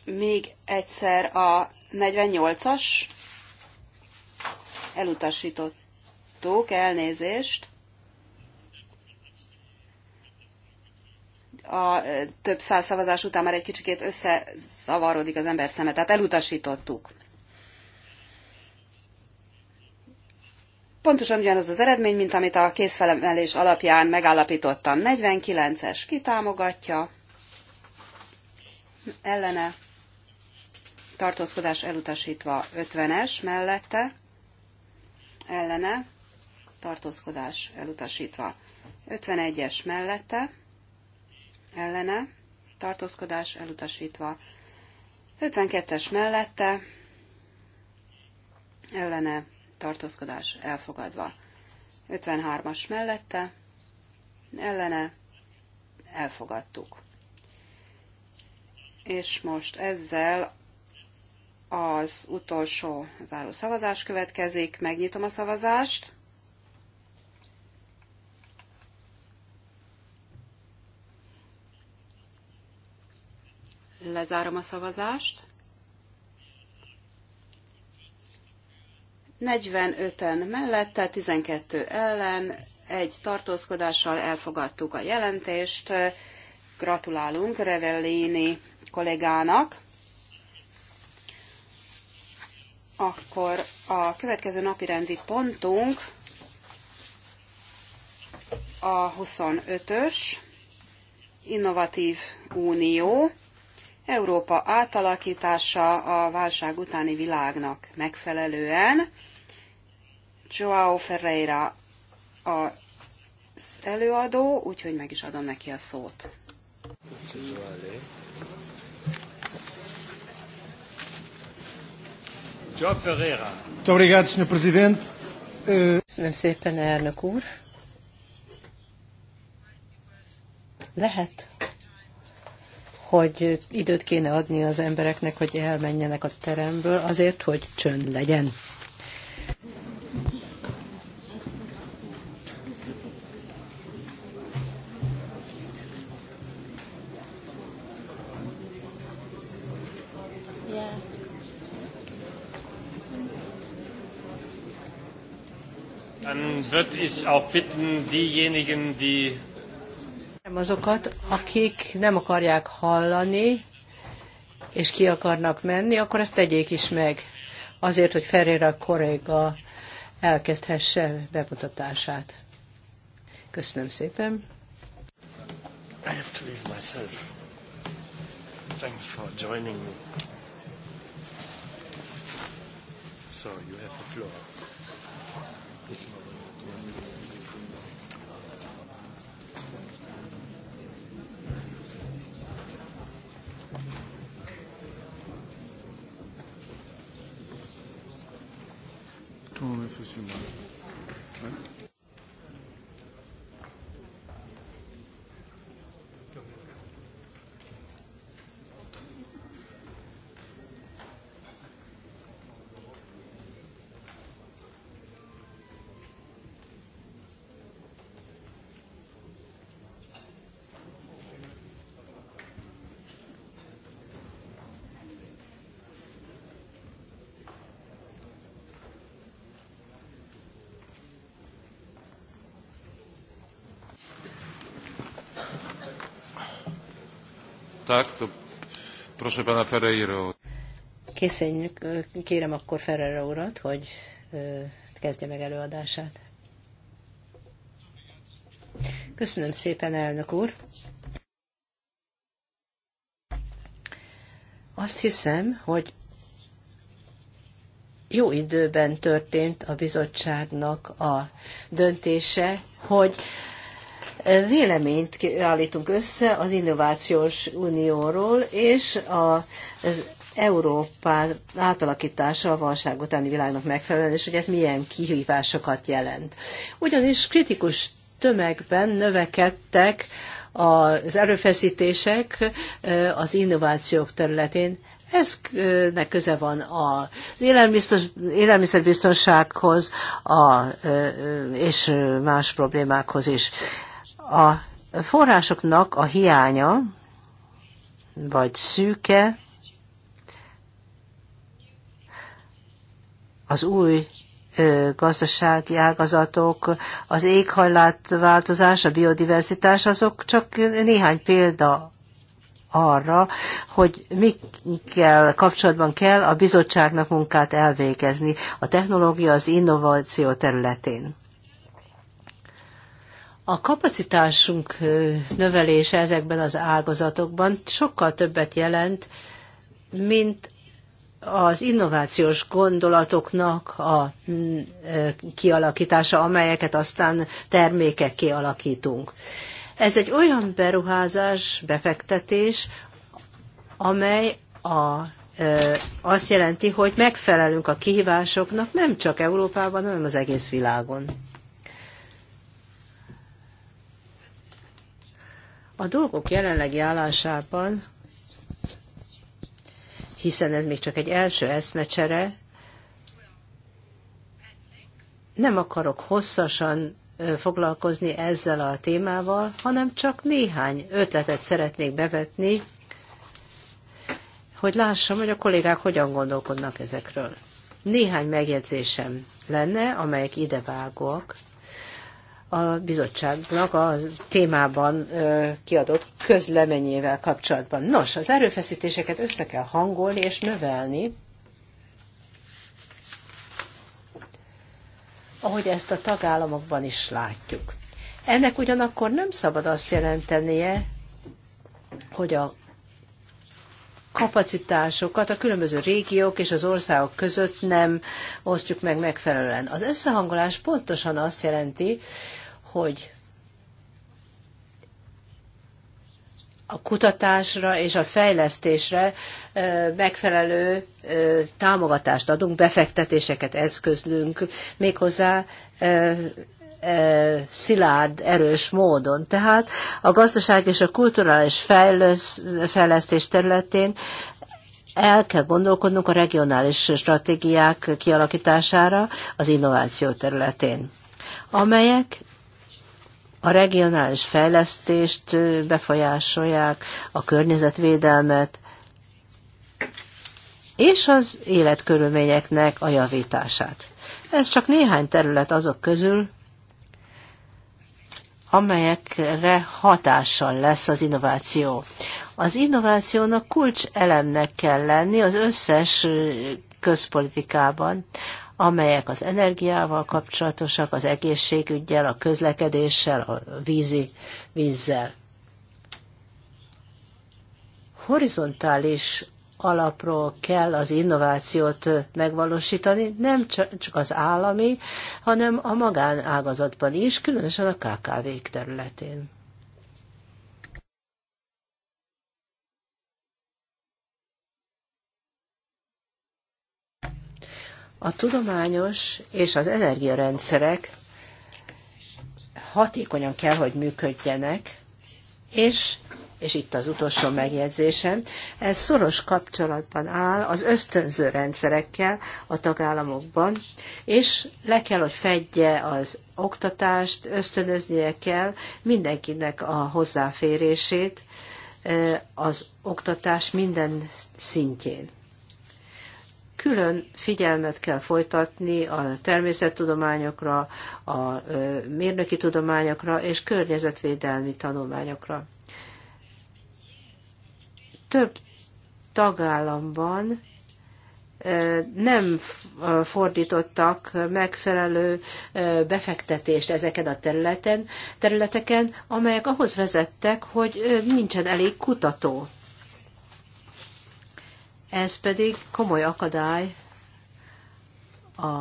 még egyszer a 48-as elutasítottuk, elnézést. A több száz szavazás után már egy kicsikét összezavarodik az ember szeme, tehát elutasítottuk. Pontosan ugyanaz az eredmény, mint amit a készfelemelés alapján megállapítottam. 49-es kitámogatja, ellene tartózkodás elutasítva 50-es mellette, ellene, tartózkodás elutasítva 51-es mellette, ellene, tartózkodás elutasítva 52-es mellette, ellene, tartózkodás elfogadva 53-as mellette, ellene, elfogadtuk. És most ezzel az utolsó záró szavazás következik. Megnyitom a szavazást. Lezárom a szavazást. 45-en mellette, 12 ellen, egy tartózkodással elfogadtuk a jelentést. Gratulálunk Revellini kollégának. Akkor a következő napi rendi pontunk a 25-ös Innovatív Unió, Európa átalakítása a válság utáni világnak megfelelően. Joao Ferreira az előadó, úgyhogy meg is adom neki a szót. Joe Ferreira. Muito obrigado, Sr. Presidente. Köszönöm szépen, elnök úr. Lehet, hogy időt kéne adni az embereknek, hogy elmenjenek a teremből azért, hogy csönd legyen. Dann würde ich auch bitten, diejenigen, die azokat, akik nem akarják hallani, és ki akarnak menni, akkor ezt tegyék is meg, azért, hogy Ferreira kolléga elkezdhesse bemutatását. Köszönöm szépen. I have to leave myself. Thanks for joining me. So you have the floor. Non, mais tak, proszę pana Ferreira. kérem akkor Ferreira urat, hogy kezdje meg előadását. Köszönöm szépen, elnök úr. Azt hiszem, hogy jó időben történt a bizottságnak a döntése, hogy Véleményt állítunk össze az Innovációs Unióról és az Európa átalakítása a válság utáni világnak megfelelően, és hogy ez milyen kihívásokat jelent. Ugyanis kritikus tömegben növekedtek az erőfeszítések az innovációk területén. Eznek köze van az élelmiszerbiztonsághoz a, és más problémákhoz is. A forrásoknak a hiánya, vagy szűke, az új gazdasági ágazatok, az éghajlatváltozás, a biodiverzitás, azok csak néhány példa arra, hogy mikkel kapcsolatban kell a bizottságnak munkát elvégezni a technológia az innováció területén. A kapacitásunk növelése ezekben az ágazatokban sokkal többet jelent, mint az innovációs gondolatoknak a kialakítása, amelyeket aztán termékek kialakítunk. Ez egy olyan beruházás, befektetés, amely a, azt jelenti, hogy megfelelünk a kihívásoknak nem csak Európában, hanem az egész világon. A dolgok jelenlegi állásában, hiszen ez még csak egy első eszmecsere, nem akarok hosszasan foglalkozni ezzel a témával, hanem csak néhány ötletet szeretnék bevetni, hogy lássam, hogy a kollégák hogyan gondolkodnak ezekről. Néhány megjegyzésem lenne, amelyek idevágóak, a bizottságnak a témában kiadott közleményével kapcsolatban. Nos, az erőfeszítéseket össze kell hangolni és növelni, ahogy ezt a tagállamokban is látjuk. Ennek ugyanakkor nem szabad azt jelentenie, hogy a kapacitásokat a különböző régiók és az országok között nem osztjuk meg megfelelően. Az összehangolás pontosan azt jelenti, hogy a kutatásra és a fejlesztésre megfelelő támogatást adunk, befektetéseket eszközlünk, méghozzá szilárd, erős módon. Tehát a gazdaság és a kulturális fejlesztés területén el kell gondolkodnunk a regionális stratégiák kialakítására az innováció területén, amelyek a regionális fejlesztést befolyásolják, a környezetvédelmet, és az életkörülményeknek a javítását. Ez csak néhány terület azok közül, amelyekre hatással lesz az innováció. Az innovációnak kulcs elemnek kell lenni az összes közpolitikában, amelyek az energiával kapcsolatosak, az egészségügyel, a közlekedéssel, a vízi, vízzel. Horizontális alapról kell az innovációt megvalósítani, nem csak az állami, hanem a magánágazatban is, különösen a KKV-k területén. A tudományos és az energiarendszerek hatékonyan kell, hogy működjenek, és, és itt az utolsó megjegyzésem, ez szoros kapcsolatban áll az ösztönző rendszerekkel a tagállamokban, és le kell, hogy fedje az oktatást, ösztönöznie kell mindenkinek a hozzáférését eh, az oktatás minden szintjén külön figyelmet kell folytatni a természettudományokra, a mérnöki tudományokra és környezetvédelmi tanulmányokra. Több tagállamban nem fordítottak megfelelő befektetést ezeken a területen, területeken, amelyek ahhoz vezettek, hogy nincsen elég kutató. Ez pedig komoly akadály a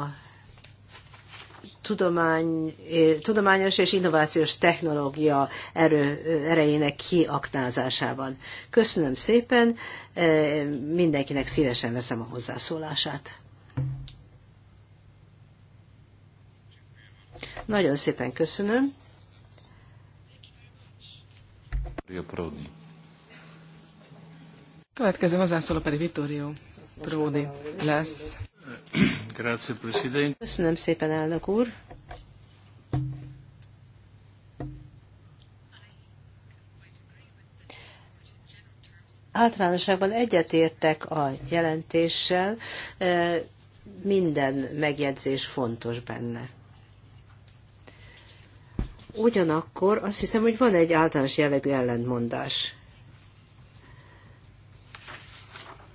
tudomány, eh, tudományos és innovációs technológia erő, eh, erejének kiaknázásában. Köszönöm szépen, eh, mindenkinek szívesen veszem a hozzászólását. Nagyon szépen köszönöm. Következő hozzászóló pedig Vittorio Prodi, lesz. Köszönöm szépen, elnök úr. Általánosságban egyetértek a jelentéssel, e, minden megjegyzés fontos benne. Ugyanakkor azt hiszem, hogy van egy általános jellegű ellentmondás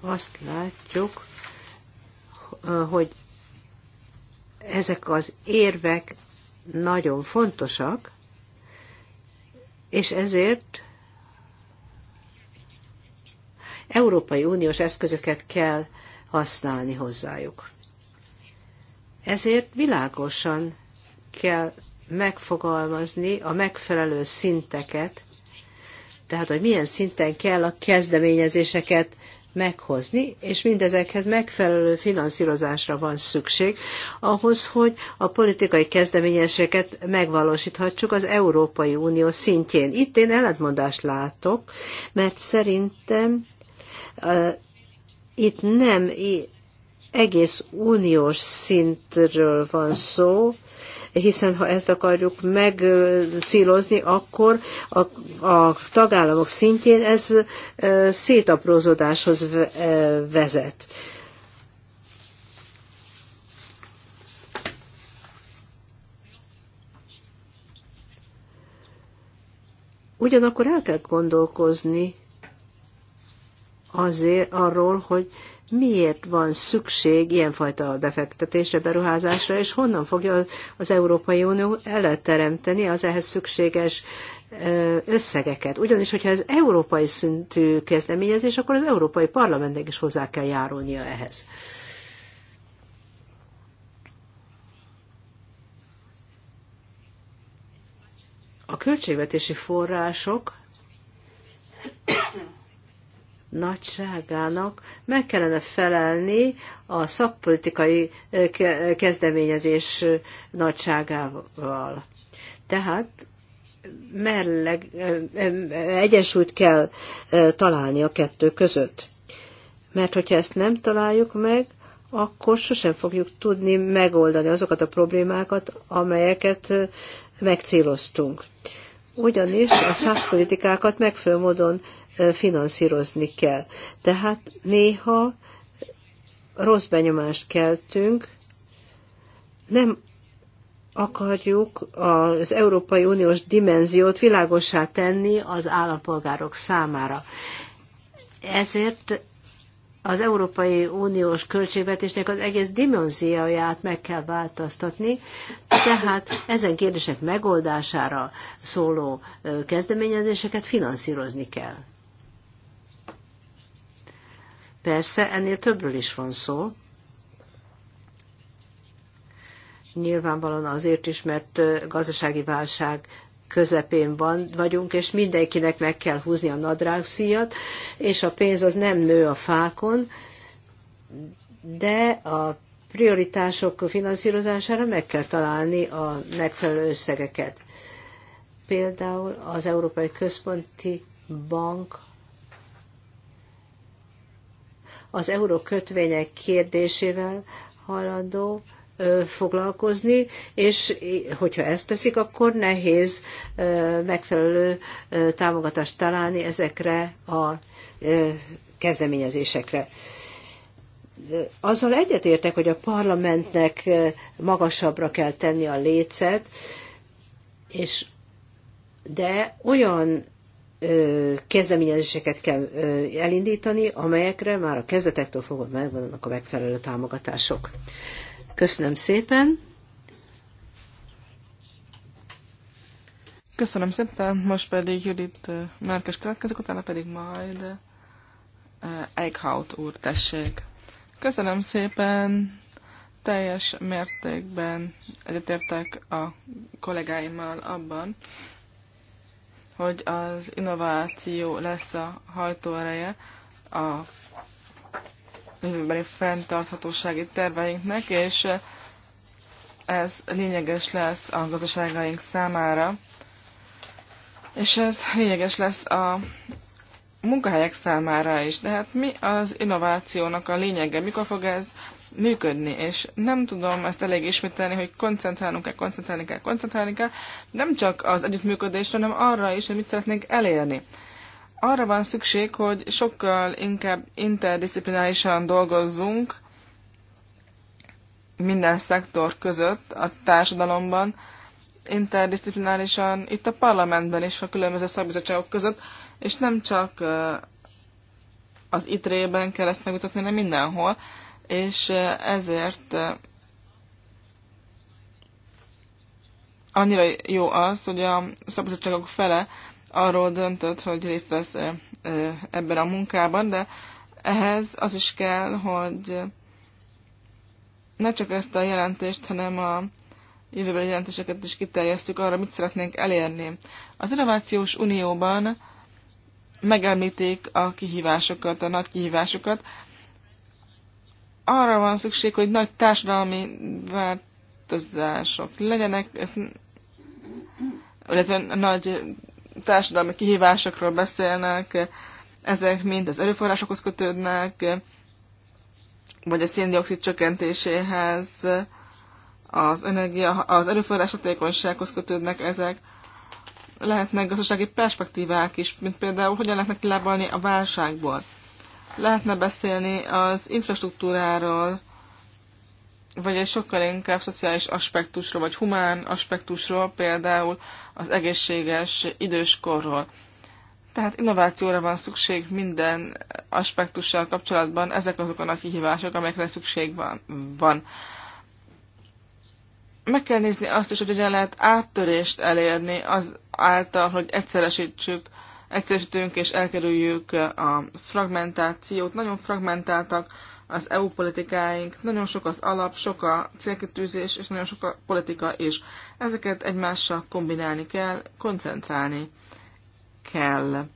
azt látjuk, hogy ezek az érvek nagyon fontosak, és ezért Európai Uniós eszközöket kell használni hozzájuk. Ezért világosan kell megfogalmazni a megfelelő szinteket, tehát hogy milyen szinten kell a kezdeményezéseket meghozni, és mindezekhez megfelelő finanszírozásra van szükség ahhoz, hogy a politikai kezdeményeseket megvalósíthatjuk az Európai Unió szintjén. Itt én ellentmondást látok, mert szerintem uh, itt nem egész uniós szintről van szó, hiszen ha ezt akarjuk megcélozni, akkor a, a tagállamok szintjén ez szétaprózódáshoz vezet. Ugyanakkor el kell gondolkozni azért arról, hogy miért van szükség ilyenfajta befektetésre, beruházásra, és honnan fogja az Európai Unió elteremteni az ehhez szükséges összegeket. Ugyanis, hogyha ez európai szintű kezdeményezés, akkor az Európai Parlamentnek is hozzá kell járulnia ehhez. A költségvetési források nagyságának meg kellene felelni a szakpolitikai kezdeményezés nagyságával. Tehát merleg, egyensúlyt kell találni a kettő között. Mert hogyha ezt nem találjuk meg, akkor sosem fogjuk tudni megoldani azokat a problémákat, amelyeket megcéloztunk. Ugyanis a szakpolitikákat megfelelő módon finanszírozni kell. Tehát néha rossz benyomást keltünk, nem akarjuk az Európai Uniós dimenziót világossá tenni az állampolgárok számára. Ezért az Európai Uniós költségvetésnek az egész dimenzióját meg kell változtatni, tehát ezen kérdések megoldására szóló kezdeményezéseket finanszírozni kell. Persze, ennél többről is van szó. Nyilvánvalóan azért is, mert gazdasági válság közepén van, vagyunk, és mindenkinek meg kell húzni a nadrágszíjat, és a pénz az nem nő a fákon, de a prioritások finanszírozására meg kell találni a megfelelő összegeket. Például az Európai Központi Bank az eurókötvények kérdésével haladó foglalkozni, és hogyha ezt teszik, akkor nehéz megfelelő támogatást találni ezekre a kezdeményezésekre. Azzal egyetértek, hogy a parlamentnek magasabbra kell tenni a lécet, és de olyan kezdeményezéseket kell elindítani, amelyekre már a kezdetektől fogva megvannak a megfelelő támogatások. Köszönöm szépen! Köszönöm szépen, most pedig Judit Márkes következik, utána pedig majd Eichhaut úr, tessék. Köszönöm szépen, teljes mértékben egyetértek a kollégáimmal abban, hogy az innováció lesz a hajtóereje a jövőbeli fenntarthatósági terveinknek, és ez lényeges lesz a gazdaságaink számára, és ez lényeges lesz a munkahelyek számára is. De hát mi az innovációnak a lényege? Mikor fog ez működni, és nem tudom ezt elég ismételni, hogy koncentrálnunk kell, koncentrálni kell, koncentrálni kell, nem csak az együttműködésre, hanem arra is, hogy mit szeretnénk elérni. Arra van szükség, hogy sokkal inkább interdisziplinálisan dolgozzunk minden szektor között a társadalomban, interdisziplinálisan itt a parlamentben is a különböző szakbizottságok között, és nem csak az ITRE-ben kell ezt megmutatni, hanem mindenhol és ezért annyira jó az, hogy a szabadságok fele arról döntött, hogy részt vesz ebben a munkában, de ehhez az is kell, hogy ne csak ezt a jelentést, hanem a jövőbeli jelentéseket is kiterjesztjük arra, mit szeretnénk elérni. Az Innovációs Unióban megemlítik a kihívásokat, a nagy kihívásokat, arra van szükség, hogy nagy társadalmi változások legyenek, ezt, illetve nagy társadalmi kihívásokról beszélnek, ezek mind az erőforrásokhoz kötődnek, vagy a széndiokszid csökkentéséhez, az, energia, az erőforrás hatékonysághoz kötődnek ezek. Lehetnek gazdasági perspektívák is, mint például hogyan lehetnek kilábalni a válságból. Lehetne beszélni az infrastruktúráról, vagy egy sokkal inkább szociális aspektusról, vagy humán aspektusról, például az egészséges időskorról. Tehát innovációra van szükség minden aspektussal kapcsolatban, ezek azok a nagy kihívások, amelyekre szükség van. van. Meg kell nézni azt is, hogy hogyan lehet áttörést elérni az által, hogy egyszeresítsük egyszerűsítünk és elkerüljük a fragmentációt. Nagyon fragmentáltak az EU politikáink, nagyon sok az alap, sok a célkitűzés, és nagyon sok a politika is. Ezeket egymással kombinálni kell, koncentrálni kell.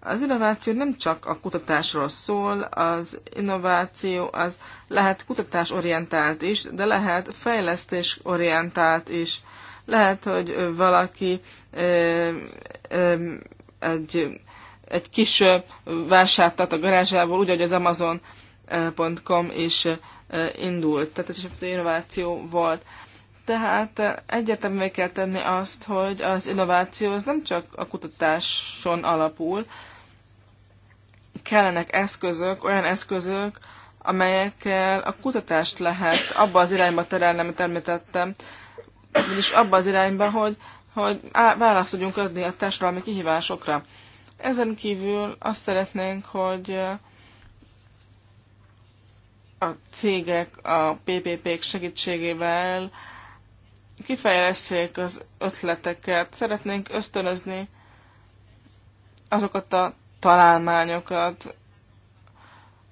Az innováció nem csak a kutatásról szól, az innováció az lehet kutatásorientált is, de lehet fejlesztésorientált is. Lehet, hogy valaki ö, ö, egy, egy kis vásárt a garázsából, úgy, hogy az Amazon.com is indult. Tehát ez is innováció volt. Tehát egyértelművé kell tenni azt, hogy az innováció az nem csak a kutatáson alapul, kellenek eszközök, olyan eszközök, amelyekkel a kutatást lehet abba az irányba terelni, amit említettem, vagyis abba az irányba, hogy hogy választ tudjunk adni a társadalmi kihívásokra. Ezen kívül azt szeretnénk, hogy a cégek a PPP-k segítségével kifejleszék az ötleteket. Szeretnénk ösztönözni azokat a találmányokat,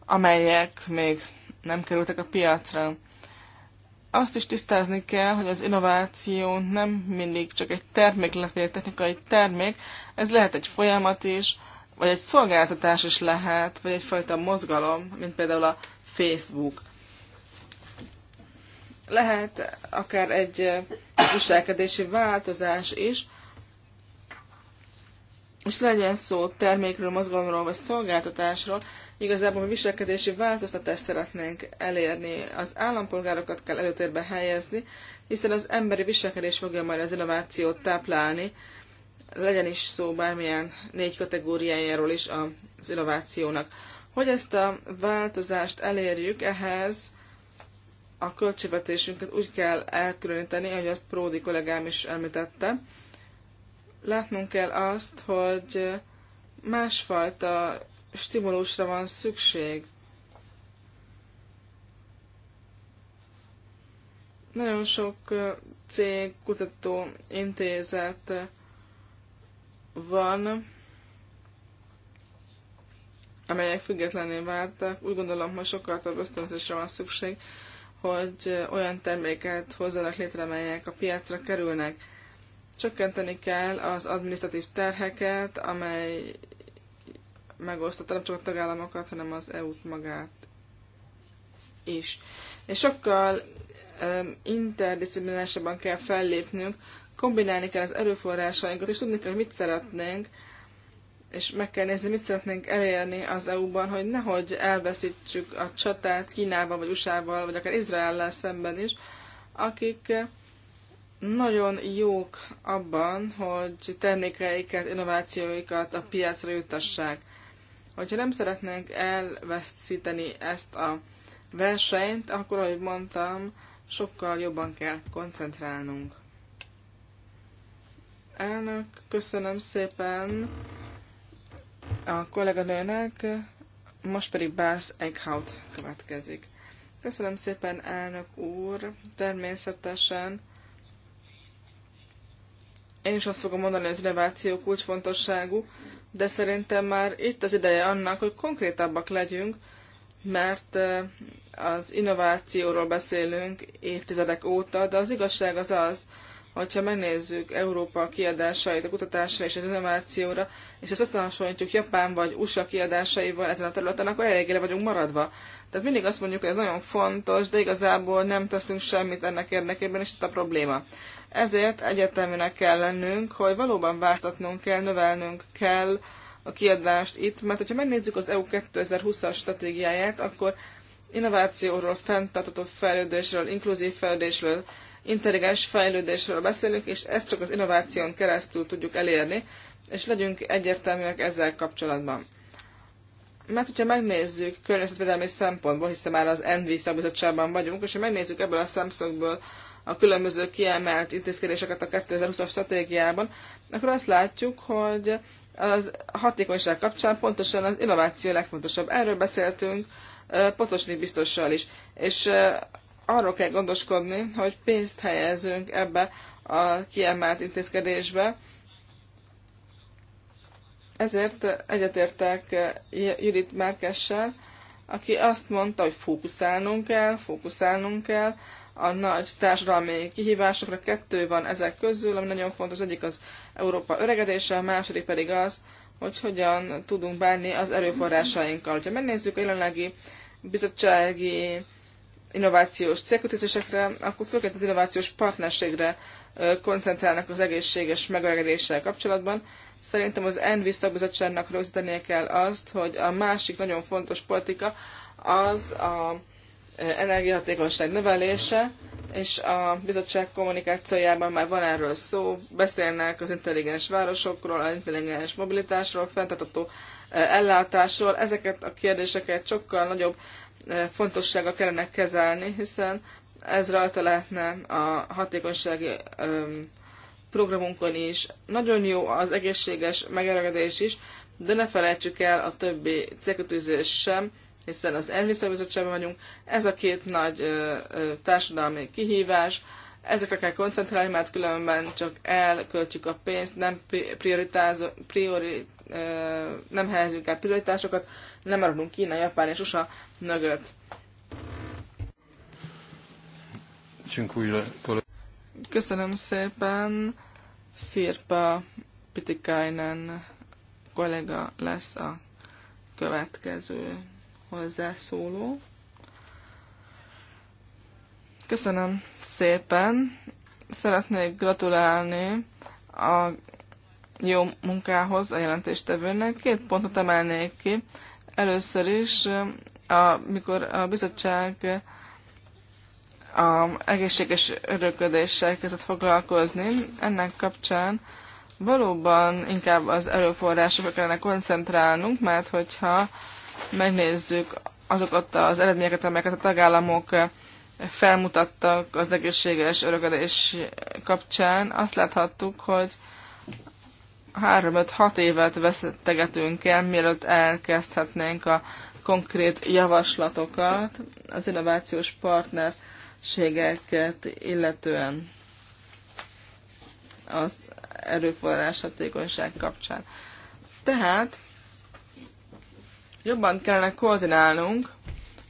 amelyek még nem kerültek a piacra azt is tisztázni kell, hogy az innováció nem mindig csak egy termék, illetve egy technikai termék, ez lehet egy folyamat is, vagy egy szolgáltatás is lehet, vagy egyfajta mozgalom, mint például a Facebook. Lehet akár egy viselkedési változás is, és legyen szó termékről, mozgalomról vagy szolgáltatásról, Igazából viselkedési változtatást szeretnénk elérni. Az állampolgárokat kell előtérbe helyezni, hiszen az emberi viselkedés fogja majd az innovációt táplálni, legyen is szó bármilyen négy kategóriájáról is az innovációnak. Hogy ezt a változást elérjük, ehhez a költségvetésünket úgy kell elkülöníteni, ahogy azt Pródi kollégám is említette. Látnunk kell azt, hogy másfajta stimulusra van szükség. Nagyon sok cég, kutató, intézet van, amelyek függetlenné váltak. Úgy gondolom, hogy sokkal több ösztönzésre van szükség, hogy olyan terméket hozzanak létre, amelyek a piacra kerülnek. Csökkenteni kell az administratív terheket, amely megosztotta nem csak a tagállamokat, hanem az EU-t magát is. És sokkal um, kell fellépnünk, kombinálni kell az erőforrásainkat, és tudni kell, hogy mit szeretnénk, és meg kell nézni, mit szeretnénk elérni az EU-ban, hogy nehogy elveszítsük a csatát Kínával, vagy USA-val, vagy akár Izraellel szemben is, akik nagyon jók abban, hogy termékeiket, innovációikat a piacra jutassák. Hogyha nem szeretnénk elveszíteni ezt a versenyt, akkor, ahogy mondtam, sokkal jobban kell koncentrálnunk. Elnök, köszönöm szépen a kolléganőnek, most pedig Bász Eichhout következik. Köszönöm szépen, elnök úr, természetesen én is azt fogom mondani, hogy az innováció kulcsfontosságú, de szerintem már itt az ideje annak, hogy konkrétabbak legyünk, mert az innovációról beszélünk évtizedek óta, de az igazság az az, hogyha megnézzük Európa kiadásait, a kutatásra és az innovációra, és ezt összehasonlítjuk Japán vagy USA kiadásaival ezen a területen, akkor eléggé le vagyunk maradva. Tehát mindig azt mondjuk, hogy ez nagyon fontos, de igazából nem teszünk semmit ennek érdekében, és itt a probléma. Ezért egyeteműnek kell lennünk, hogy valóban változtatnunk kell, növelnünk kell a kiadást itt, mert hogyha megnézzük az EU 2020-as stratégiáját, akkor innovációról, fenntartató fejlődésről, inkluzív fejlődésről, intelligens fejlődésről beszélünk, és ezt csak az innováción keresztül tudjuk elérni, és legyünk egyértelműek ezzel kapcsolatban. Mert hogyha megnézzük környezetvédelmi szempontból, hiszen már az NV szabadságban vagyunk, és ha megnézzük ebből a szemszögből a különböző kiemelt intézkedéseket a 2020-as stratégiában, akkor azt látjuk, hogy az hatékonyság kapcsán pontosan az innováció legfontosabb. Erről beszéltünk Potosnik biztossal is. És arról kell gondoskodni, hogy pénzt helyezünk ebbe a kiemelt intézkedésbe. Ezért egyetértek Judit Márkessel, aki azt mondta, hogy fókuszálnunk kell, fókuszálnunk kell, a nagy társadalmi kihívásokra. Kettő van ezek közül, ami nagyon fontos. Az egyik az Európa öregedése, a második pedig az, hogy hogyan tudunk bánni az erőforrásainkkal. Ha megnézzük a jelenlegi bizottsági innovációs célkötőzésekre, akkor főként az innovációs partnerségre koncentrálnak az egészséges megöregedéssel kapcsolatban. Szerintem az ENVI szakbizottságnak rögzítenie kell azt, hogy a másik nagyon fontos politika az a energiahatékonyság növelése, és a bizottság kommunikációjában már van erről szó, beszélnek az intelligens városokról, az intelligens mobilitásról, fenntartató eh, ellátásról. Ezeket a kérdéseket sokkal nagyobb eh, fontossággal kellene kezelni, hiszen ez rajta lehetne a hatékonysági programunkon is. Nagyon jó az egészséges megelőzés is, de ne felejtsük el a többi célkötőzés sem, hiszen az Elviszakbizottságban vagyunk. Ez a két nagy ö, ö, társadalmi kihívás, ezekre kell koncentrálni, mert különben csak elköltjük a pénzt, nem prioritáz, priori, ö, nem helyezünk el prioritásokat, nem maradunk Kína, Japán és USA mögött. Köszönöm szépen. Szirpa Pitikainen kollega lesz a következő hozzászóló. Köszönöm szépen. Szeretnék gratulálni a jó munkához a jelentéstevőnek. Két pontot emelnék ki. Először is, amikor a bizottság a egészséges öröködéssel kezdett foglalkozni, ennek kapcsán valóban inkább az erőforrásokra kellene koncentrálnunk, mert hogyha megnézzük azokat az eredményeket, amelyeket a tagállamok felmutattak az egészséges örökedés kapcsán, azt láthattuk, hogy 3-5-6 évet veszettegetünk el, mielőtt elkezdhetnénk a konkrét javaslatokat az innovációs partnerségeket, illetően az erőforrás hatékonyság kapcsán. Tehát Jobban kellene koordinálnunk,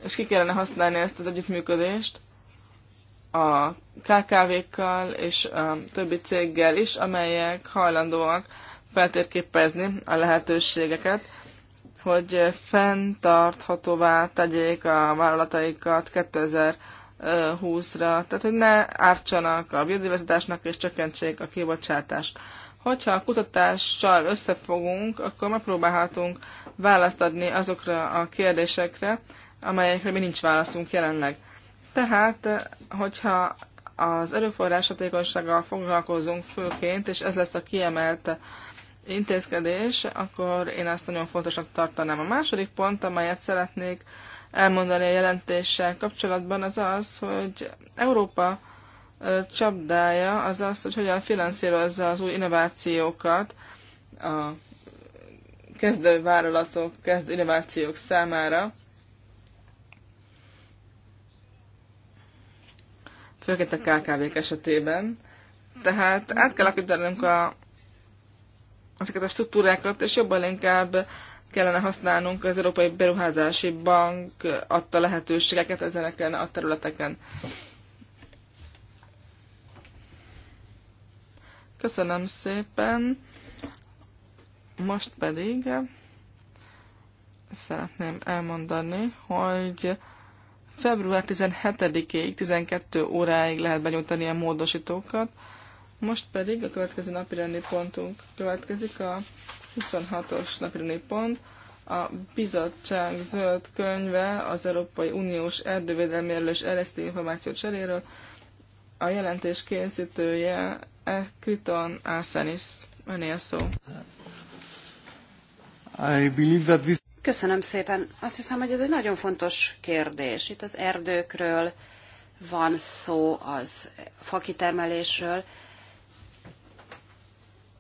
és ki kellene használni ezt az együttműködést a KKV-kkal és a többi céggel is, amelyek hajlandóak feltérképezni a lehetőségeket, hogy fenntarthatóvá tegyék a vállalataikat 2020-ra, tehát hogy ne ártsanak a biodiverzitásnak és csökkentsék a kibocsátást. Hogyha a kutatással összefogunk, akkor megpróbálhatunk választ adni azokra a kérdésekre, amelyekre mi nincs válaszunk jelenleg. Tehát, hogyha az erőforrás hatékonysággal foglalkozunk főként, és ez lesz a kiemelt intézkedés, akkor én azt nagyon fontosnak tartanám. A második pont, amelyet szeretnék elmondani a jelentéssel kapcsolatban, az az, hogy Európa csapdája az az, hogy hogyan finanszírozza az új innovációkat, a kezdő vállalatok, kezdő innovációk számára, főként a KKV-k esetében. Tehát át kell akítanunk a, ezeket a struktúrákat, és jobban inkább kellene használnunk az Európai Beruházási Bank adta lehetőségeket ezeneken a területeken. Köszönöm szépen. Most pedig szeretném elmondani, hogy február 17-ig 12 óráig lehet benyújtani a módosítókat, most pedig a következő napirendi pontunk következik, a 26-os napirendi pont, a bizottság zöld könyve az Európai Uniós Erdővédelmi Erős ereszti információ cseréről, a jelentés készítője Kriton Arsenis. Önél szó. Köszönöm szépen. Azt hiszem, hogy ez egy nagyon fontos kérdés. Itt az erdőkről van szó, az fakitermelésről.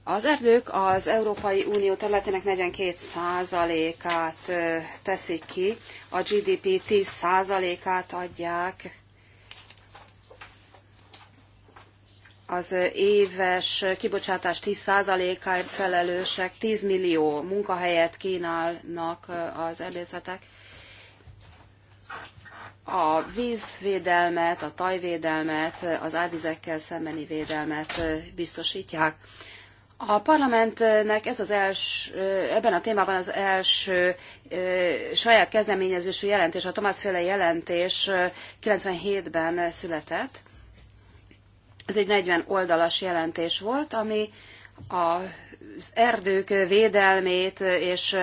Az erdők az Európai Unió területének 42%-át teszik ki, a GDP 10%-át adják az éves kibocsátás 10%-áért felelősek, 10 millió munkahelyet kínálnak az erdészetek. A vízvédelmet, a tajvédelmet, az árvizekkel szembeni védelmet biztosítják. A parlamentnek ez az első ebben a témában az első saját kezdeményezésű jelentés, a Tomás féle jelentés 97-ben született ez egy 40 oldalas jelentés volt, ami az erdők védelmét és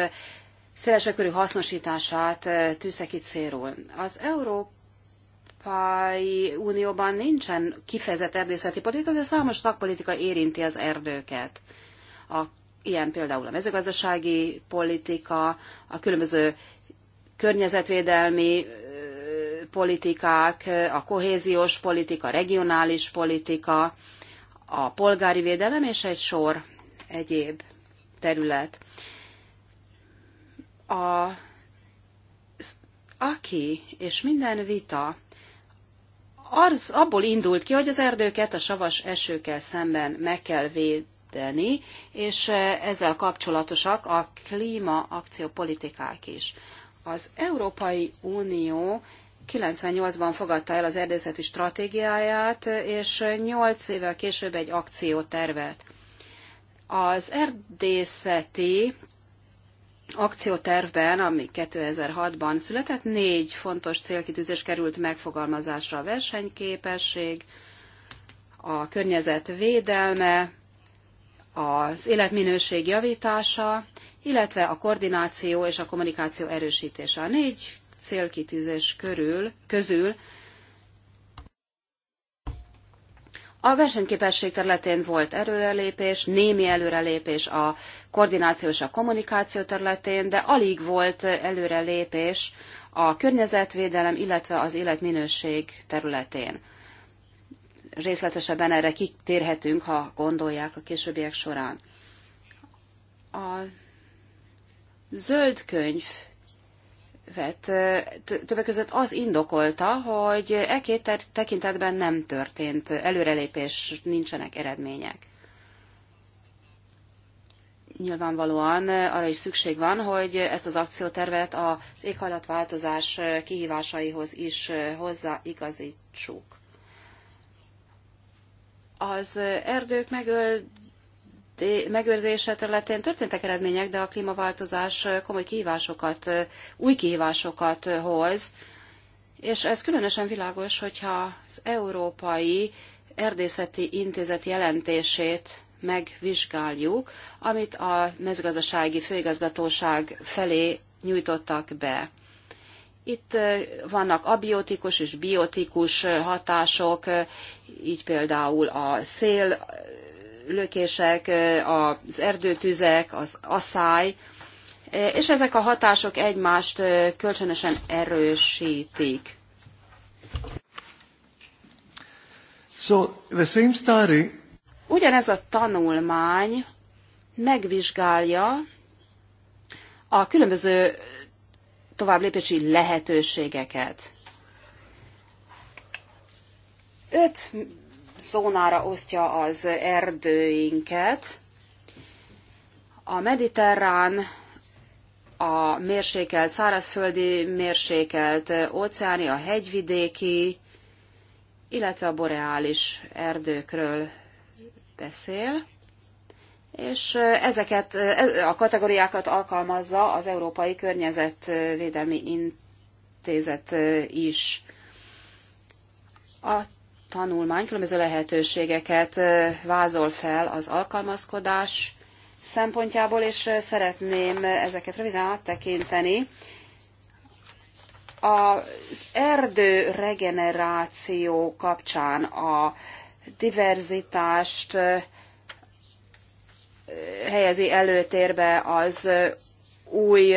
szélesekörű hasznosítását tűzte ki célul. Az Európa Európai Unióban nincsen kifejezett erdészeti politika, de számos szakpolitika érinti az erdőket. A, ilyen például a mezőgazdasági politika, a különböző környezetvédelmi politikák, a kohéziós politika, a regionális politika, a polgári védelem és egy sor egyéb terület. A, aki és minden vita az abból indult ki, hogy az erdőket a savas esőkkel szemben meg kell védeni, és e, ezzel kapcsolatosak a klímaakciópolitikák is. Az Európai Unió 98-ban fogadta el az erdészeti stratégiáját, és 8 évvel később egy akciótervet. Az erdészeti akciótervben, ami 2006-ban született, négy fontos célkitűzés került megfogalmazásra. A versenyképesség, a környezet védelme, az életminőség javítása, illetve a koordináció és a kommunikáció erősítése. A négy célkitűzés körül, közül A versenyképesség területén volt előrelépés, némi előrelépés a koordináció és a kommunikáció területén, de alig volt előrelépés a környezetvédelem, illetve az életminőség területén. Részletesebben erre kitérhetünk, ha gondolják a későbbiek során. A zöld könyv vett, többek között az indokolta, hogy e két tekintetben nem történt előrelépés, nincsenek eredmények. Nyilvánvalóan arra is szükség van, hogy ezt az akciótervet az éghajlatváltozás kihívásaihoz is hozzáigazítsuk. Az erdők megöl megőrzése területén történtek eredmények, de a klímaváltozás komoly kihívásokat, új kihívásokat hoz, és ez különösen világos, hogyha az Európai Erdészeti Intézet jelentését megvizsgáljuk, amit a mezgazdasági főigazgatóság felé nyújtottak be. Itt vannak abiotikus és biotikus hatások, így például a szél lökések, az erdőtüzek, az asszály, és ezek a hatások egymást kölcsönösen erősítik. So, the same study... Ugyanez a tanulmány megvizsgálja a különböző továbblépési lehetőségeket. Öt zónára osztja az erdőinket. A mediterrán, a mérsékelt szárazföldi, mérsékelt óceáni, a hegyvidéki, illetve a boreális erdőkről beszél, és ezeket a kategóriákat alkalmazza az Európai Környezetvédelmi Intézet is. A tanulmány különböző lehetőségeket vázol fel az alkalmazkodás szempontjából, és szeretném ezeket röviden áttekinteni. Az erdő regeneráció kapcsán a diverzitást helyezi előtérbe az új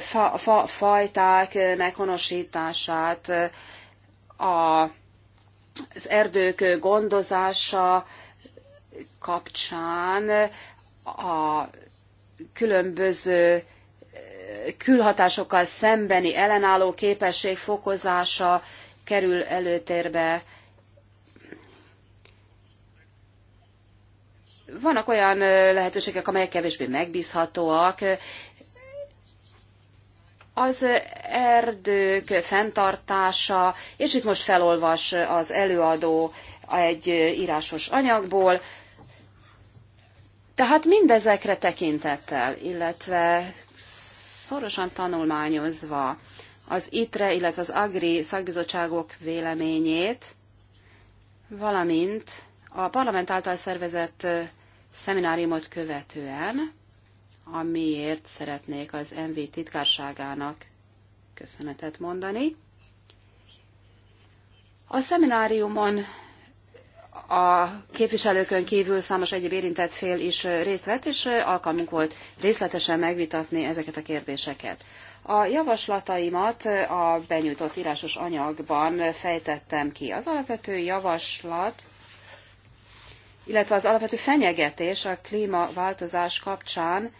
fa, fa, fajták meghonosítását, az erdők gondozása kapcsán a különböző eh, külhatásokkal szembeni ellenálló képesség fokozása kerül előtérbe. Vannak olyan eh, lehetőségek, amelyek kevésbé megbízhatóak, az erdők fenntartása, és itt most felolvas az előadó egy írásos anyagból, tehát mindezekre tekintettel, illetve szorosan tanulmányozva az ITRE, illetve az AGRI szakbizottságok véleményét, valamint a parlament által szervezett szemináriumot követően amiért szeretnék az MV titkárságának köszönetet mondani. A szemináriumon a képviselőkön kívül számos egyéb érintett fél is részt vett, és alkalmunk volt részletesen megvitatni ezeket a kérdéseket. A javaslataimat a benyújtott írásos anyagban fejtettem ki. Az alapvető javaslat, illetve az alapvető fenyegetés a klímaváltozás kapcsán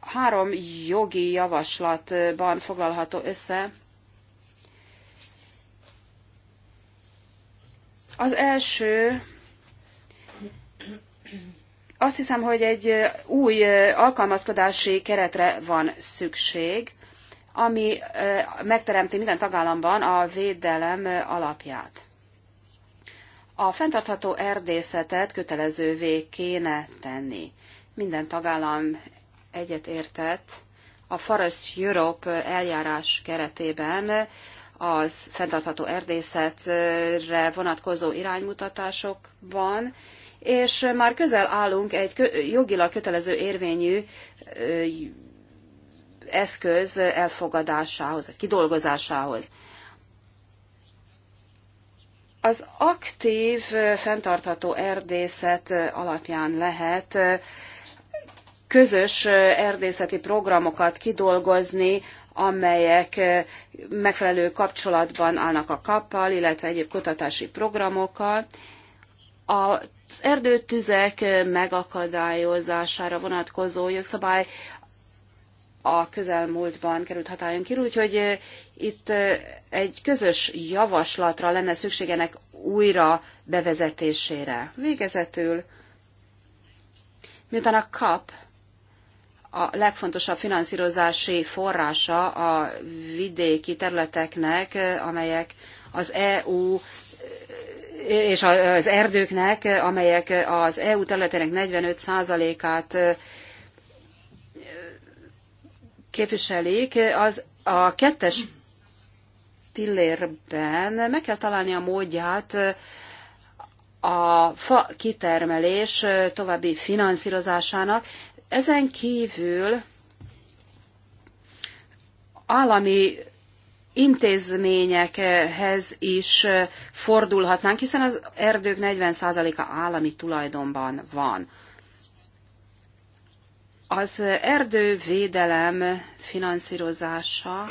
három jogi javaslatban foglalható össze. Az első azt hiszem, hogy egy új alkalmazkodási keretre van szükség, ami megteremti minden tagállamban a védelem alapját. A fenntartható erdészetet kötelezővé kéne tenni. Minden tagállam egyetértett a Forest Europe eljárás keretében az fenntartható erdészetre vonatkozó iránymutatásokban, és már közel állunk egy jogilag kötelező érvényű eszköz elfogadásához, vagy kidolgozásához. Az aktív, fenntartható erdészet alapján lehet közös erdészeti programokat kidolgozni, amelyek megfelelő kapcsolatban állnak a kappal, illetve egyéb kutatási programokkal. Az erdőtüzek megakadályozására vonatkozó jogszabály a közelmúltban került hatályon kívül, úgyhogy itt egy közös javaslatra lenne szükségenek újra bevezetésére. Végezetül, miután a kap a legfontosabb finanszírozási forrása a vidéki területeknek, amelyek az EU és az erdőknek, amelyek az EU területének 45%-át képviselik, az a kettes pillérben meg kell találni a módját a fa kitermelés további finanszírozásának, ezen kívül állami intézményekhez is fordulhatnánk, hiszen az erdők 40%-a állami tulajdonban van. Az erdővédelem finanszírozása,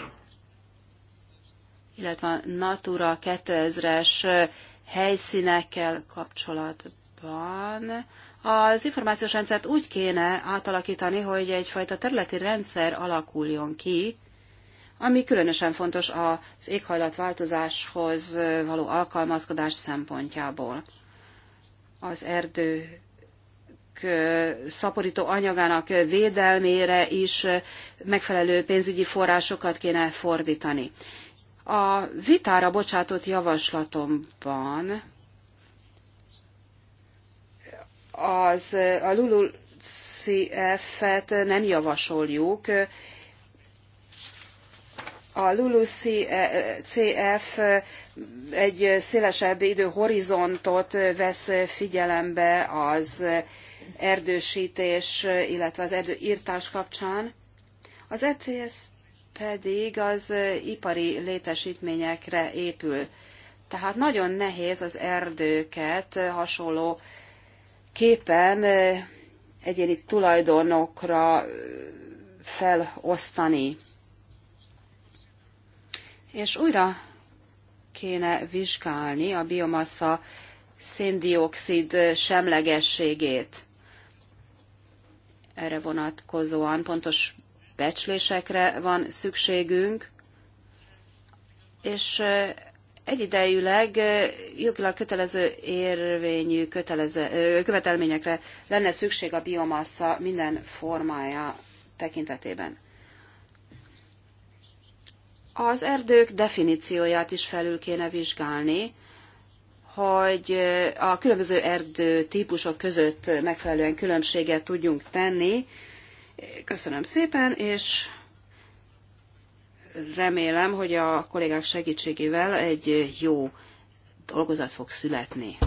illetve a Natura 2000-es helyszínekkel kapcsolatban az információs rendszert úgy kéne átalakítani, hogy egyfajta területi rendszer alakuljon ki, ami különösen fontos az éghajlatváltozáshoz való alkalmazkodás szempontjából. Az erdő szaporító anyagának védelmére is megfelelő pénzügyi forrásokat kéne fordítani. A vitára bocsátott javaslatomban az, a LULUCF-et nem javasoljuk. A LULUCF egy szélesebb időhorizontot vesz figyelembe az erdősítés, illetve az erdőírtás kapcsán. Az ETS pedig az ipari létesítményekre épül. Tehát nagyon nehéz az erdőket hasonló képen egyéni tulajdonokra felosztani. És újra kéne vizsgálni a biomassa széndiokszid semlegességét. Erre vonatkozóan pontos becslésekre van szükségünk, és egyidejűleg jogilag kötelező érvényű kötelező, követelményekre lenne szükség a biomassa minden formája tekintetében. Az erdők definícióját is felül kéne vizsgálni, hogy a különböző erdő típusok között megfelelően különbséget tudjunk tenni. Köszönöm szépen, és remélem, hogy a kollégák segítségével egy jó dolgozat fog születni.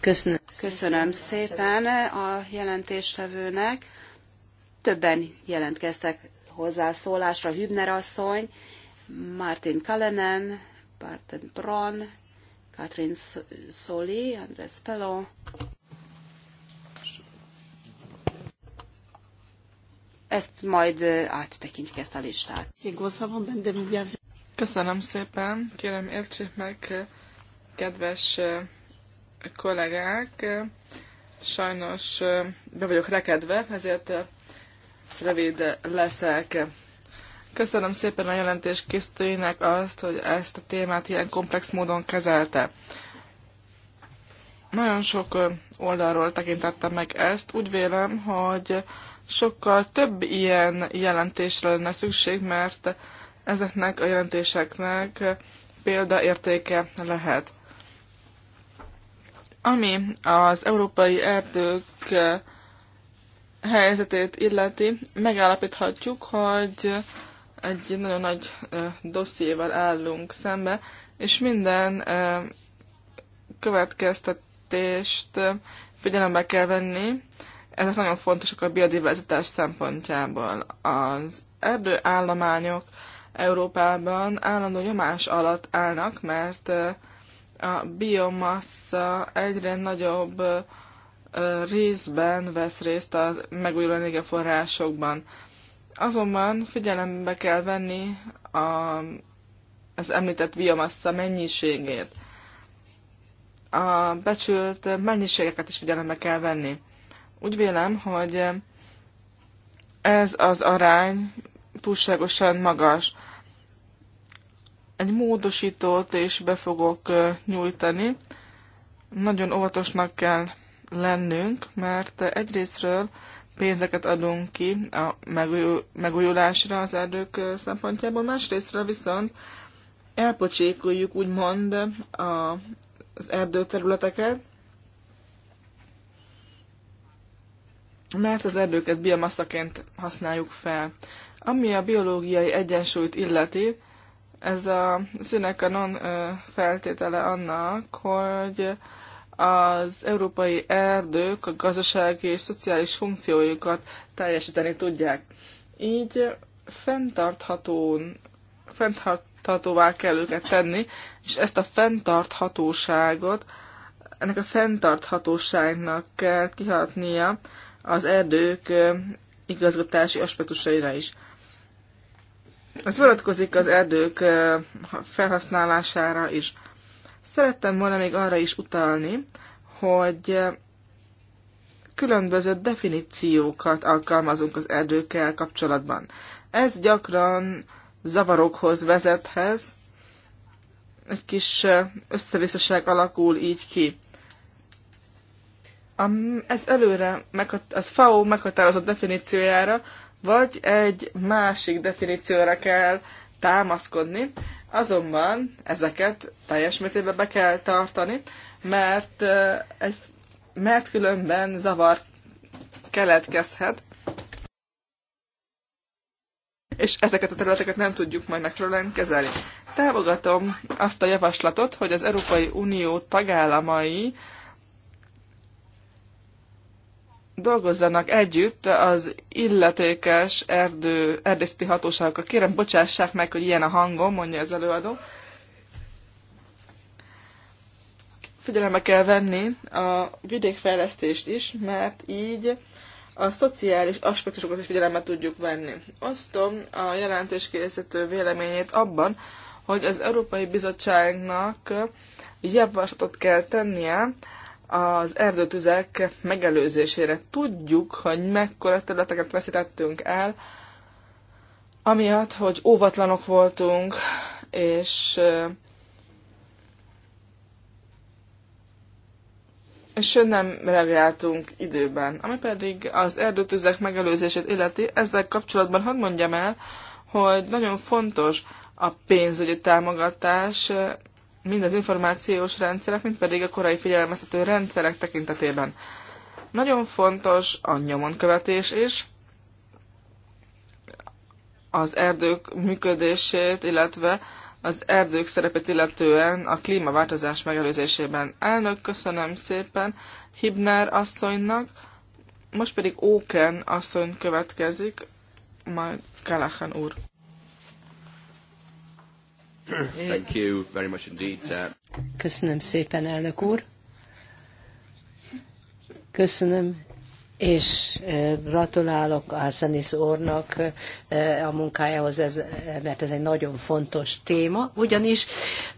Köszönöm, Köszönöm szépen a jelentéstevőnek. Többen jelentkeztek hozzászólásra. Hübner asszony, Martin Kalenen, Barton Bron, Katrin Szoli, Andrés Pelon. Ezt majd áttekintjük ezt a listát. Köszönöm szépen, kérem értsék meg, kedves kollégák, sajnos be vagyok rekedve, ezért rövid leszek. Köszönöm szépen a jelentés készítőinek azt, hogy ezt a témát ilyen komplex módon kezelte. Nagyon sok oldalról tekintettem meg ezt. Úgy vélem, hogy sokkal több ilyen jelentésre lenne szükség, mert ezeknek a jelentéseknek példaértéke lehet. Ami az európai erdők helyzetét illeti, megállapíthatjuk, hogy egy nagyon nagy dossziéval állunk szembe, és minden következtetést figyelembe kell venni, ezek nagyon fontosak a biodiverzitás szempontjából. Az erdőállományok Európában állandó nyomás alatt állnak, mert a biomassa egyre nagyobb részben vesz részt a megújuló energiaforrásokban. Azonban figyelembe kell venni a, az említett biomassa mennyiségét. A becsült mennyiségeket is figyelembe kell venni. Úgy vélem, hogy ez az arány túlságosan magas. Egy módosítót is be fogok nyújtani. Nagyon óvatosnak kell lennünk, mert egyrésztről pénzeket adunk ki a megújulásra az erdők szempontjából, másrésztről viszont elpocsékoljuk úgymond a, az erdőterületeket, mert az erdőket biomaszaként használjuk fel. Ami a biológiai egyensúlyt illeti, ez a színek a non feltétele annak, hogy az európai erdők a gazdasági és szociális funkciójukat teljesíteni tudják. Így fenntarthatón, fenntarthatóvá kell őket tenni, és ezt a fenntarthatóságot, ennek a fenntarthatóságnak kell kihatnia az erdők igazgatási aspektusaira is. Ez vonatkozik az erdők felhasználására is. Szerettem volna még arra is utalni, hogy különböző definíciókat alkalmazunk az erdőkkel kapcsolatban. Ez gyakran zavarokhoz vezethez, egy kis összevisszaság alakul így ki a, ez előre, az FAO meghatározott definíciójára, vagy egy másik definícióra kell támaszkodni, azonban ezeket teljes mértékben be kell tartani, mert, egy, mert különben zavar keletkezhet, és ezeket a területeket nem tudjuk majd megfelelően kezelni. Támogatom azt a javaslatot, hogy az Európai Unió tagállamai dolgozzanak együtt az illetékes erdő, erdészeti hatóságokkal. Kérem, bocsássák meg, hogy ilyen a hangom, mondja az előadó. Figyelembe kell venni a vidékfejlesztést is, mert így a szociális aspektusokat is figyelembe tudjuk venni. Osztom a jelentéskészítő véleményét abban, hogy az Európai Bizottságnak javaslatot kell tennie az erdőtüzek megelőzésére. Tudjuk, hogy mekkora területeket veszítettünk el, amiatt, hogy óvatlanok voltunk, és és nem reagáltunk időben. Ami pedig az erdőtüzek megelőzését illeti, ezzel kapcsolatban hadd mondjam el, hogy nagyon fontos a pénzügyi támogatás, mind az információs rendszerek, mint pedig a korai figyelmeztető rendszerek tekintetében. Nagyon fontos a nyomonkövetés is, az erdők működését, illetve az erdők szerepet illetően a klímaváltozás megelőzésében. Elnök, köszönöm szépen Hibner asszonynak, most pedig Óken asszony következik, majd Kalachan úr. Thank you very much indeed. Uh, Köszönöm szépen, elnök úr. Köszönöm, és eh, gratulálok Arsenis úrnak eh, a munkájához, ez, mert ez egy nagyon fontos téma, ugyanis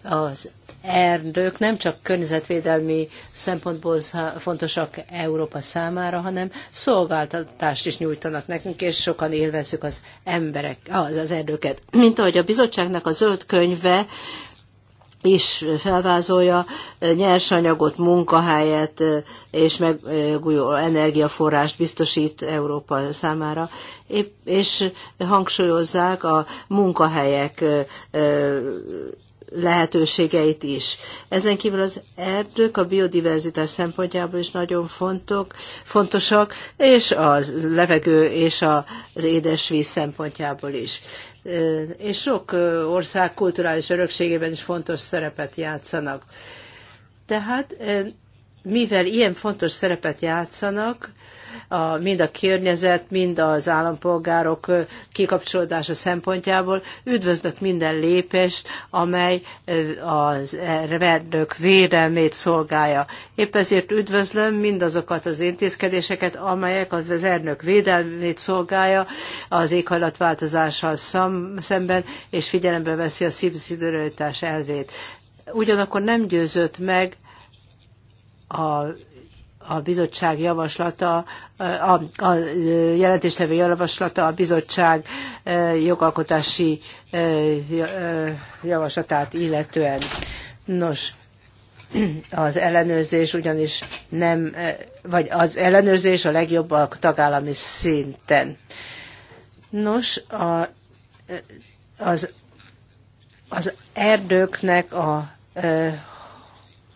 az erdők nem csak környezetvédelmi szempontból fontosak Európa számára, hanem szolgáltatást is nyújtanak nekünk, és sokan élvezzük az emberek, az, az erdőket. Mint ahogy a bizottságnak a zöld könyve is felvázolja nyersanyagot, munkahelyet és megújuló energiaforrást biztosít Európa számára, és hangsúlyozzák a munkahelyek lehetőségeit is. Ezen kívül az erdők a biodiverzitás szempontjából is nagyon fontok, fontosak, és a levegő és az édesvíz szempontjából is. És sok ország kulturális örökségében is fontos szerepet játszanak. Tehát mivel ilyen fontos szerepet játszanak, a, mind a környezet, mind az állampolgárok kikapcsolódása szempontjából. Üdvözlök minden lépést, amely az erdők védelmét szolgálja. Épp ezért üdvözlöm mindazokat az intézkedéseket, amelyek az erdők védelmét szolgálja az éghajlatváltozással szemben, és figyelembe veszi a szívszidőrőtás elvét. Ugyanakkor nem győzött meg a a bizottság javaslata, a, a jelentéstevő javaslata a bizottság e, jogalkotási e, e, javaslatát illetően. Nos, az ellenőrzés ugyanis nem, vagy az ellenőrzés a legjobb a tagállami szinten. Nos, a, az, az erdőknek a, a,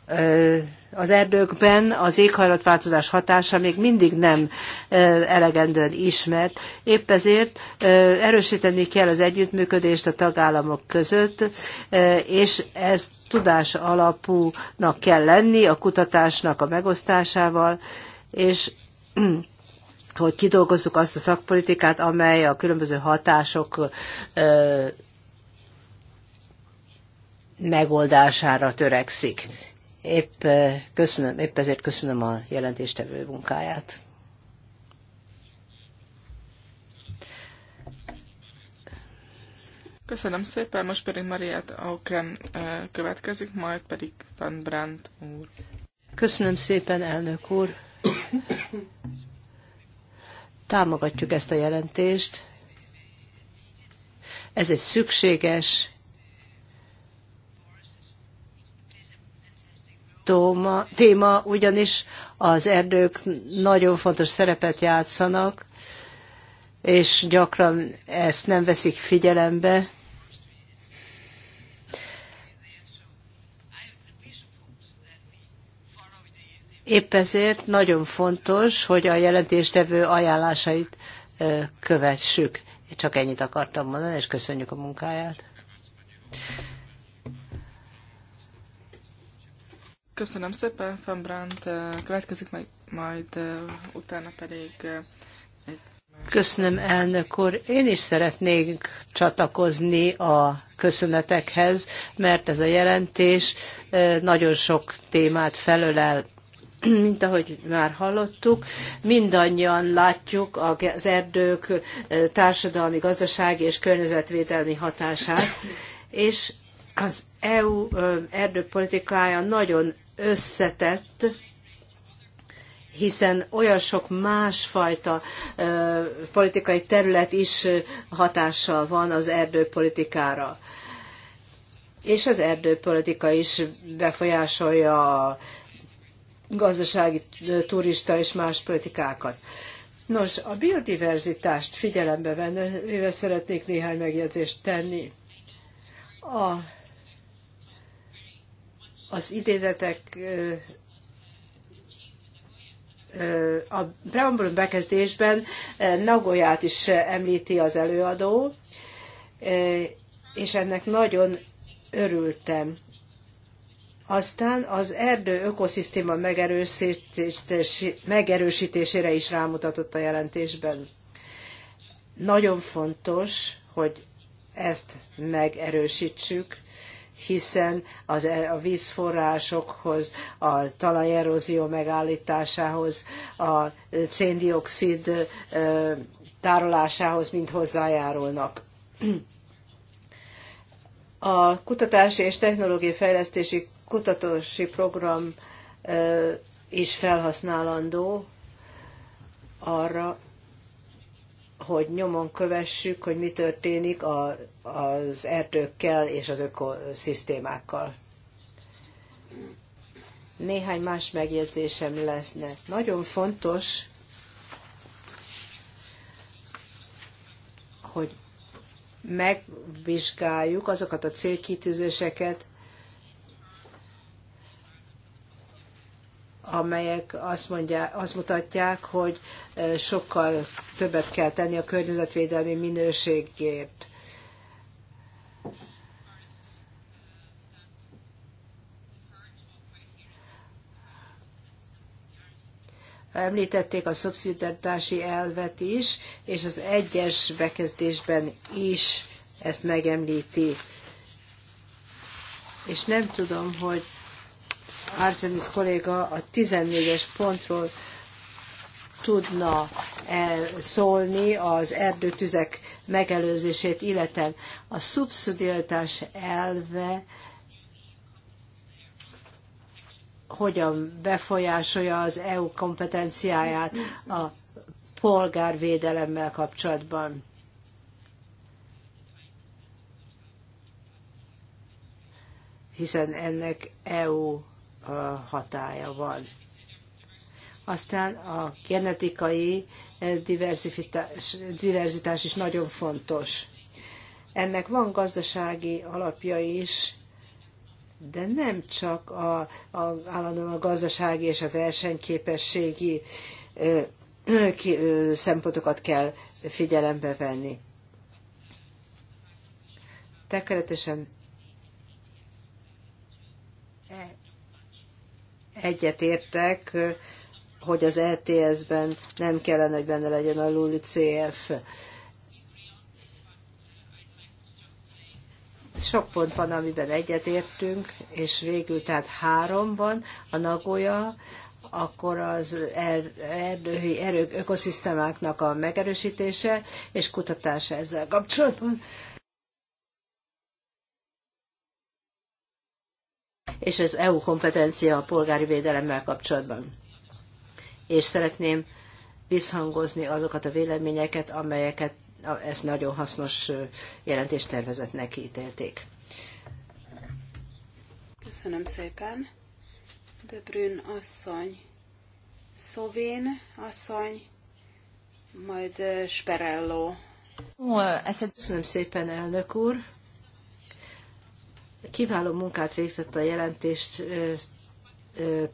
a az erdőkben az éghajlatváltozás hatása még mindig nem elegendően ismert. Épp ezért erősíteni kell az együttműködést a tagállamok között, és ez tudás alapúnak kell lenni a kutatásnak a megosztásával, és [clears throat] hogy kidolgozzuk azt a szakpolitikát, amely a különböző hatások megoldására törekszik. Épp, eh, köszönöm, épp ezért köszönöm a jelentéstevő munkáját. Köszönöm szépen, most pedig Mariát Auken eh, következik, majd pedig Van Brandt úr. Köszönöm szépen, elnök úr. Támogatjuk ezt a jelentést. Ez egy szükséges tóma, téma, ugyanis az erdők nagyon fontos szerepet játszanak, és gyakran ezt nem veszik figyelembe. Épp ezért nagyon fontos, hogy a jelentéstevő ajánlásait kövessük. Én csak ennyit akartam mondani, és köszönjük a munkáját. Köszönöm szépen, Fembrandt. Következik majd, majd utána pedig egy... Köszönöm, elnök úr. Én is szeretnék csatlakozni a köszönetekhez, mert ez a jelentés nagyon sok témát felölel mint ahogy már hallottuk, mindannyian látjuk az erdők társadalmi, gazdasági és környezetvédelmi hatását, és az EU erdőpolitikája nagyon összetett, hiszen olyan sok másfajta ö, politikai terület is hatással van az erdőpolitikára. És az erdőpolitika is befolyásolja a gazdasági, turista és más politikákat. Nos, a biodiverzitást figyelembe venve szeretnék néhány megjegyzést tenni. A az idézetek a preambulum bekezdésben Nagoyát is említi az előadó, és ennek nagyon örültem. Aztán az erdő ökoszisztéma megerősítésére is rámutatott a jelentésben. Nagyon fontos, hogy ezt megerősítsük, hiszen az, e, a vízforrásokhoz, a talajerózió megállításához, a széndiokszid tárolásához mind hozzájárulnak. A kutatási és technológiai fejlesztési kutatási program is felhasználandó arra, hogy nyomon kövessük, hogy mi történik a, az erdőkkel és az ökoszisztémákkal. Néhány más megjegyzésem leszne. Nagyon fontos, hogy megvizsgáljuk azokat a célkitűzéseket, amelyek azt, mondja, azt mutatják, hogy sokkal többet kell tenni a környezetvédelmi minőségért. Említették a szubszidatási elvet is, és az egyes bekezdésben is ezt megemlíti. És nem tudom, hogy Arsenis kolléga a 14-es pontról tudna e, szólni az erdőtüzek megelőzését illetően, A szubszidiaritás elve hogyan befolyásolja az EU kompetenciáját a polgárvédelemmel kapcsolatban. Hiszen ennek EU hatája van. Aztán a genetikai eh, diverzitás, is nagyon fontos. Ennek van gazdasági alapja is, de nem csak a, a, állandóan a gazdasági és a versenyképességi ö, ö, ö, szempontokat kell figyelembe venni. Tekeretesen egyetértek, hogy az ETS-ben nem kellene, hogy benne legyen a Luli CF. Sok pont van, amiben egyetértünk, és végül tehát három van, a Nagoya, akkor az er-, erdői erők ökoszisztémáknak a megerősítése és kutatása ezzel kapcsolatban. és ez EU kompetencia a polgári védelemmel kapcsolatban. És szeretném visszhangozni azokat a véleményeket, amelyeket ezt nagyon hasznos jelentéstervezetnek ítélték. Köszönöm szépen. De Brün asszony, Szovén asszony, majd Sperello. Köszönöm szépen, elnök úr. Kiváló munkát végzett a jelentést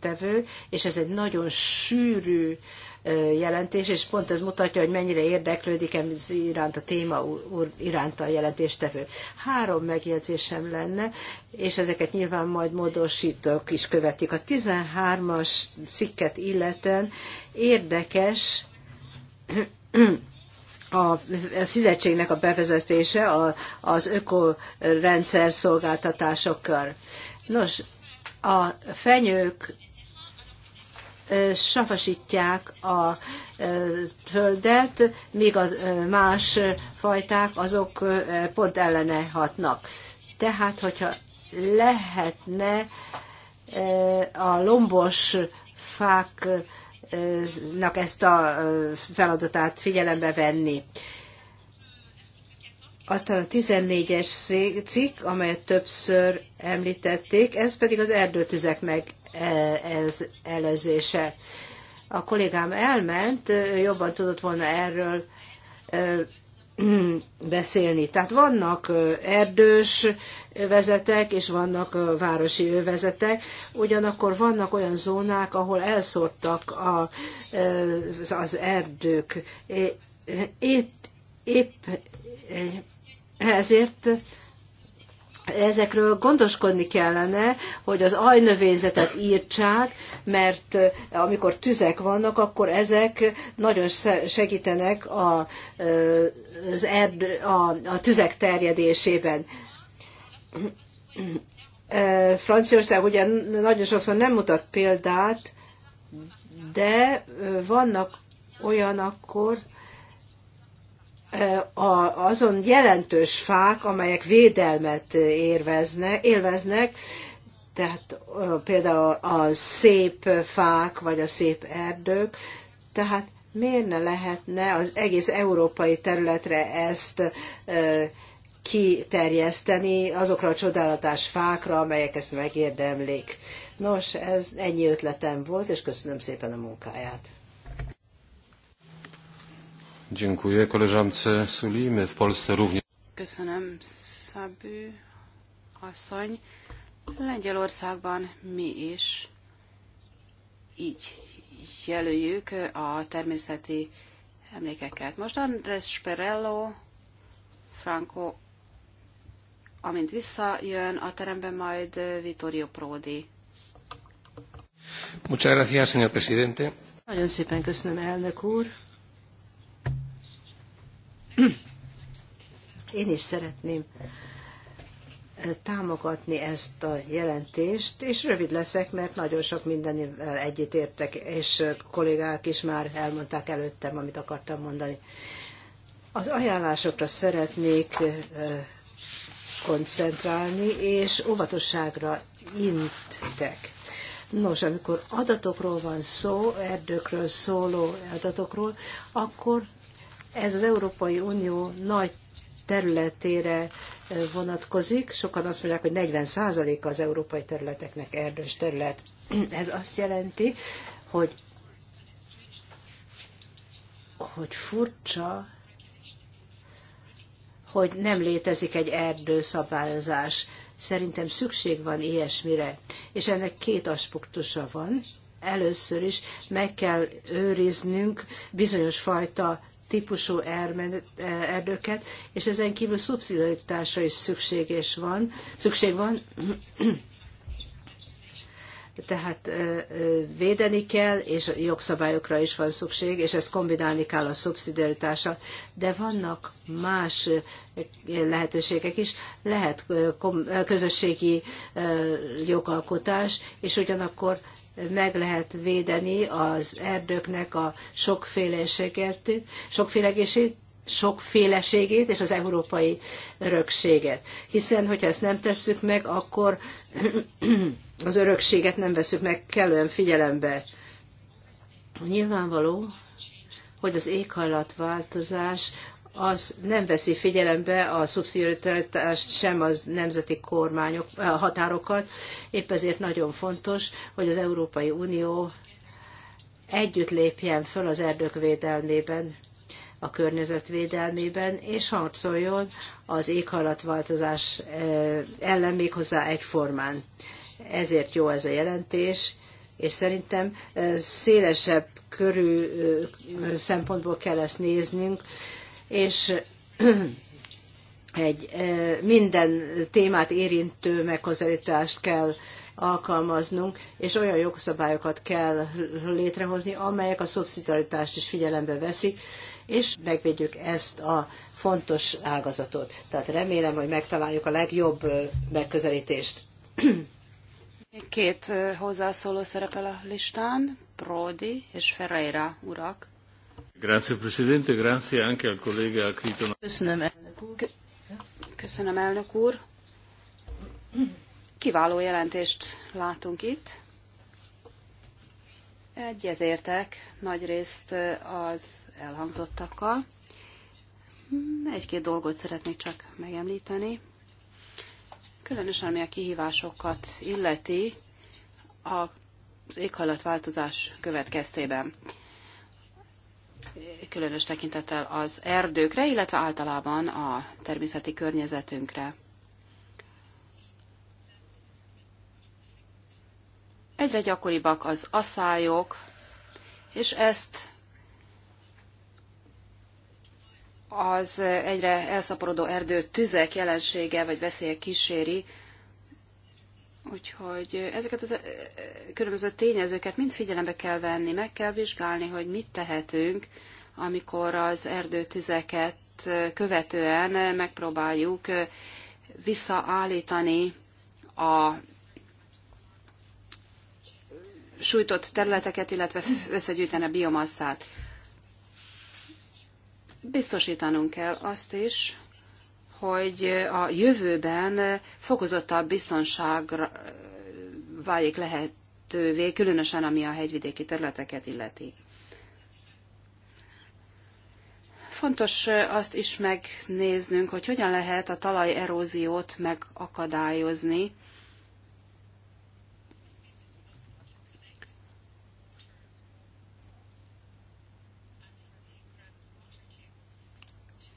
tevő, és ez egy nagyon sűrű jelentés, és pont ez mutatja, hogy mennyire érdeklődik ez iránt a téma iránt a jelentéstevő. Három megjegyzésem lenne, és ezeket nyilván majd módosítok is követik. A 13-as cikket illeten érdekes a fizetségnek a bevezetése az ökorendszer szolgáltatásokkal. Nos, a fenyők savasítják a földet, míg a más fajták azok pont ellene hatnak. Tehát, hogyha lehetne a lombos fák ezt a feladatát figyelembe venni. Aztán a 14-es cikk, amelyet többször említették, ez pedig az erdőtüzek e, elezése. A kollégám elment, jobban tudott volna erről [clears throat] beszélni. Tehát vannak erdős övezetek, és vannak városi övezetek, ugyanakkor vannak olyan zónák, ahol elszórtak a, az erdők. Itt, épp ezért ezekről gondoskodni kellene, hogy az ajnövényzetet írtsák, mert amikor tüzek vannak, akkor ezek nagyon segítenek a, az erd, a, a tüzek terjedésében. Franciaország ugye nagyon sokszor nem mutat példát, de vannak olyan akkor azon jelentős fák, amelyek védelmet érveznek, élveznek, tehát például a szép fák, vagy a szép erdők, tehát miért ne lehetne az egész európai területre ezt kiterjeszteni azokra a csodálatos fákra, amelyek ezt megérdemlik. Nos, ez ennyi ötletem volt, és köszönöm szépen a munkáját. Dziękuję koleżance Suli. My w Polsce również. Köszönöm, Szabű asszony. Lengyelországban mi is így jelöljük a természeti emlékeket. Most Andrés Perello, Franco amint visszajön a terembe, majd Vittorio Prodi. Muchas gracias, señor presidente. Nagyon szépen köszönöm, elnök úr. Én is szeretném támogatni ezt a jelentést, és rövid leszek, mert nagyon sok minden egyetértek, és kollégák is már elmondták előttem, amit akartam mondani. Az ajánlásokra szeretnék koncentrálni, és óvatosságra intek. Nos, amikor adatokról van szó, erdőkről szóló adatokról, akkor ez az Európai Unió nagy területére e, vonatkozik. Sokan azt mondják, hogy 40%-a az európai területeknek erdős terület. [clears throat] Ez azt jelenti, hogy, hogy furcsa, hogy nem létezik egy erdőszabályozás. Szerintem szükség van ilyesmire. És ennek két aspektusa van. Először is meg kell őriznünk bizonyos fajta típusú erdőket, és ezen kívül szubszidiaritásra is szükséges van, szükség van, tehát védeni kell, és jogszabályokra is van szükség, és ezt kombinálni kell a szubszidiaritással, de vannak más lehetőségek is. Lehet közösségi jogalkotás, és ugyanakkor meg lehet védeni az erdőknek a sokféleségét, sokfélegesét, sokféleségét és az európai örökséget. Hiszen, hogyha ezt nem tesszük meg, akkor az örökséget nem veszük meg kellően figyelembe. Nyilvánvaló, hogy az éghajlatváltozás az nem veszi figyelembe a szubszidiaritást sem az nemzeti kormányok határokat. Épp ezért nagyon fontos, hogy az Európai Unió együtt lépjen föl az erdők védelmében, a környezetvédelmében, és harcoljon az éghajlatváltozás eh, ellen méghozzá egyformán. Ezért jó ez a jelentés, és szerintem szélesebb körű szempontból kell ezt néznünk, és egy minden témát érintő megközelítást kell alkalmaznunk, és olyan jogszabályokat kell létrehozni, amelyek a szubszidiaritást is figyelembe veszik, és megvédjük ezt a fontos ágazatot. Tehát remélem, hogy megtaláljuk a legjobb megközelítést. Két hozzászóló szerepel a listán, Prodi és Ferreira urak. Grazie Presidente, grazie anche al collega Kriton. Köszönöm elnök úr. Köszönöm elnök úr. Kiváló jelentést látunk itt. Egyetértek részt az elhangzottakkal. Egy-két dolgot szeretnék csak megemlíteni különösen ami a kihívásokat illeti az éghajlatváltozás következtében. Különös tekintettel az erdőkre, illetve általában a természeti környezetünkre. Egyre gyakoribbak az asszályok, és ezt az egyre elszaporodó erdő tüzek jelensége vagy veszélye kíséri. Úgyhogy ezeket az eh, különböző tényezőket mind figyelembe kell venni, meg kell vizsgálni, hogy mit tehetünk, amikor az erdőtüzeket eh, követően eh, megpróbáljuk visszaállítani a sújtott területeket, illetve összegyűjteni a biomasszát biztosítanunk kell azt is, hogy a jövőben fokozottabb biztonságra válik lehetővé, különösen ami a hegyvidéki területeket illeti. Fontos azt is megnéznünk, hogy hogyan lehet a talajeróziót megakadályozni,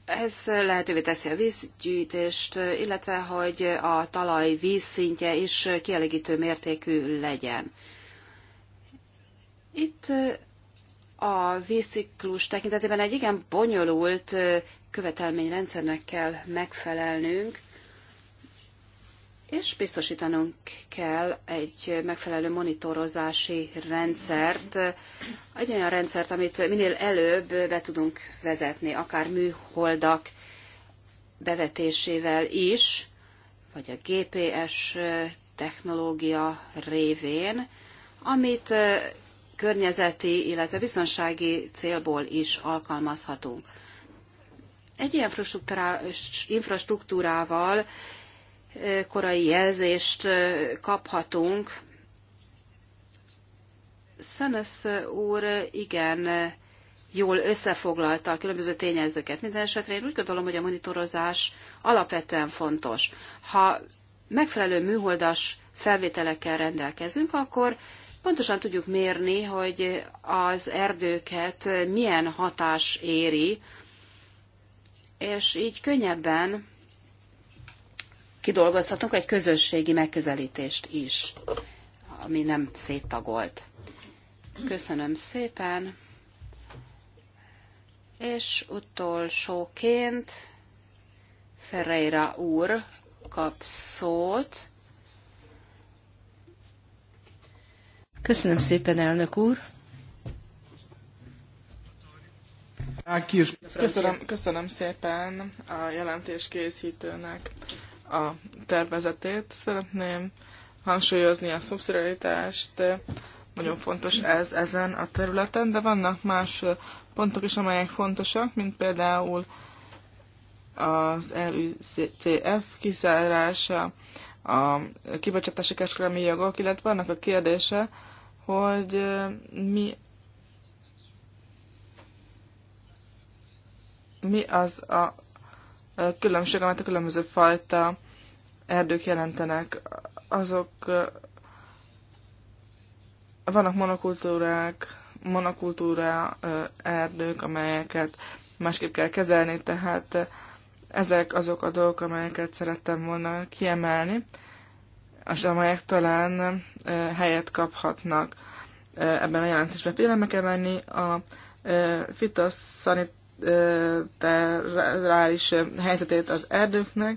Ez lehetővé teszi a vízgyűjtést, illetve hogy a talaj vízszintje is kielégítő mértékű legyen. Itt a vízciklus tekintetében egy igen bonyolult követelményrendszernek kell megfelelnünk, és biztosítanunk kell egy megfelelő monitorozási rendszert, egy olyan rendszert, amit minél előbb be tudunk vezetni, akár műholdak bevetésével is, vagy a GPS technológia révén, amit környezeti, illetve biztonsági célból is alkalmazhatunk. Egy ilyen infrastruktúrával korai jelzést kaphatunk. Szenes úr igen jól összefoglalta a különböző tényezőket. Minden esetre én úgy gondolom, hogy a monitorozás alapvetően fontos. Ha megfelelő műholdas felvételekkel rendelkezünk, akkor pontosan tudjuk mérni, hogy az erdőket milyen hatás éri, és így könnyebben kidolgozhatunk egy közösségi megközelítést is, ami nem széttagolt. Köszönöm szépen. És utolsóként Ferreira úr kap szót. Köszönöm szépen, elnök úr. Köszönöm, köszönöm szépen a jelentés készítőnek a tervezetét. Szeretném hangsúlyozni a szubszidiaritást, nagyon fontos ez ezen a területen, de vannak más pontok is, amelyek fontosak, mint például az LUCF kiszárása, a kibocsátási kereskedelmi jogok, illetve annak a kérdése, hogy mi mi az a különbség, amit a különböző fajta erdők jelentenek. Azok vannak monokultúrák, monokultúra erdők, amelyeket másképp kell kezelni, tehát ezek azok a dolgok, amelyeket szerettem volna kiemelni, és amelyek talán helyet kaphatnak ebben a jelentésben. Figyelembe kell venni a fitoszanit terrális helyzetét az erdőknek.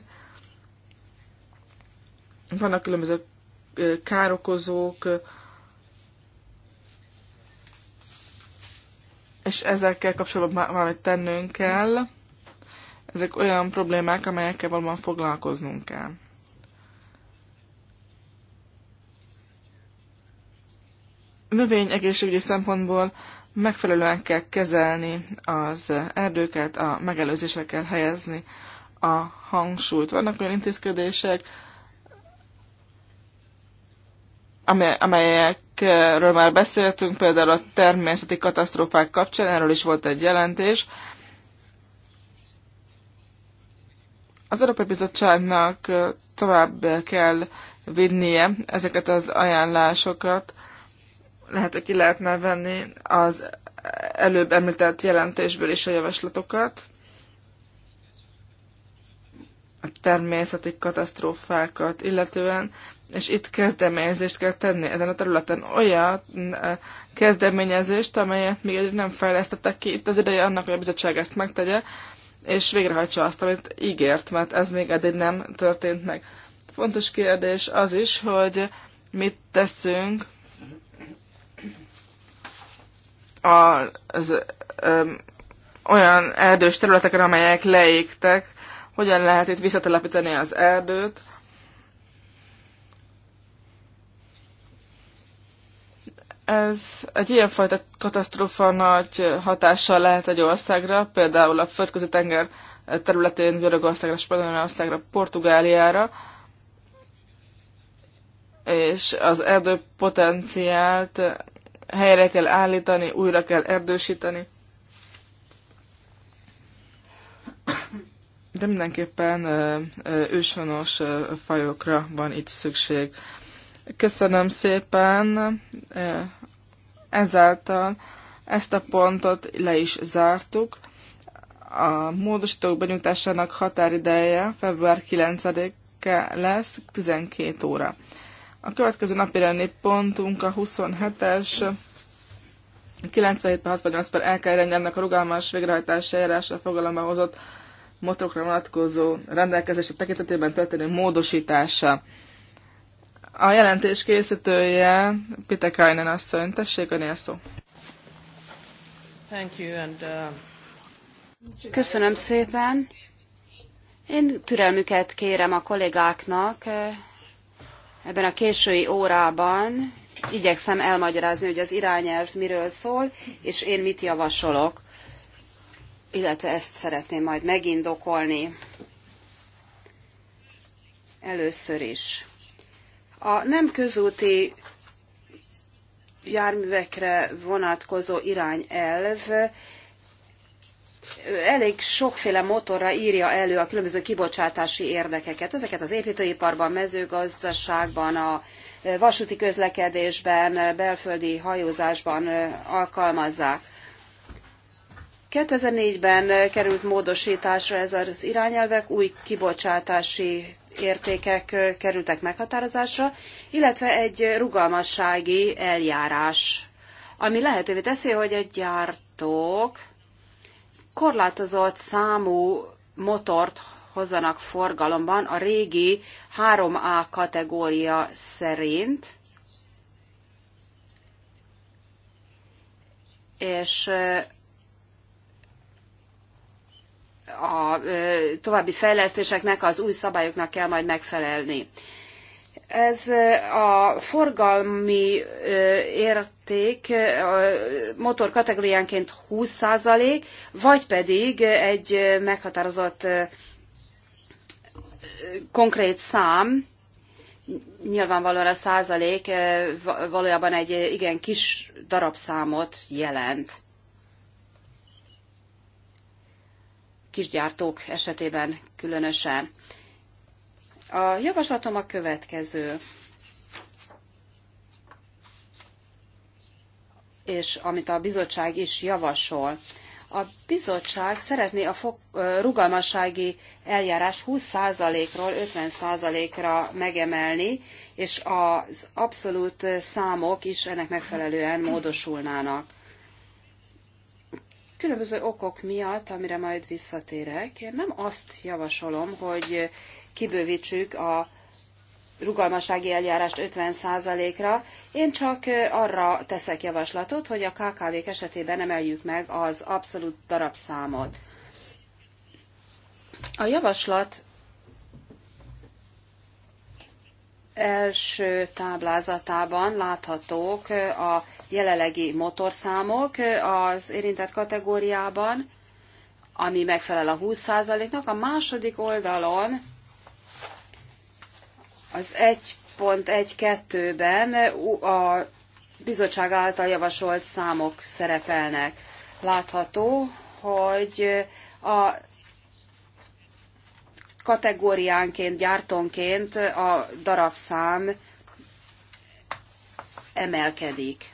Vannak különböző károkozók, és ezekkel kapcsolatban valamit tennünk kell. Ezek olyan problémák, amelyekkel valóban foglalkoznunk kell. Növény egészségügyi szempontból megfelelően kell kezelni az erdőket, a megelőzésre kell helyezni a hangsúlyt. Vannak olyan intézkedések, amelyekről már beszéltünk, például a természeti katasztrófák kapcsán, erről is volt egy jelentés. Az Európai Bizottságnak tovább kell vinnie ezeket az ajánlásokat lehet, hogy ki lehetne venni az előbb említett jelentésből is a javaslatokat. A természeti katasztrófákat illetően, és itt kezdeményezést kell tenni ezen a területen. Olyan eh, kezdeményezést, amelyet még nem fejlesztettek ki, itt az ideje annak, hogy a bizottság ezt megtegye, és végrehajtsa azt, amit ígért, mert ez még eddig nem történt meg. Fontos kérdés az is, hogy mit teszünk az ö, olyan erdős területeken, amelyek leégtek, hogyan lehet itt visszatelepíteni az erdőt. Ez egy ilyenfajta katasztrófa nagy hatással lehet egy országra, például a földközi tenger területén Görögországra, Spanyolországra, Portugáliára, és az erdő potenciált helyre kell állítani, újra kell erdősíteni. De mindenképpen őshonos fajokra van itt szükség. Köszönöm szépen. Ezáltal ezt a pontot le is zártuk. A módosítók benyújtásának határideje február 9-e lesz 12 óra. A következő napi rendi pontunk a 27-es 97-68 per LK irányelvnek a rugalmas végrehajtási eljárásra fogalomba hozott motorokra vonatkozó rendelkezések tekintetében történő módosítása. A jelentés készítője Pitekainen asszony. Tessék, önél szó. Thank you and, uh... Köszönöm szépen. Én türelmüket kérem a kollégáknak. Uh ebben a késői órában igyekszem elmagyarázni, hogy az irányelv miről szól, és én mit javasolok, illetve ezt szeretném majd megindokolni először is. A nem közúti járművekre vonatkozó irányelv elég sokféle motorra írja elő a különböző kibocsátási érdekeket. Ezeket az építőiparban, mezőgazdaságban, a vasúti közlekedésben, belföldi hajózásban alkalmazzák. 2004-ben került módosításra ez az irányelvek, új kibocsátási értékek kerültek meghatározásra, illetve egy rugalmassági eljárás, ami lehetővé teszi, hogy a gyártók korlátozott számú motort hozzanak forgalomban a régi 3A kategória szerint, és a további fejlesztéseknek, az új szabályoknak kell majd megfelelni. Ez a forgalmi érték motor kategóriánként 20%, vagy pedig egy meghatározott konkrét szám, nyilvánvalóan a százalék valójában egy igen kis darabszámot jelent. Kisgyártók esetében különösen. A javaslatom a következő. és amit a bizottság is javasol. A bizottság szeretné a fok, rugalmassági eljárás 20%-ról 50%-ra megemelni, és az abszolút számok is ennek megfelelően módosulnának. Különböző okok miatt, amire majd visszatérek, én nem azt javasolom, hogy kibővítsük a rugalmasági eljárást 50%-ra. Én csak arra teszek javaslatot, hogy a KKV-k esetében emeljük meg az abszolút darabszámot. A javaslat első táblázatában láthatók a jelenlegi motorszámok az érintett kategóriában, ami megfelel a 20%-nak. A második oldalon az 1.1.2-ben a bizottság által javasolt számok szerepelnek. Látható, hogy a kategóriánként, gyártónként a darabszám emelkedik.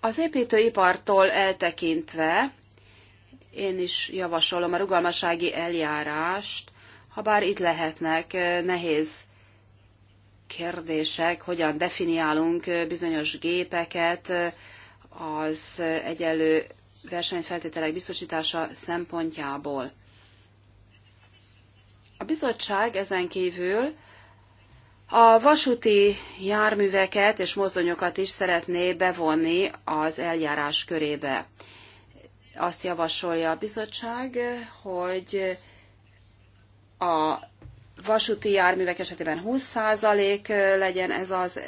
Az építőipartól eltekintve én is javasolom a rugalmasági eljárást, ha bár itt lehetnek nehéz kérdések, hogyan definiálunk bizonyos gépeket az egyenlő versenyfeltételek biztosítása szempontjából. A bizottság ezen kívül a vasúti járműveket és mozdonyokat is szeretné bevonni az eljárás körébe. Azt javasolja a bizottság, hogy a vasúti járművek esetében 20% legyen ez az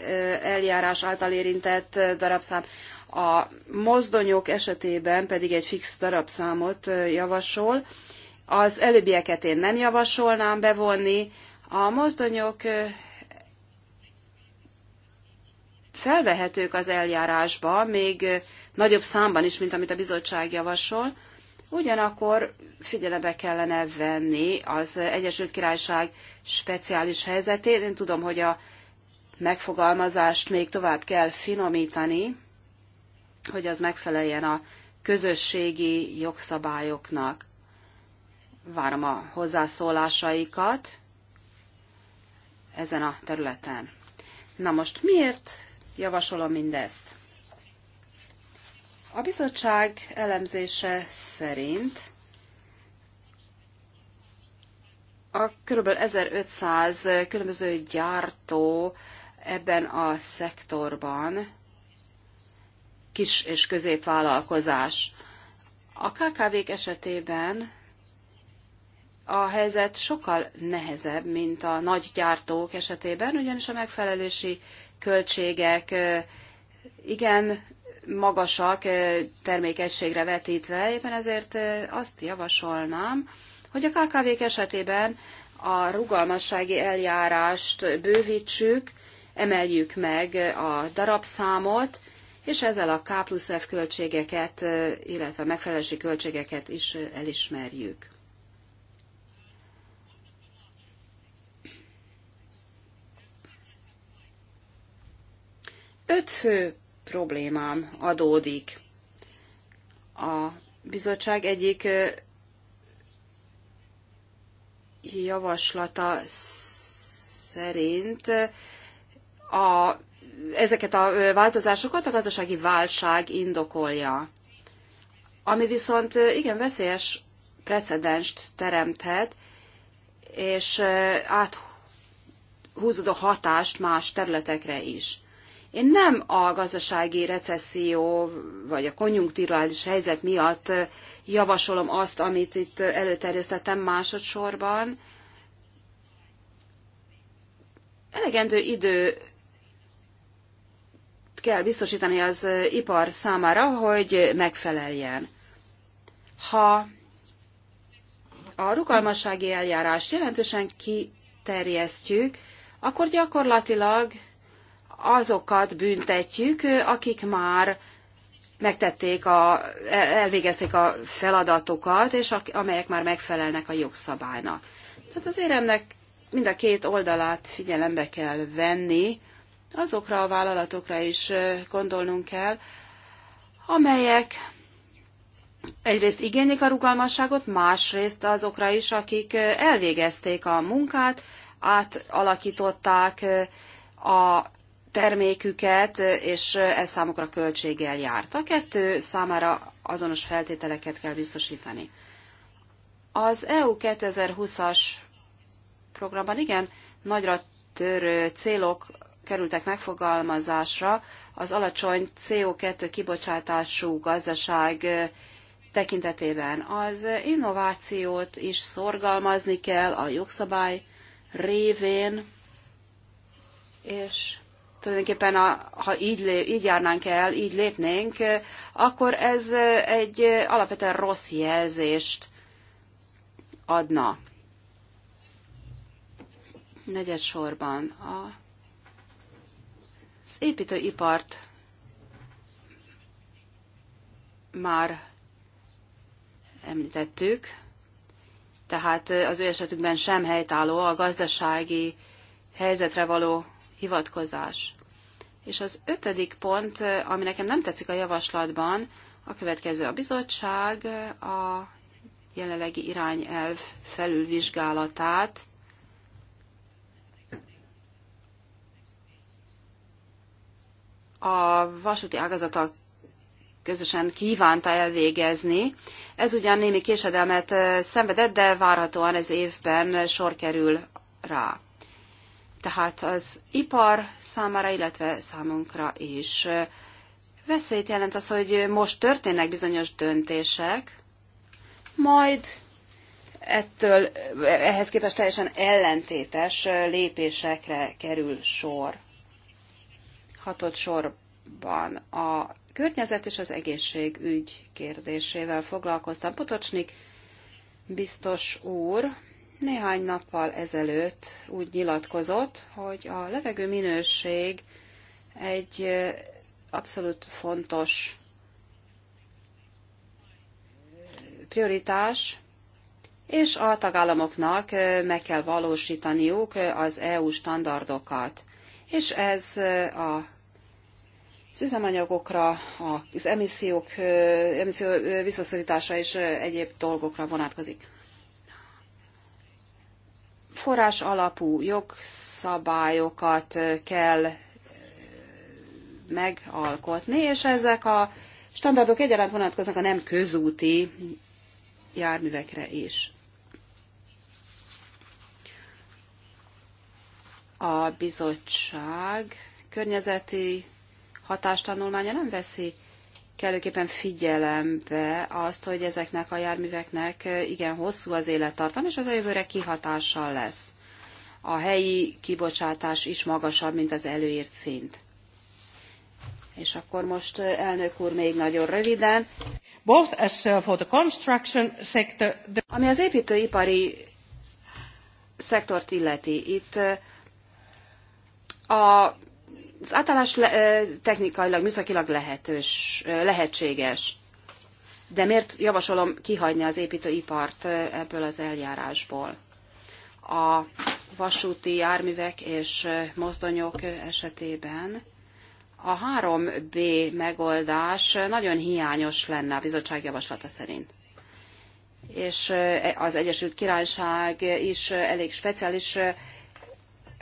eljárás által érintett darabszám, a mozdonyok esetében pedig egy fix darabszámot javasol. Az előbbieket én nem javasolnám bevonni. A mozdonyok felvehetők az eljárásba, még nagyobb számban is, mint amit a bizottság javasol. Ugyanakkor figyelembe kellene venni az Egyesült Királyság speciális helyzetét. Én tudom, hogy a megfogalmazást még tovább kell finomítani, hogy az megfeleljen a közösségi jogszabályoknak. Várom a hozzászólásaikat ezen a területen. Na most miért javasolom mindezt? A bizottság elemzése szerint a kb. 1500 különböző gyártó ebben a szektorban kis és középvállalkozás. A KKV-k esetében a helyzet sokkal nehezebb, mint a nagy gyártók esetében, ugyanis a megfelelési költségek igen magasak eh, termékegységre vetítve, éppen ezért eh, azt javasolnám, hogy a KKV-k esetében a rugalmassági eljárást bővítsük, emeljük meg a darabszámot, és ezzel a K plusz F költségeket, eh, illetve megfelelési költségeket is elismerjük. Öt fő problémám adódik. A bizottság egyik javaslata szerint a, ezeket a változásokat a gazdasági válság indokolja. Ami viszont igen veszélyes precedenst teremthet, és áthúzódó hatást más területekre is. Én nem a gazdasági recesszió vagy a konjunkturális helyzet miatt javasolom azt, amit itt előterjesztettem másodszorban. Elegendő idő kell biztosítani az ipar számára, hogy megfeleljen. Ha a rugalmassági eljárást jelentősen kiterjesztjük, akkor gyakorlatilag azokat büntetjük, akik már megtették a, elvégezték a feladatokat, és amelyek már megfelelnek a jogszabálynak. Tehát az éremnek mind a két oldalát figyelembe kell venni, azokra a vállalatokra is gondolnunk kell, amelyek egyrészt igénylik a rugalmasságot, másrészt azokra is, akik elvégezték a munkát, átalakították a terméküket, és ez számukra költséggel járt. A kettő számára azonos feltételeket kell biztosítani. Az EU 2020-as programban igen, nagyra törő célok kerültek megfogalmazásra az alacsony CO2 kibocsátású gazdaság tekintetében. Az innovációt is szorgalmazni kell a jogszabály révén, és tulajdonképpen a, ha így, így járnánk el, így lépnénk, akkor ez egy alapvetően rossz jelzést adna. Negyed sorban a, az építőipart már említettük, tehát az ő esetükben sem helytálló a gazdasági helyzetre való hivatkozás. És az ötödik pont, ami nekem nem tetszik a javaslatban, a következő. A bizottság a jelenlegi irányelv felülvizsgálatát a vasúti ágazata közösen kívánta elvégezni. Ez ugyan némi késedelmet szenvedett, de várhatóan ez évben sor kerül rá tehát az ipar számára, illetve számunkra is veszélyt jelent az, hogy most történnek bizonyos döntések, majd ettől ehhez képest teljesen ellentétes lépésekre kerül sor. Hatott sorban a környezet és az egészségügy kérdésével foglalkoztam. Potocsnik biztos úr néhány nappal ezelőtt úgy nyilatkozott, hogy a levegő minőség egy abszolút fontos prioritás, és a tagállamoknak meg kell valósítaniuk az EU standardokat. És ez a az üzemanyagokra, az emissziók, emisszió visszaszorítása és egyéb dolgokra vonatkozik forrás alapú jogszabályokat kell megalkotni, és ezek a standardok egyaránt vonatkoznak a nem közúti járművekre is. A bizottság környezeti hatástanulmánya nem veszi kellőképpen figyelembe azt, hogy ezeknek a járműveknek igen hosszú az élettartam, és az a jövőre kihatással lesz. A helyi kibocsátás is magasabb, mint az előírt szint. És akkor most elnök úr még nagyon röviden. Both as uh, for the construction sector, the... Ami az építőipari szektort illeti, itt a az átállás technikailag, műszakilag lehetős, lehetséges. De miért javasolom kihagyni az építőipart ebből az eljárásból? A vasúti járművek és mozdonyok esetében a 3B megoldás nagyon hiányos lenne a bizottság javaslata szerint. És e, az Egyesült Királyság is elég speciális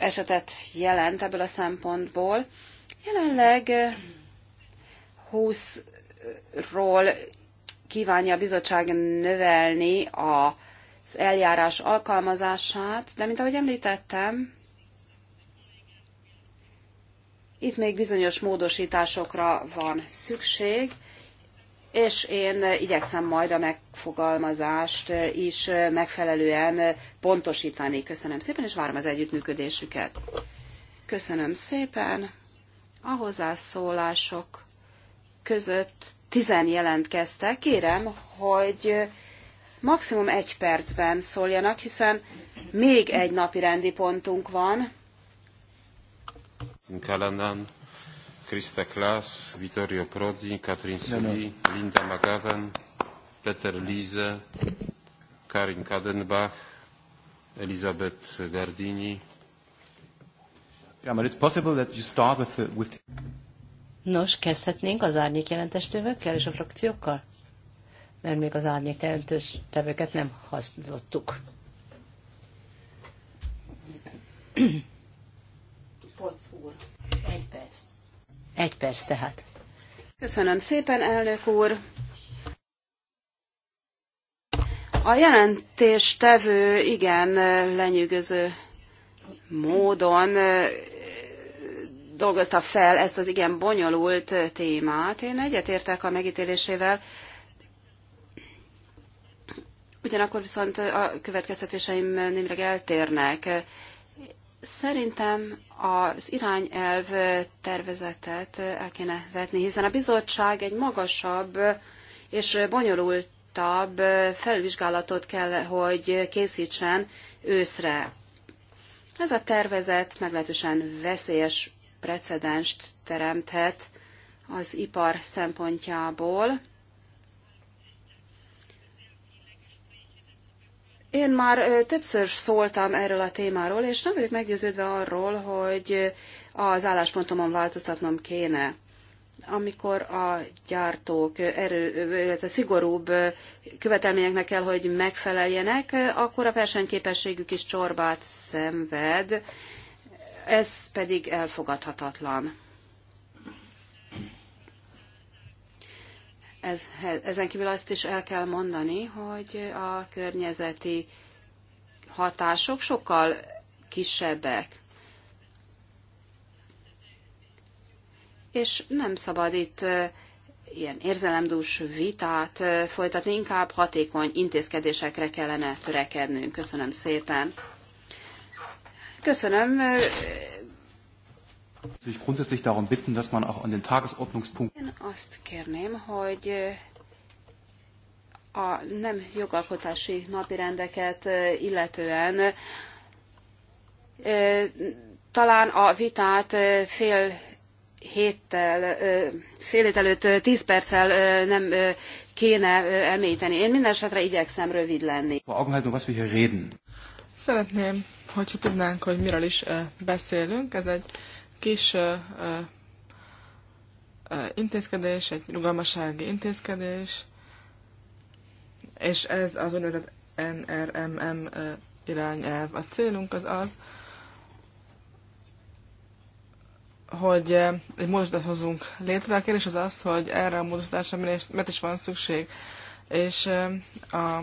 esetet jelent ebből a szempontból. Jelenleg 20-ról eh, kívánja a bizottság növelni az eljárás alkalmazását, de mint ahogy említettem, itt még bizonyos módosításokra van szükség, és én igyekszem majd a megfogalmazást is megfelelően pontosítani. Köszönöm szépen, és várom az együttműködésüket. Köszönöm szépen. A hozzászólások között tizen jelentkeztek. Kérem, hogy maximum egy percben szóljanak, hiszen még egy napi rendi pontunk van. Kellenen Krista Klaas, Vittorio Prodi, Katrin Sully, Linda McGavin, Peter Liese, Karin Kadenbach, Elisabeth Gardini. Yeah, but it's possible that you start with, the, uh, with... Nos, kezdhetnénk az árnyék jelentestővökkel és a frakciókkal? Mert még az árnyék jelentős tevőket nem használtuk. Poc. Egy perc tehát. Köszönöm szépen, elnök úr. A jelentéstevő igen lenyűgöző módon dolgozta fel ezt az igen bonyolult témát. Én egyetértek a megítélésével, ugyanakkor viszont a következtetéseim némileg eltérnek. Szerintem az irányelv tervezetet el kéne vetni, hiszen a bizottság egy magasabb és bonyolultabb felvizsgálatot kell, hogy készítsen őszre. Ez a tervezet meglehetősen veszélyes precedenst teremthet az ipar szempontjából. Én már többször szóltam erről a témáról, és nem vagyok meggyőződve arról, hogy az álláspontomon változtatnom kéne. Amikor a gyártók erő, illetve szigorúbb követelményeknek kell, hogy megfeleljenek, akkor a versenyképességük is csorbát szenved, ez pedig elfogadhatatlan. Ez, ezen kívül azt is el kell mondani, hogy a környezeti hatások sokkal kisebbek. És nem szabad itt ilyen érzelemdús vitát folytatni, inkább hatékony intézkedésekre kellene törekednünk. Köszönöm szépen. Köszönöm, Grundsätzlich darum bitten, dass man auch an den Én azt kérném, hogy eh, a nem jogalkotási napirendeket eh, illetően eh, talán a vitát fél héttel, fél hét előtt tíz perccel nem kéne említeni. Én minden esetre igyekszem rövid lenni. Um Szeretném, hogyha tudnánk, hogy miről is beszélünk. Ez egy kis intézkedés, egy rugalmasági intézkedés, és ez az úgynevezett NRMM irányelv. A célunk az az, hogy egy módosítást hozunk létre. A kérdés az az, hogy erre a módosításra miért is van szükség. És a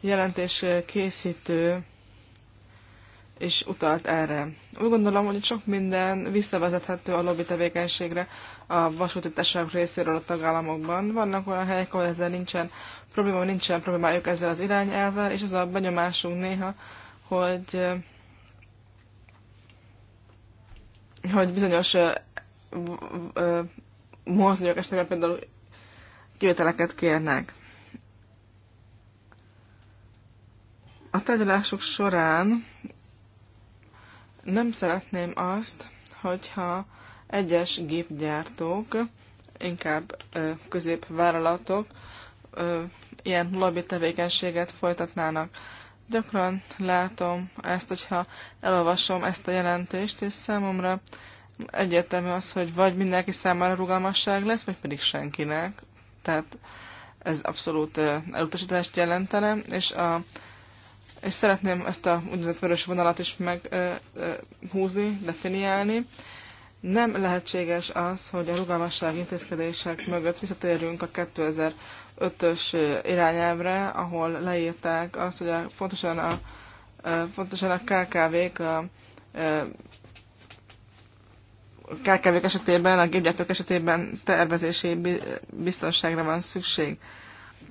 jelentés készítő és utalt erre. Úgy gondolom, hogy sok minden visszavezethető a lobby tevékenységre a vasúti társaságok részéről a tagállamokban. Vannak olyan helyek, ahol ezzel nincsen probléma, nincsen problémájuk ezzel az irányelvvel, és az a benyomásunk néha, hogy hogy bizonyos mozdonyok esetében például kivételeket kérnek. A tárgyalások során nem szeretném azt, hogyha egyes gépgyártók, inkább középvállalatok ilyen lobby tevékenységet folytatnának. Gyakran látom ezt, hogyha elolvasom ezt a jelentést, és számomra egyértelmű az, hogy vagy mindenki számára rugalmasság lesz, vagy pedig senkinek. Tehát ez abszolút elutasítást jelentene, és a és szeretném ezt a úgynevezett vörös vonalat is meghúzni, definiálni. Nem lehetséges az, hogy a rugalmasság intézkedések mögött visszatérjünk a 2005-ös irányelvre, ahol leírták azt, hogy a, pontosan, a, pontosan a KKV-k a, KKV-k esetében, a gépgyártók esetében tervezési biztonságra van szükség.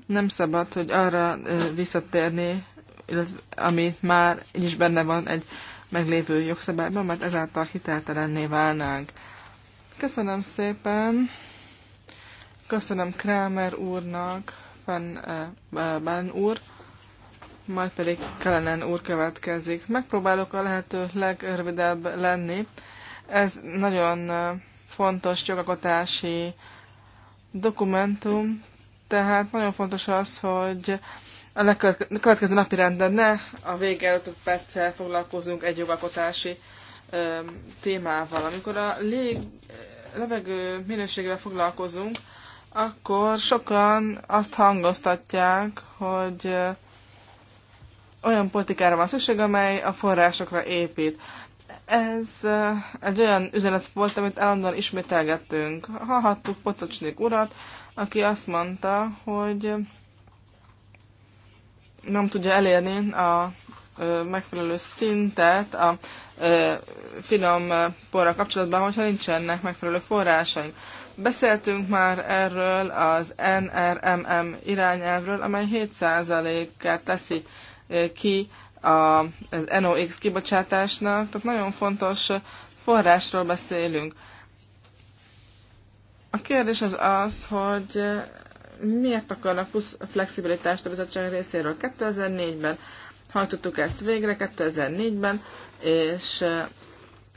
Nem szabad, hogy arra visszatérni illetve ami már így is benne van egy meglévő jogszabályban, mert ezáltal hiteltelenné válnánk. Köszönöm szépen, köszönöm Krámer úrnak, Van Bálen eh, úr, majd pedig Kellenen úr következik. Megpróbálok a lehető legrövidebb lenni. Ez nagyon eh, fontos jogalkotási dokumentum, tehát nagyon fontos az, hogy a következő napi renden ne a vége előtt 5 perccel foglalkozunk egy jogalkotási ö, témával. Amikor a lég, levegő minőségével foglalkozunk, akkor sokan azt hangoztatják, hogy olyan politikára van szükség, amely a forrásokra épít. Ez egy olyan üzenet volt, amit állandóan ismételgettünk. Hallhattuk Potocsnik urat, aki azt mondta, hogy nem tudja elérni a megfelelő szintet a finom porra kapcsolatban, hogyha nincsenek megfelelő forrásaink. Beszéltünk már erről az NRMM irányelvről, amely 7%-át teszi ki az NOx kibocsátásnak, tehát nagyon fontos forrásról beszélünk. A kérdés az az, hogy miért akarnak plusz flexibilitást a bizottság részéről? 2004-ben hajtottuk ezt végre, 2004-ben, és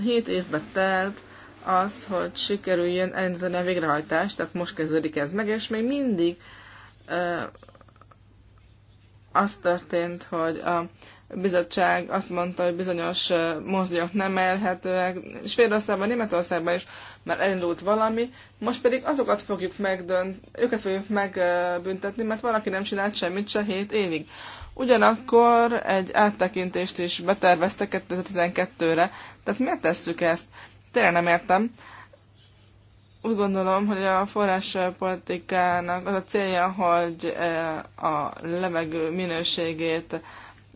7 évbe telt az, hogy sikerüljön elindítani a végrehajtást, tehát most kezdődik ez meg, és még mindig az történt, hogy a bizottság azt mondta, hogy bizonyos mozdonyok nem elhetőek. Svédországban, Németországban is már elindult valami, most pedig azokat fogjuk megdönt, őket fogjuk megbüntetni, mert valaki nem csinált semmit se 7 évig. Ugyanakkor egy áttekintést is beterveztek 2012-re. Tehát miért tesszük ezt? Tényleg nem értem. Úgy gondolom, hogy a forráspolitikának az a célja, hogy eh, a levegő minőségét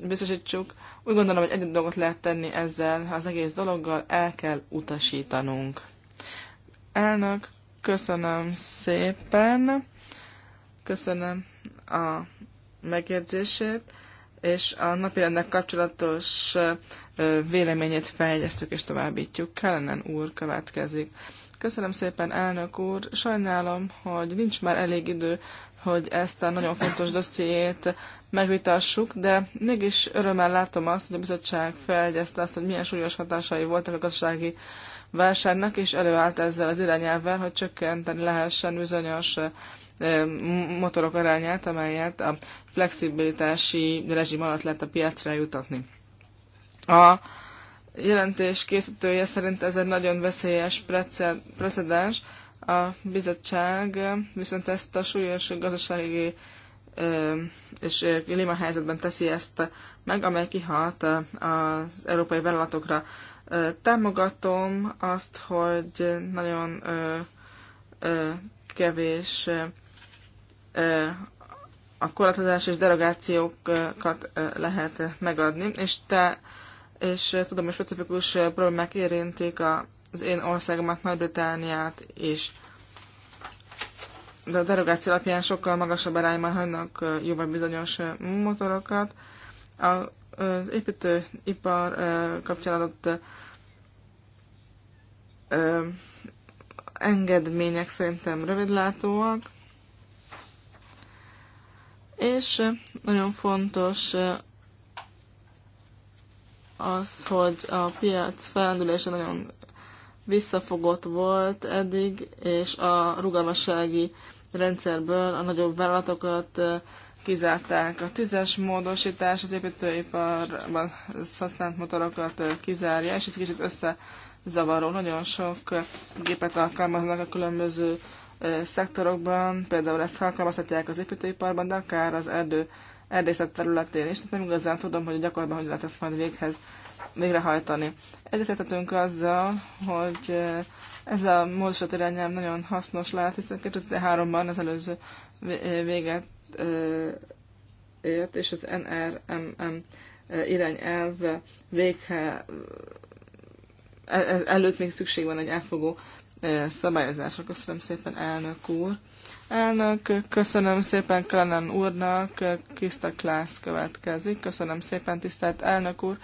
biztosítsuk. Úgy gondolom, hogy egy dolgot lehet tenni ezzel, ha az egész dologgal el kell utasítanunk. Elnök, Köszönöm szépen, köszönöm a megjegyzését, és a napirendnek kapcsolatos véleményét fejlesztjük és továbbítjuk. Kellenen úr következik. Köszönöm szépen, elnök úr. Sajnálom, hogy nincs már elég idő, hogy ezt a nagyon fontos dossziét megvitassuk, de mégis örömmel látom azt, hogy a bizottság fejegyezte azt, hogy milyen súlyos hatásai voltak a gazdasági vásárnak, és előállt ezzel az irányelvvel, hogy csökkenteni lehessen bizonyos motorok arányát, amelyet a flexibilitási rezsim alatt lehet a piacra jutatni. A jelentés készítője szerint ez egy nagyon veszélyes precedens, a bizottság viszont ezt a súlyos gazdasági és klímahelyzetben teszi ezt meg, amely kihat az európai vállalatokra. Támogatom azt, hogy nagyon kevés a korlátozás és derogációkat lehet megadni, és te és tudom, hogy specifikus problémák érintik az én országomat, Nagy-Britániát is. De a derogáció alapján sokkal magasabb arányban hagynak jóval bizonyos motorokat. A az építőipar kapcsán adott engedmények szerintem rövidlátóak, és nagyon fontos az, hogy a piac felendülése nagyon visszafogott volt eddig, és a rugalmassági rendszerből a nagyobb vállalatokat kizárták. A tízes módosítás az építőiparban használt motorokat kizárja, és ez kicsit összezavaró. Nagyon sok gépet alkalmaznak a különböző szektorokban, például ezt alkalmazhatják az építőiparban, de akár az erdő, erdészet területén is. Tehát nem igazán tudom, hogy a gyakorlatban hogy lehet ezt majd véghez végrehajtani. Egyetetetünk azzal, hogy ez a módosított irányelv nagyon hasznos lehet, hiszen 2003-ban az előző véget ért, és az NRMM irányelv véghe e-, e-, előtt még szükség van egy elfogó szabályozásra. Köszönöm szépen, elnök úr. Elnök, köszönöm szépen Klenen úrnak, Kiszta Klász következik. Köszönöm szépen, tisztelt elnök úr.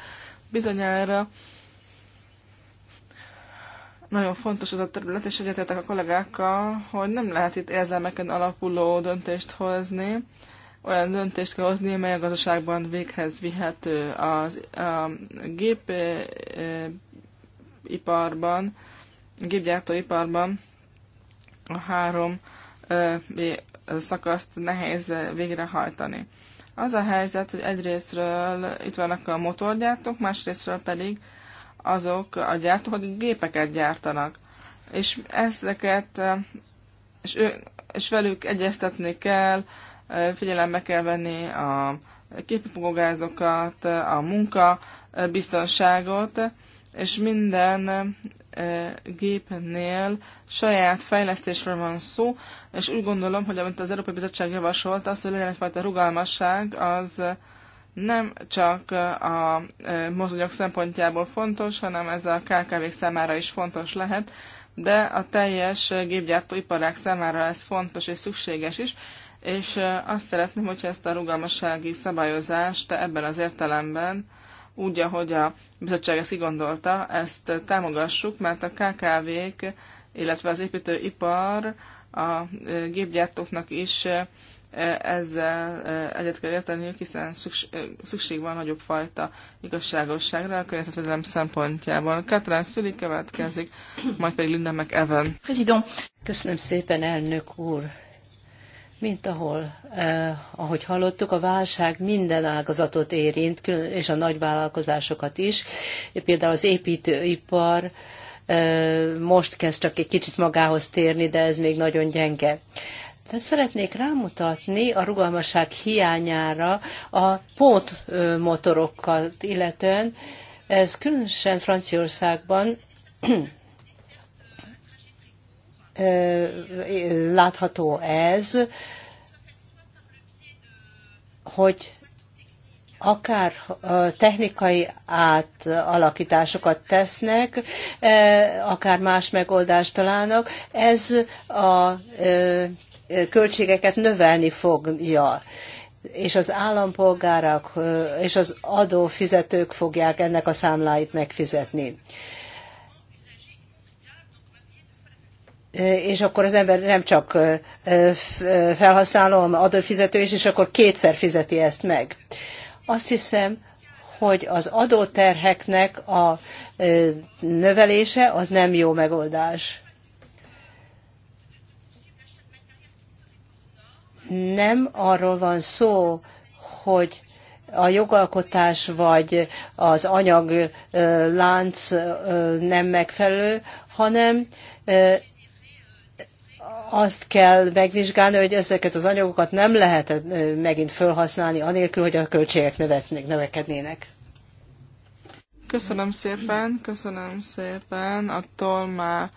Bizonyára nagyon fontos ez a terület, és egyetértek a kollégákkal, hogy nem lehet itt érzelmeken alapuló döntést hozni. Olyan döntést kell hozni, mely a gazdaságban véghez vihető. Az, a gépiparban, e, e, gépgyártóiparban a három e, szakaszt nehéz végrehajtani. Az a helyzet, hogy egyrésztről itt vannak a motorgyártók, másrésztről pedig azok a gyártók, akik gépeket gyártanak. És ezeket, és, ő, és velük egyeztetni kell, figyelembe kell venni a képipogógázokat, a munka biztonságot, és minden gépnél saját fejlesztésről van szó, és úgy gondolom, hogy amit az Európai Bizottság javasolt, az, hogy legyen egyfajta rugalmasság, az nem csak a mozdonyok szempontjából fontos, hanem ez a kkv számára is fontos lehet, de a teljes gépgyártóiparák számára ez fontos és szükséges is, és azt szeretném, hogyha ezt a rugalmassági szabályozást ebben az értelemben, úgy, ahogy a bizottság ezt gondolta, ezt támogassuk, mert a KKV-k, illetve az építőipar a gépgyártóknak is E, ezzel e, egyet kell érteniük, hiszen e, szükség van nagyobb fajta igazságosságra a környezetvédelem szempontjából. Katrán Szüli következik, majd pedig Linda meg President. Köszönöm szépen, elnök úr. Mint ahol, eh, ahogy hallottuk, a válság minden ágazatot érint, külön, és a nagyvállalkozásokat is. Például az építőipar eh, most kezd csak egy kicsit magához térni, de ez még nagyon gyenge. Eh, tehát szeretnék rámutatni a rugalmasság hiányára a pótmotorokat illetően. Ez különösen Franciaországban látható ez, hogy akár technikai átalakításokat tesznek, akár más megoldást találnak, ez a költségeket növelni fogja és az állampolgárok és az adófizetők fogják ennek a számláit megfizetni. És akkor az ember nem csak felhasználó, hanem adófizető is, és akkor kétszer fizeti ezt meg. Azt hiszem, hogy az adóterheknek a növelése az nem jó megoldás nem arról van szó, hogy a jogalkotás vagy az anyag lánc nem megfelelő, hanem azt kell megvizsgálni, hogy ezeket az anyagokat nem lehet megint felhasználni, anélkül, hogy a költségek növekednének. Köszönöm szépen, köszönöm szépen a tolmá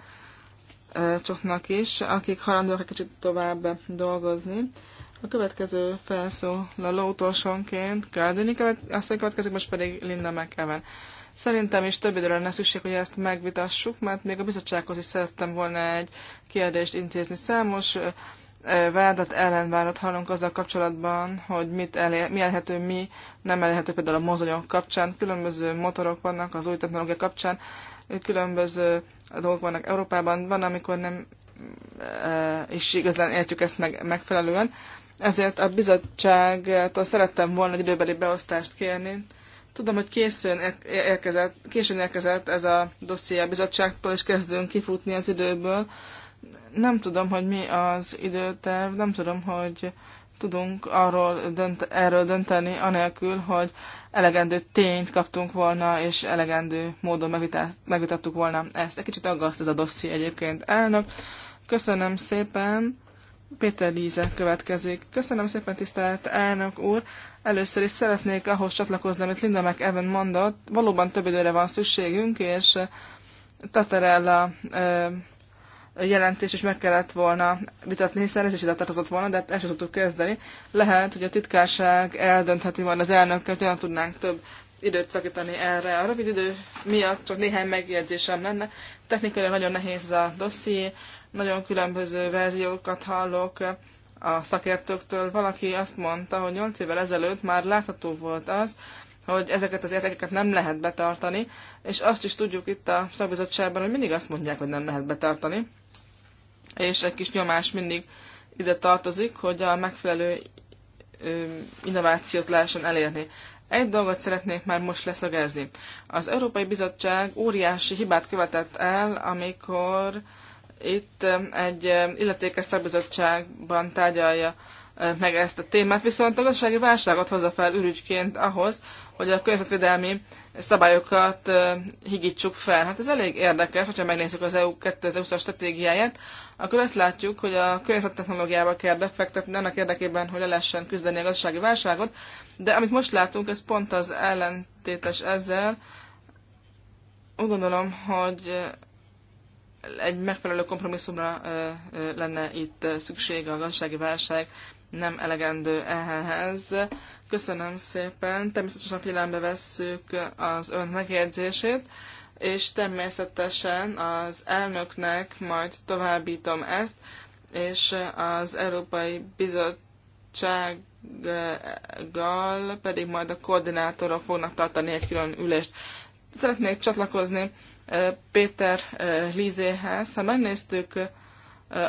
csoknak is, akik halandóak egy kicsit tovább dolgozni. A következő felszólaló utolsónként Gárdini azt aztán következik, most pedig Linda McEwen. Szerintem is több időre lenne szükség, hogy ezt megvitassuk, mert még a bizottsághoz is szerettem volna egy kérdést intézni. Számos vádat, ellenvádat hallunk azzal kapcsolatban, hogy mit elér, mi elérhető, mi nem elérhető például a mozonyok kapcsán. Különböző motorok vannak az új technológia kapcsán, különböző dolgok vannak Európában, van, amikor nem és igazán értjük ezt meg, megfelelően. Ezért a bizottságtól szerettem volna egy időbeli beosztást kérni. Tudom, hogy későn érkezett, későn érkezett ez a dosszié a bizottságtól, és kezdünk kifutni az időből. Nem tudom, hogy mi az időterv, nem tudom, hogy tudunk arról dönt, erről dönteni, anélkül, hogy elegendő tényt kaptunk volna, és elegendő módon megvitattuk volna ezt. Egy kicsit aggaszt ez a dosszi egyébként. Elnök, köszönöm szépen. Péter Líze következik. Köszönöm szépen, tisztelt elnök úr! Először is szeretnék ahhoz csatlakozni, amit Linda McEwen mondott. Valóban több időre van szükségünk, és Tatarella jelentés is meg kellett volna vitatni, hiszen ez is ide tartozott volna, de ezt hát sem tudtuk kezdeni. Lehet, hogy a titkárság eldöntheti majd az elnökkel, hogy nem tudnánk több időt szakítani erre. A rövid idő miatt csak néhány megjegyzésem lenne. Technikailag nagyon nehéz a dosszié, nagyon különböző verziókat hallok a szakértőktől. Valaki azt mondta, hogy 8 évvel ezelőtt már látható volt az, hogy ezeket az értékeket nem lehet betartani, és azt is tudjuk itt a szakbizottságban, hogy mindig azt mondják, hogy nem lehet betartani és egy kis nyomás mindig ide tartozik, hogy a megfelelő innovációt lehessen elérni. Egy dolgot szeretnék már most leszögezni. Az Európai Bizottság óriási hibát követett el, amikor itt egy illetékes szakbizottságban tárgyalja meg ezt a témát, viszont a gazdasági válságot hozza fel ürügyként ahhoz, hogy a környezetvédelmi szabályokat higítsuk fel. Hát ez elég érdekes, hogyha megnézzük az EU 2020-as stratégiáját, akkor azt látjuk, hogy a környezettechnológiába kell befektetni annak érdekében, hogy le lehessen küzdeni a gazdasági válságot, de amit most látunk, ez pont az ellentétes ezzel. Úgy gondolom, hogy egy megfelelő kompromisszumra lenne itt szükség a gazdasági válság nem elegendő ehhez. Köszönöm szépen, természetesen figyelembe vesszük az ön megjegyzését, és természetesen az elnöknek majd továbbítom ezt, és az Európai Bizottsággal pedig majd a koordinátorok fognak tartani egy külön ülést. Szeretnék csatlakozni Péter Lízéhez. Ha megnéztük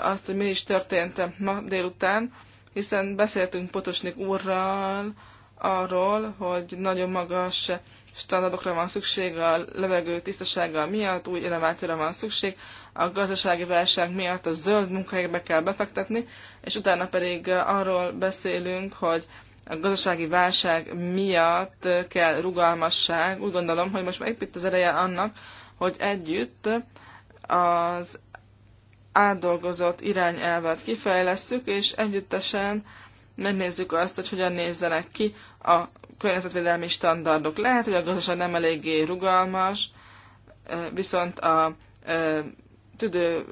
azt, hogy mi is történt ma délután, hiszen beszéltünk Potosnik úrral arról, hogy nagyon magas standardokra van szükség, a levegő tisztasága miatt új innovációra van szükség, a gazdasági válság miatt a zöld munkahelyekbe kell befektetni, és utána pedig arról beszélünk, hogy a gazdasági válság miatt kell rugalmasság. Úgy gondolom, hogy most már itt az ereje annak, hogy együtt az átdolgozott irányelvet kifejlesszük, és együttesen megnézzük azt, hogy hogyan nézzenek ki a környezetvédelmi standardok. Lehet, hogy a gazdaság nem eléggé rugalmas, viszont a tüdő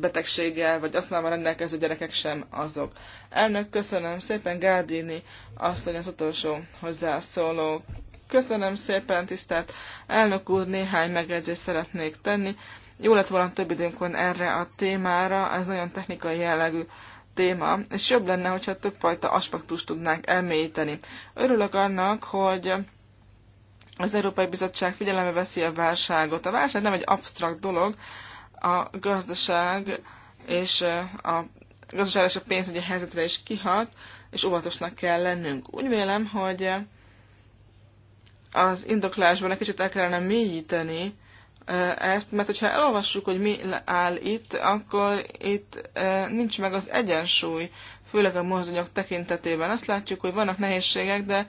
betegséggel vagy asztalmal rendelkező gyerekek sem azok. Elnök, köszönöm szépen, Gárdini asszony az utolsó hozzászóló. Köszönöm szépen, tisztelt elnök úr, néhány megjegyzést szeretnék tenni. Jó lett volna több időnk van erre a témára, ez nagyon technikai jellegű téma, és jobb lenne, hogyha többfajta aspektust tudnánk elmélyíteni. Örülök annak, hogy az Európai Bizottság figyelembe veszi a válságot. A válság nem egy absztrakt dolog, a gazdaság és a gazdaság és a pénzügyi helyzetre is kihat, és óvatosnak kell lennünk. Úgy vélem, hogy az indoklásban egy kicsit el kellene mélyíteni ezt, mert hogyha elolvassuk, hogy mi áll itt, akkor itt nincs meg az egyensúly, főleg a mozdonyok tekintetében. Azt látjuk, hogy vannak nehézségek, de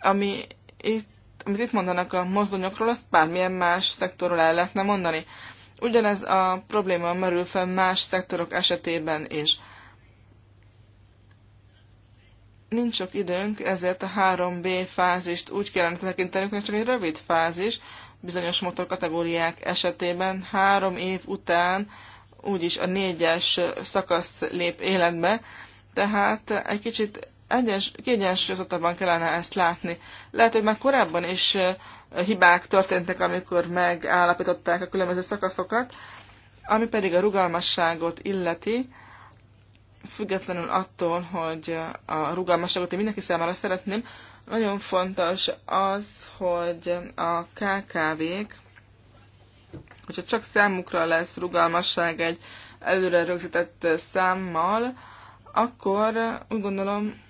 ami itt, amit itt mondanak a mozdonyokról, azt bármilyen más szektorról el lehetne mondani. Ugyanez a probléma merül fel más szektorok esetében is. Nincs sok időnk, ezért a 3B fázist úgy kellene tekintenünk, hogy csak egy rövid fázis, bizonyos motorkategóriák esetében három év után úgyis a négyes szakasz lép életbe, tehát egy kicsit egyens, kiegyensúlyozottabban kellene ezt látni. Lehet, hogy már korábban is hibák történtek, amikor megállapították a különböző szakaszokat, ami pedig a rugalmasságot illeti, függetlenül attól, hogy a rugalmasságot én mindenki számára szeretném, nagyon fontos az, hogy a KKV-k, hogyha csak számukra lesz rugalmasság egy előre rögzített számmal, akkor úgy gondolom,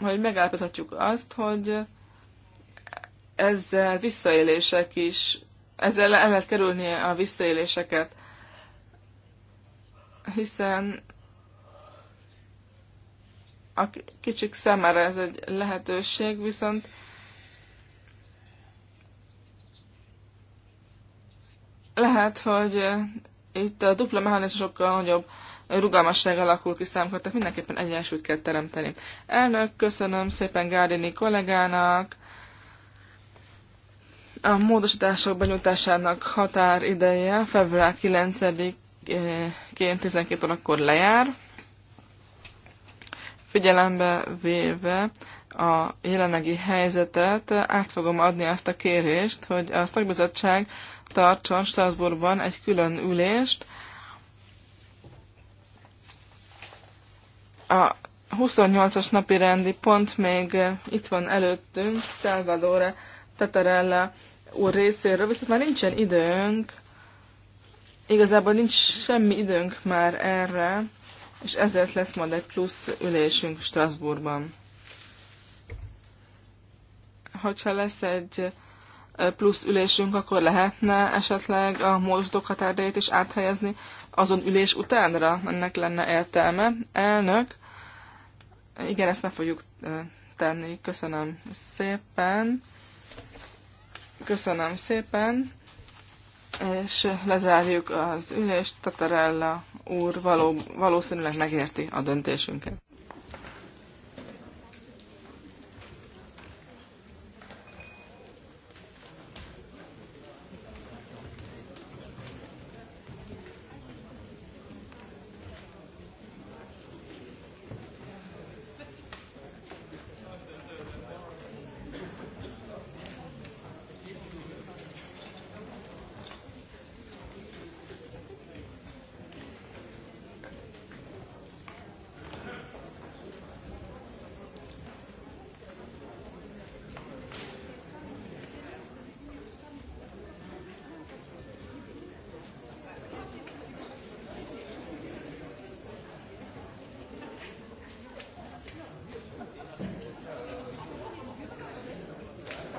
hogy megállapíthatjuk azt, hogy ezzel visszaélések is, ezzel el lehet kerülni a visszaéléseket, hiszen a kicsik számára ez egy lehetőség, viszont lehet, hogy eh, itt a dupla mechanizmusokkal nagyobb rugalmasság alakul ki számukra, tehát mindenképpen egyensúlyt kell teremteni. Elnök, köszönöm szépen Gárdini kollégának. A módosítások benyújtásának határideje február 9-én 12 órakor lejár figyelembe véve a jelenlegi helyzetet, át fogom adni azt a kérést, hogy a szakbizottság tartson Strasbourgban egy külön ülést. A 28-as napi rendi pont még itt van előttünk, Salvador Tatarella úr részéről, viszont már nincsen időnk, igazából nincs semmi időnk már erre, és ezért lesz majd egy plusz ülésünk Strasbourgban. Hogyha lesz egy plusz ülésünk, akkor lehetne esetleg a módosítók határdejét is áthelyezni azon ülés utánra, ennek lenne értelme. Elnök, igen, ezt meg fogjuk tenni. Köszönöm szépen. Köszönöm szépen és lezárjuk az ülést. Tatarella úr való, valószínűleg megérti a döntésünket.